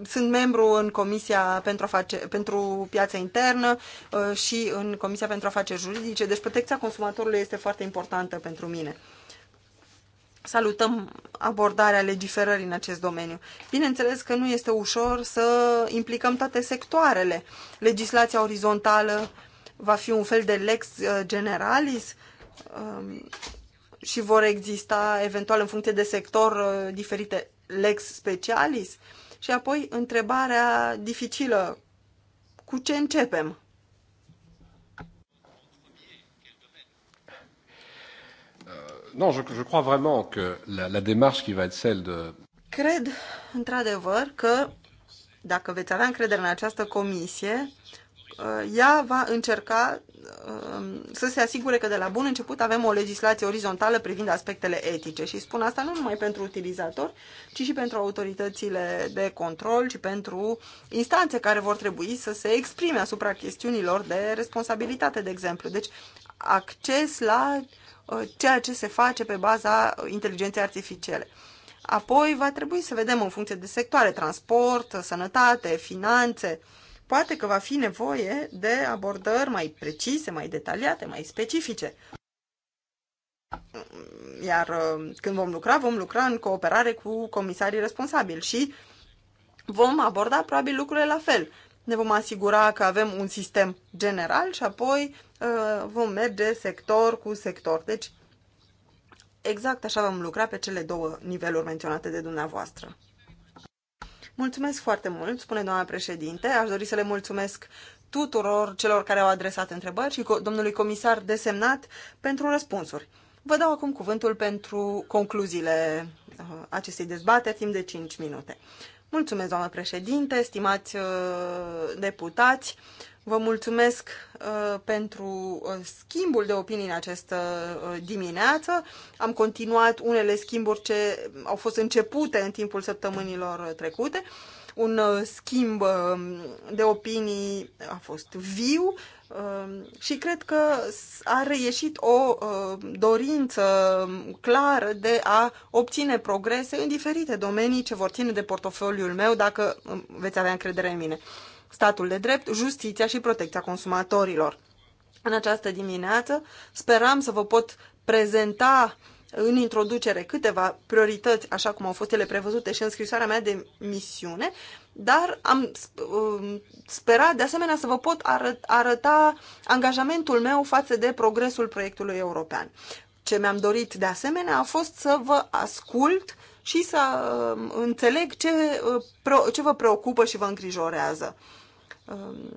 sunt membru în Comisia pentru, face, pentru Piața Internă uh, și în Comisia pentru Afaceri Juridice, deci protecția consumatorului este foarte importantă pentru mine. Salutăm abordarea legiferării în acest domeniu. Bineînțeles că nu este ușor să implicăm toate sectoarele. Legislația orizontală va fi un fel de lex uh, generalis um, și vor exista eventual în funcție de sector uh, diferite lex specialis și apoi întrebarea dificilă, cu ce începem? Euh, non, je, je crois vraiment que la, la démarche qui va être celle de... Cred, într-adevăr, că dacă veți avea încredere în această comisie, ă, ea va încerca Um, să se asigure că de la bun început avem o legislație orizontală privind aspectele etice și spun asta nu numai pentru utilizatori, ci și pentru autoritățile de control și pentru instanțe care vor trebui să se exprime asupra chestiunilor de responsabilitate, de exemplu. Deci acces la uh, ceea ce se face pe baza inteligenței artificiale. Apoi va trebui să vedem în funcție de sectoare, transport, sănătate, finanțe, uh, poate că va fi nevoie de abordări mai precise, mai detaliate, mai specifice. Iar uh, când vom lucra, vom lucra în cooperare cu comisarii responsabili și vom aborda probabil lucrurile la fel. Ne vom asigura că avem un sistem general și apoi uh, vom merge sector cu sector. Deci, exact așa vom lucra pe cele două niveluri menționate de dumneavoastră. Mulțumesc foarte mult, spune doamna președinte. Aș dori să le mulțumesc tuturor celor care au adresat întrebări și domnului comisar desemnat pentru răspunsuri. Vă dau acum cuvântul pentru concluziile uh, acestei dezbateri timp de 5 minute. Mulțumesc, doamnă președinte, stimați uh, deputați. Vă mulțumesc uh, pentru uh, schimbul de opinii în această uh, dimineață. Am continuat unele schimburi ce au fost începute în timpul săptămânilor trecute. Un uh, schimb uh, de opinii a fost viu uh, și cred că a reieșit o uh, dorință clară de a obține progrese în diferite domenii ce vor ține de portofoliul meu dacă uh, veți avea încredere în mine. Uh, statul de drept, justiția și protecția consumatorilor. În această dimineață speram să vă pot prezenta în introducere câteva priorități, așa cum au fost ele prevăzute și în scrisoarea mea de misiune, dar am um, sperat de asemenea să vă pot arăta angajamentul meu față de progresul proiectului european. Ce mi-am dorit de asemenea a fost să vă ascult și să um, înțeleg ce, uh, ce vă preocupă și vă îngrijorează. Um,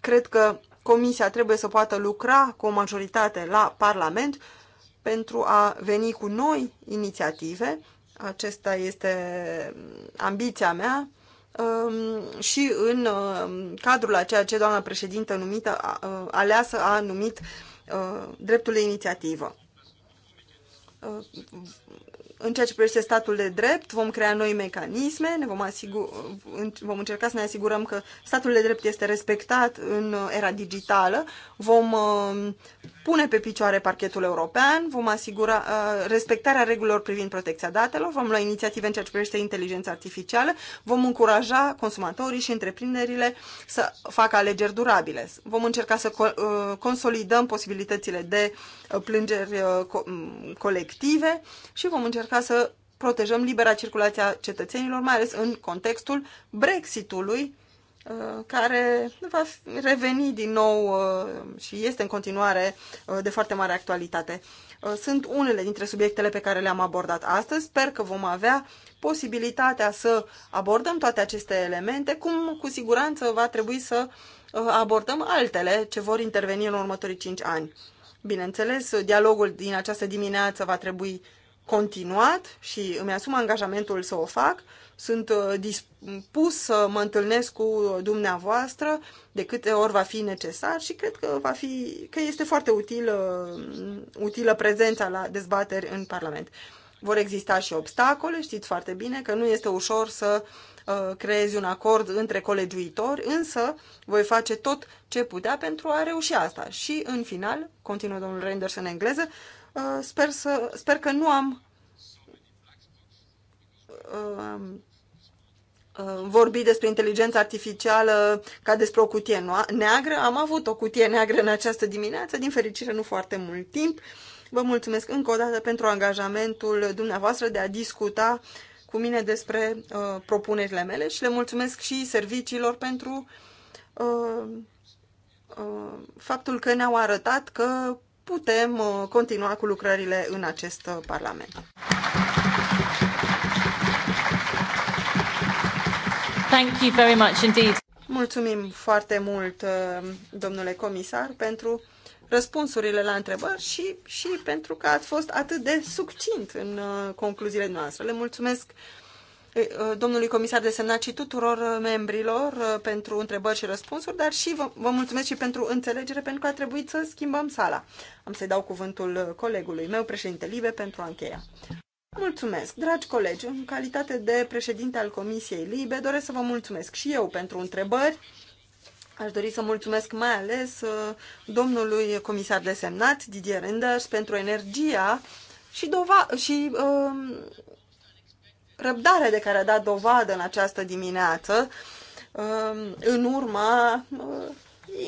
cred că Comisia trebuie să poată lucra cu o majoritate la Parlament pentru a veni cu noi inițiative. Acesta este um, ambiția mea um, și în cadrul a ceea ce doamna președintă numită, uh, aleasă a numit uh, dreptul de inițiativă. Uh, în ceea ce privește statul de drept, vom crea noi mecanisme, ne vom, asigur, vom încerca să ne asigurăm că statul de drept este respectat în era digitală, vom uh, pune pe picioare parchetul european, vom asigura uh, respectarea regulilor privind protecția datelor, vom lua inițiative în ceea ce privește inteligența artificială, vom încuraja consumatorii și întreprinderile să facă alegeri durabile. Vom încerca să co- uh, consolidăm posibilitățile de uh, plângeri uh, co- colective și vom încerca să protejăm libera circulație a cetățenilor, mai ales în contextul Brexitului, Uh, care va reveni din nou uh, și este în continuare uh, de foarte mare actualitate. Sunt unele dintre subiectele pe care le-am abordat astăzi. Sper că vom avea posibilitatea să abordăm toate aceste elemente, cum cu siguranță va trebui să abordăm altele ce vor interveni în următorii 5 ani. Bineînțeles, dialogul din această dimineață va trebui continuat și îmi asum angajamentul să o fac sunt uh, dispus să mă întâlnesc cu dumneavoastră de câte ori va fi necesar și cred că, va fi, că este foarte utilă, uh, utilă prezența la dezbateri în Parlament. Vor exista și obstacole, știți foarte bine că nu este ușor să uh, creezi un acord între colegiuitori, însă voi face tot ce putea pentru a reuși asta. Și în final, continuă domnul Renders în engleză, sper, să, sper că nu am Uh, vorbi despre inteligența artificială ca despre o cutie neagră. Am avut o cutie neagră în această dimineață, din fericire nu foarte mult timp. Vă mulțumesc încă o dată pentru angajamentul dumneavoastră de a discuta cu mine despre uh, propunerile mele și le mulțumesc și serviciilor pentru uh, uh, faptul că ne-au arătat că putem uh, continua cu lucrările în acest uh, Parlament. Mulțumim foarte mult, uh, domnule comisar, pentru răspunsurile la întrebări și, și pentru că ați fost atât de succint în uh, concluziile noastre. Le mulțumesc uh, domnului comisar desemnat și tuturor membrilor pentru întrebări și răspunsuri, dar și vă, vă mulțumesc și pentru înțelegere, pentru că a trebuit să schimbăm sala. Am să-i dau cuvântul colegului meu, președinte Libe, pentru a încheia. Mulțumesc, dragi colegi, în calitate de președinte al Comisiei Libe, doresc să vă mulțumesc și eu pentru întrebări. Aș dori să mulțumesc mai ales uh, domnului comisar desemnat, Didier Renders, pentru energia și, dova- și uh, răbdare de care a dat dovadă în această dimineață, uh, în urma uh,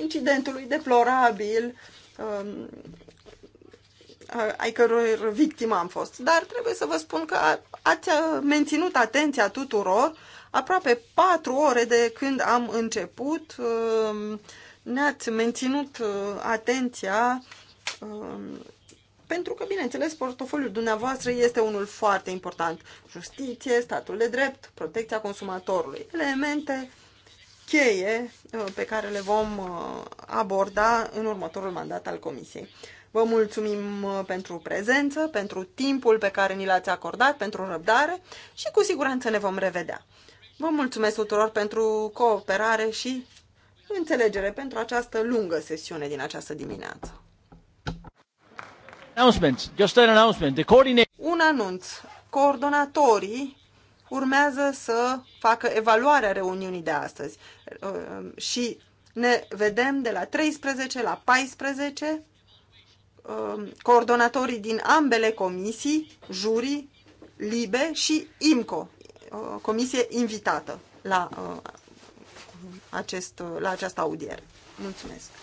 incidentului deplorabil uh, ai căror victimă am fost. Dar trebuie să vă spun că ați menținut atenția tuturor aproape patru ore de când am început. Um, ne-ați menținut uh, atenția um, pentru că, bineînțeles, portofoliul dumneavoastră este unul foarte important. Justiție, statul de drept, protecția consumatorului. Elemente cheie uh, pe care le vom uh, aborda în următorul mandat al Comisiei. Vă mulțumim uh, pentru prezență, pentru timpul pe care ni l-ați acordat, pentru răbdare și cu siguranță ne vom revedea. Vă mulțumesc tuturor pentru cooperare și înțelegere pentru această lungă sesiune din această dimineață. Announcements. Just an announcement. The coordinate... Un anunț. Coordonatorii urmează să facă evaluarea reuniunii de astăzi uh, și ne vedem de la 13 la 14 Um, coordonatorii din ambele comisii, juri, libe și IMCO, uh, comisie invitată la, uh, acest, la această audiere. Mulțumesc!